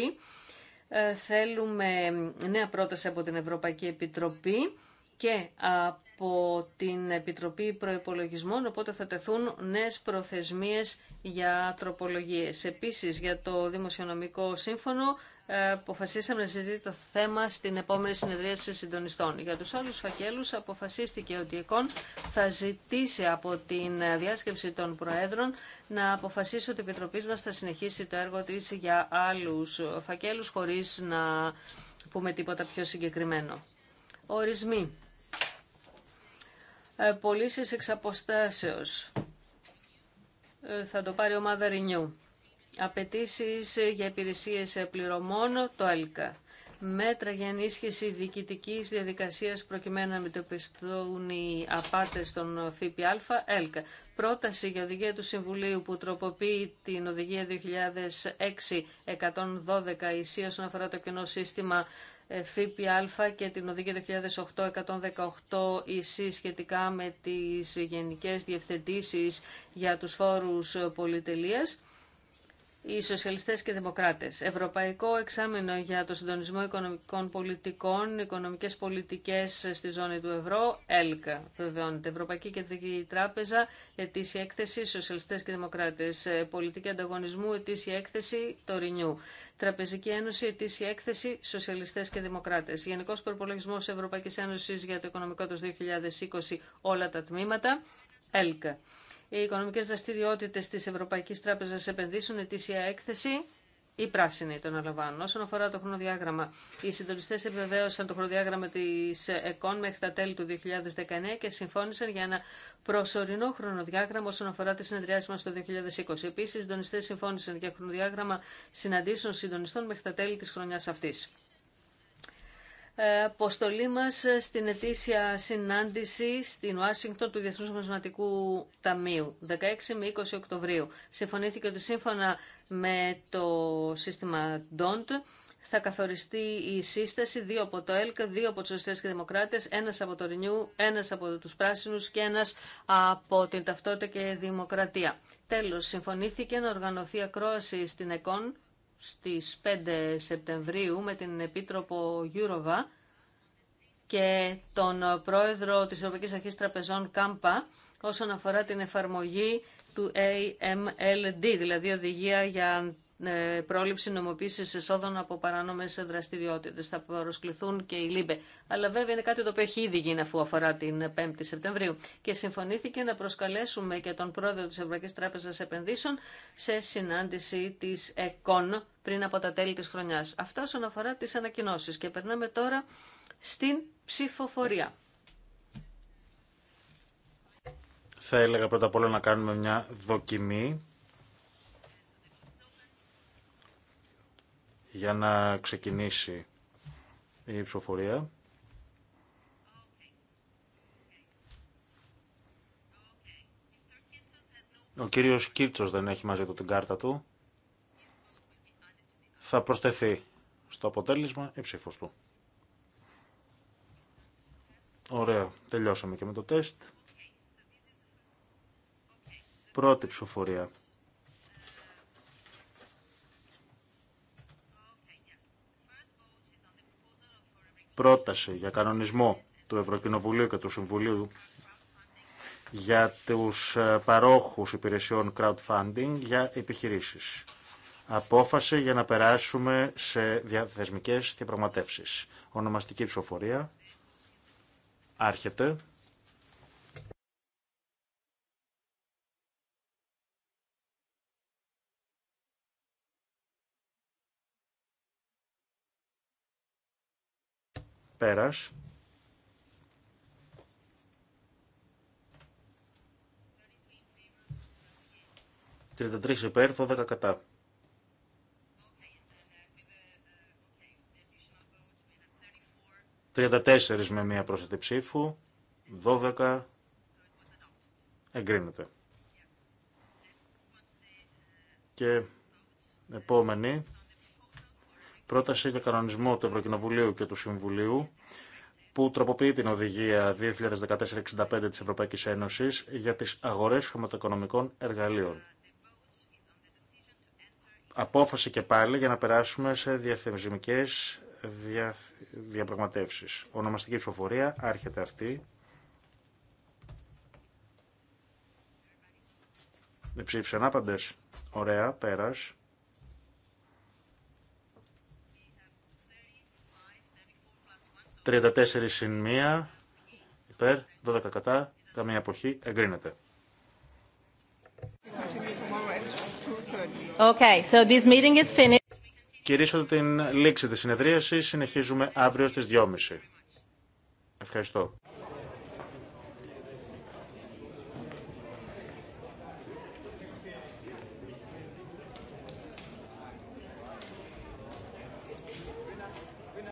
A: ε, θέλουμε νέα πρόταση από την Ευρωπαϊκή Επιτροπή και από την Επιτροπή Προϋπολογισμών, οπότε θα τεθούν νέες προθεσμίες για τροπολογίες. Επίσης για το Δημοσιονομικό Σύμφωνο ε, αποφασίσαμε να συζητήσουμε το θέμα στην επόμενη συνεδρίαση συντονιστών. Για τους άλλους φακέλους αποφασίστηκε ότι η ΕΚΟΝ θα ζητήσει από την διάσκεψη των Προέδρων να αποφασίσει ότι η Επιτροπή μας θα συνεχίσει το έργο της για άλλους φακέλους χωρίς να πούμε τίποτα πιο συγκεκριμένο. Ορισμοί. Ε, Πωλήσει εξ ε, θα το πάρει ομάδα Renew. Απαιτήσει για υπηρεσίε πληρωμών, το ΕΛΚΑ. Μέτρα για ενίσχυση διοικητική διαδικασία προκειμένου να αντιμετωπιστούν οι απάτε των ΦΠΑ, ΕΛΚΑ. Πρόταση για οδηγία του Συμβουλίου που τροποποιεί την οδηγία 2006-112 ΙΣΥ όσον αφορά το κοινό σύστημα ε, ΦΠΑ και την Οδηγία 2008-118 ΙΣΥ σχετικά με τις γενικές διευθετήσεις για τους φόρους πολυτελείας οι σοσιαλιστές και δημοκράτες. Ευρωπαϊκό εξάμεινο για το συντονισμό οικονομικών πολιτικών, οικονομικές πολιτικές στη ζώνη του ευρώ, ΕΛΚΑ βεβαιώνεται. Ευρωπαϊκή Κεντρική Τράπεζα, ετήσια έκθεση, σοσιαλιστές και δημοκράτες. Ε, πολιτική ανταγωνισμού, ετήσια έκθεση, το Ρινιού. Τραπεζική Ένωση, ετήσια έκθεση, Σοσιαλιστέ και Δημοκράτε. Γενικός προπολογισμό Ευρωπαϊκή Ένωση για το οικονομικό του 2020, όλα τα τμήματα, ΕΛΚΑ οι οικονομικέ δραστηριότητε τη Ευρωπαϊκή Τράπεζα επενδύσουν ετήσια έκθεση ή πράσινη τον αλαμβάνουν. Όσον αφορά το χρονοδιάγραμμα, οι συντονιστέ επιβεβαίωσαν το χρονοδιάγραμμα τη ΕΚΟΝ μέχρι τα τέλη του 2019 και συμφώνησαν για ένα προσωρινό χρονοδιάγραμμα όσον αφορά τι συνεδριάσει μα το 2020. Επίση, οι συντονιστέ συμφώνησαν για χρονοδιάγραμμα συναντήσεων συντονιστών μέχρι τα τέλη τη χρονιά αυτή. Ε, αποστολή μας στην ετήσια συνάντηση στην Ουάσιγκτον του Διεθνούς Μασματικού Ταμείου, 16 με 20 Οκτωβρίου. Συμφωνήθηκε ότι σύμφωνα με το σύστημα DONT θα καθοριστεί η σύσταση, δύο από το ΕΛΚ, δύο από τους ουσιαστέ και Δημοκράτες, ένας από το ΡΙΝΙΟΥ, ένας από τους Πράσινους και ένας από την Ταυτότητα και Δημοκρατία. Τέλος, συμφωνήθηκε να οργανωθεί ακρόαση στην ΕΚΟΝ στις 5 Σεπτεμβρίου με την Επίτροπο Γιούροβα και τον Πρόεδρο της Ευρωπαϊκής Αρχής Τραπεζών Κάμπα όσον αφορά την εφαρμογή του AMLD, δηλαδή Οδηγία για ε, πρόληψη νομοποίησης εσόδων από παράνομε δραστηριότητε. Θα προσκληθούν και οι ΛΥΜΠΕ. Αλλά βέβαια είναι κάτι το οποίο έχει ήδη γίνει αφού αφορά την 5η Σεπτεμβρίου. Και συμφωνήθηκε να προσκαλέσουμε και τον πρόεδρο της Ευρωπαϊκής Τράπεζας Επενδύσεων σε συνάντηση της ΕΚΟΝ πριν από τα τέλη της χρονιάς. Αυτό όσον αφορά τις ανακοινώσεις. Και περνάμε τώρα στην ψηφοφορία.
E: Θα έλεγα πρώτα απ' όλα να κάνουμε μια δοκιμή για να ξεκινήσει η ψηφοφορία. Ο κύριος Κίρτσος δεν έχει μαζί του την κάρτα του. Θα προσθεθεί στο αποτέλεσμα η ψήφος του. Ωραία, τελειώσαμε και με το τεστ. Πρώτη ψηφοφορία. πρόταση για κανονισμό του Ευρωκοινοβουλίου και του Συμβουλίου για τους ε, παρόχους υπηρεσιών crowdfunding για επιχειρήσεις. Απόφαση για να περάσουμε σε διαθεσμικές διαπραγματεύσεις. Ονομαστική ψηφοφορία. Άρχεται. 33 υπέρ 12 κατά 34 με μία πρόσθετη 12 εγκρίνεται και επόμενη πρόταση για κανονισμό του Ευρωκοινοβουλίου και του Συμβουλίου που τροποποιεί την οδηγία 2014-65 της Ευρωπαϊκής Ένωσης για τις αγορές χρηματοοικονομικών εργαλείων. Απόφαση και πάλι για να περάσουμε σε διαθεσμικές δια... διαπραγματεύσεις. Ονομαστική ψηφοφορία, άρχεται αυτή. Δεν ψήφισαν άπαντες. Ωραία, πέρας. 34 συν 1 υπέρ, 12 κατά, καμία εποχή εγκρίνεται.
C: Okay,
B: so this meeting is finished.
E: Κυρίσω την λήξη της συνεδρίασης, συνεχίζουμε αύριο στις 2.30. Ευχαριστώ.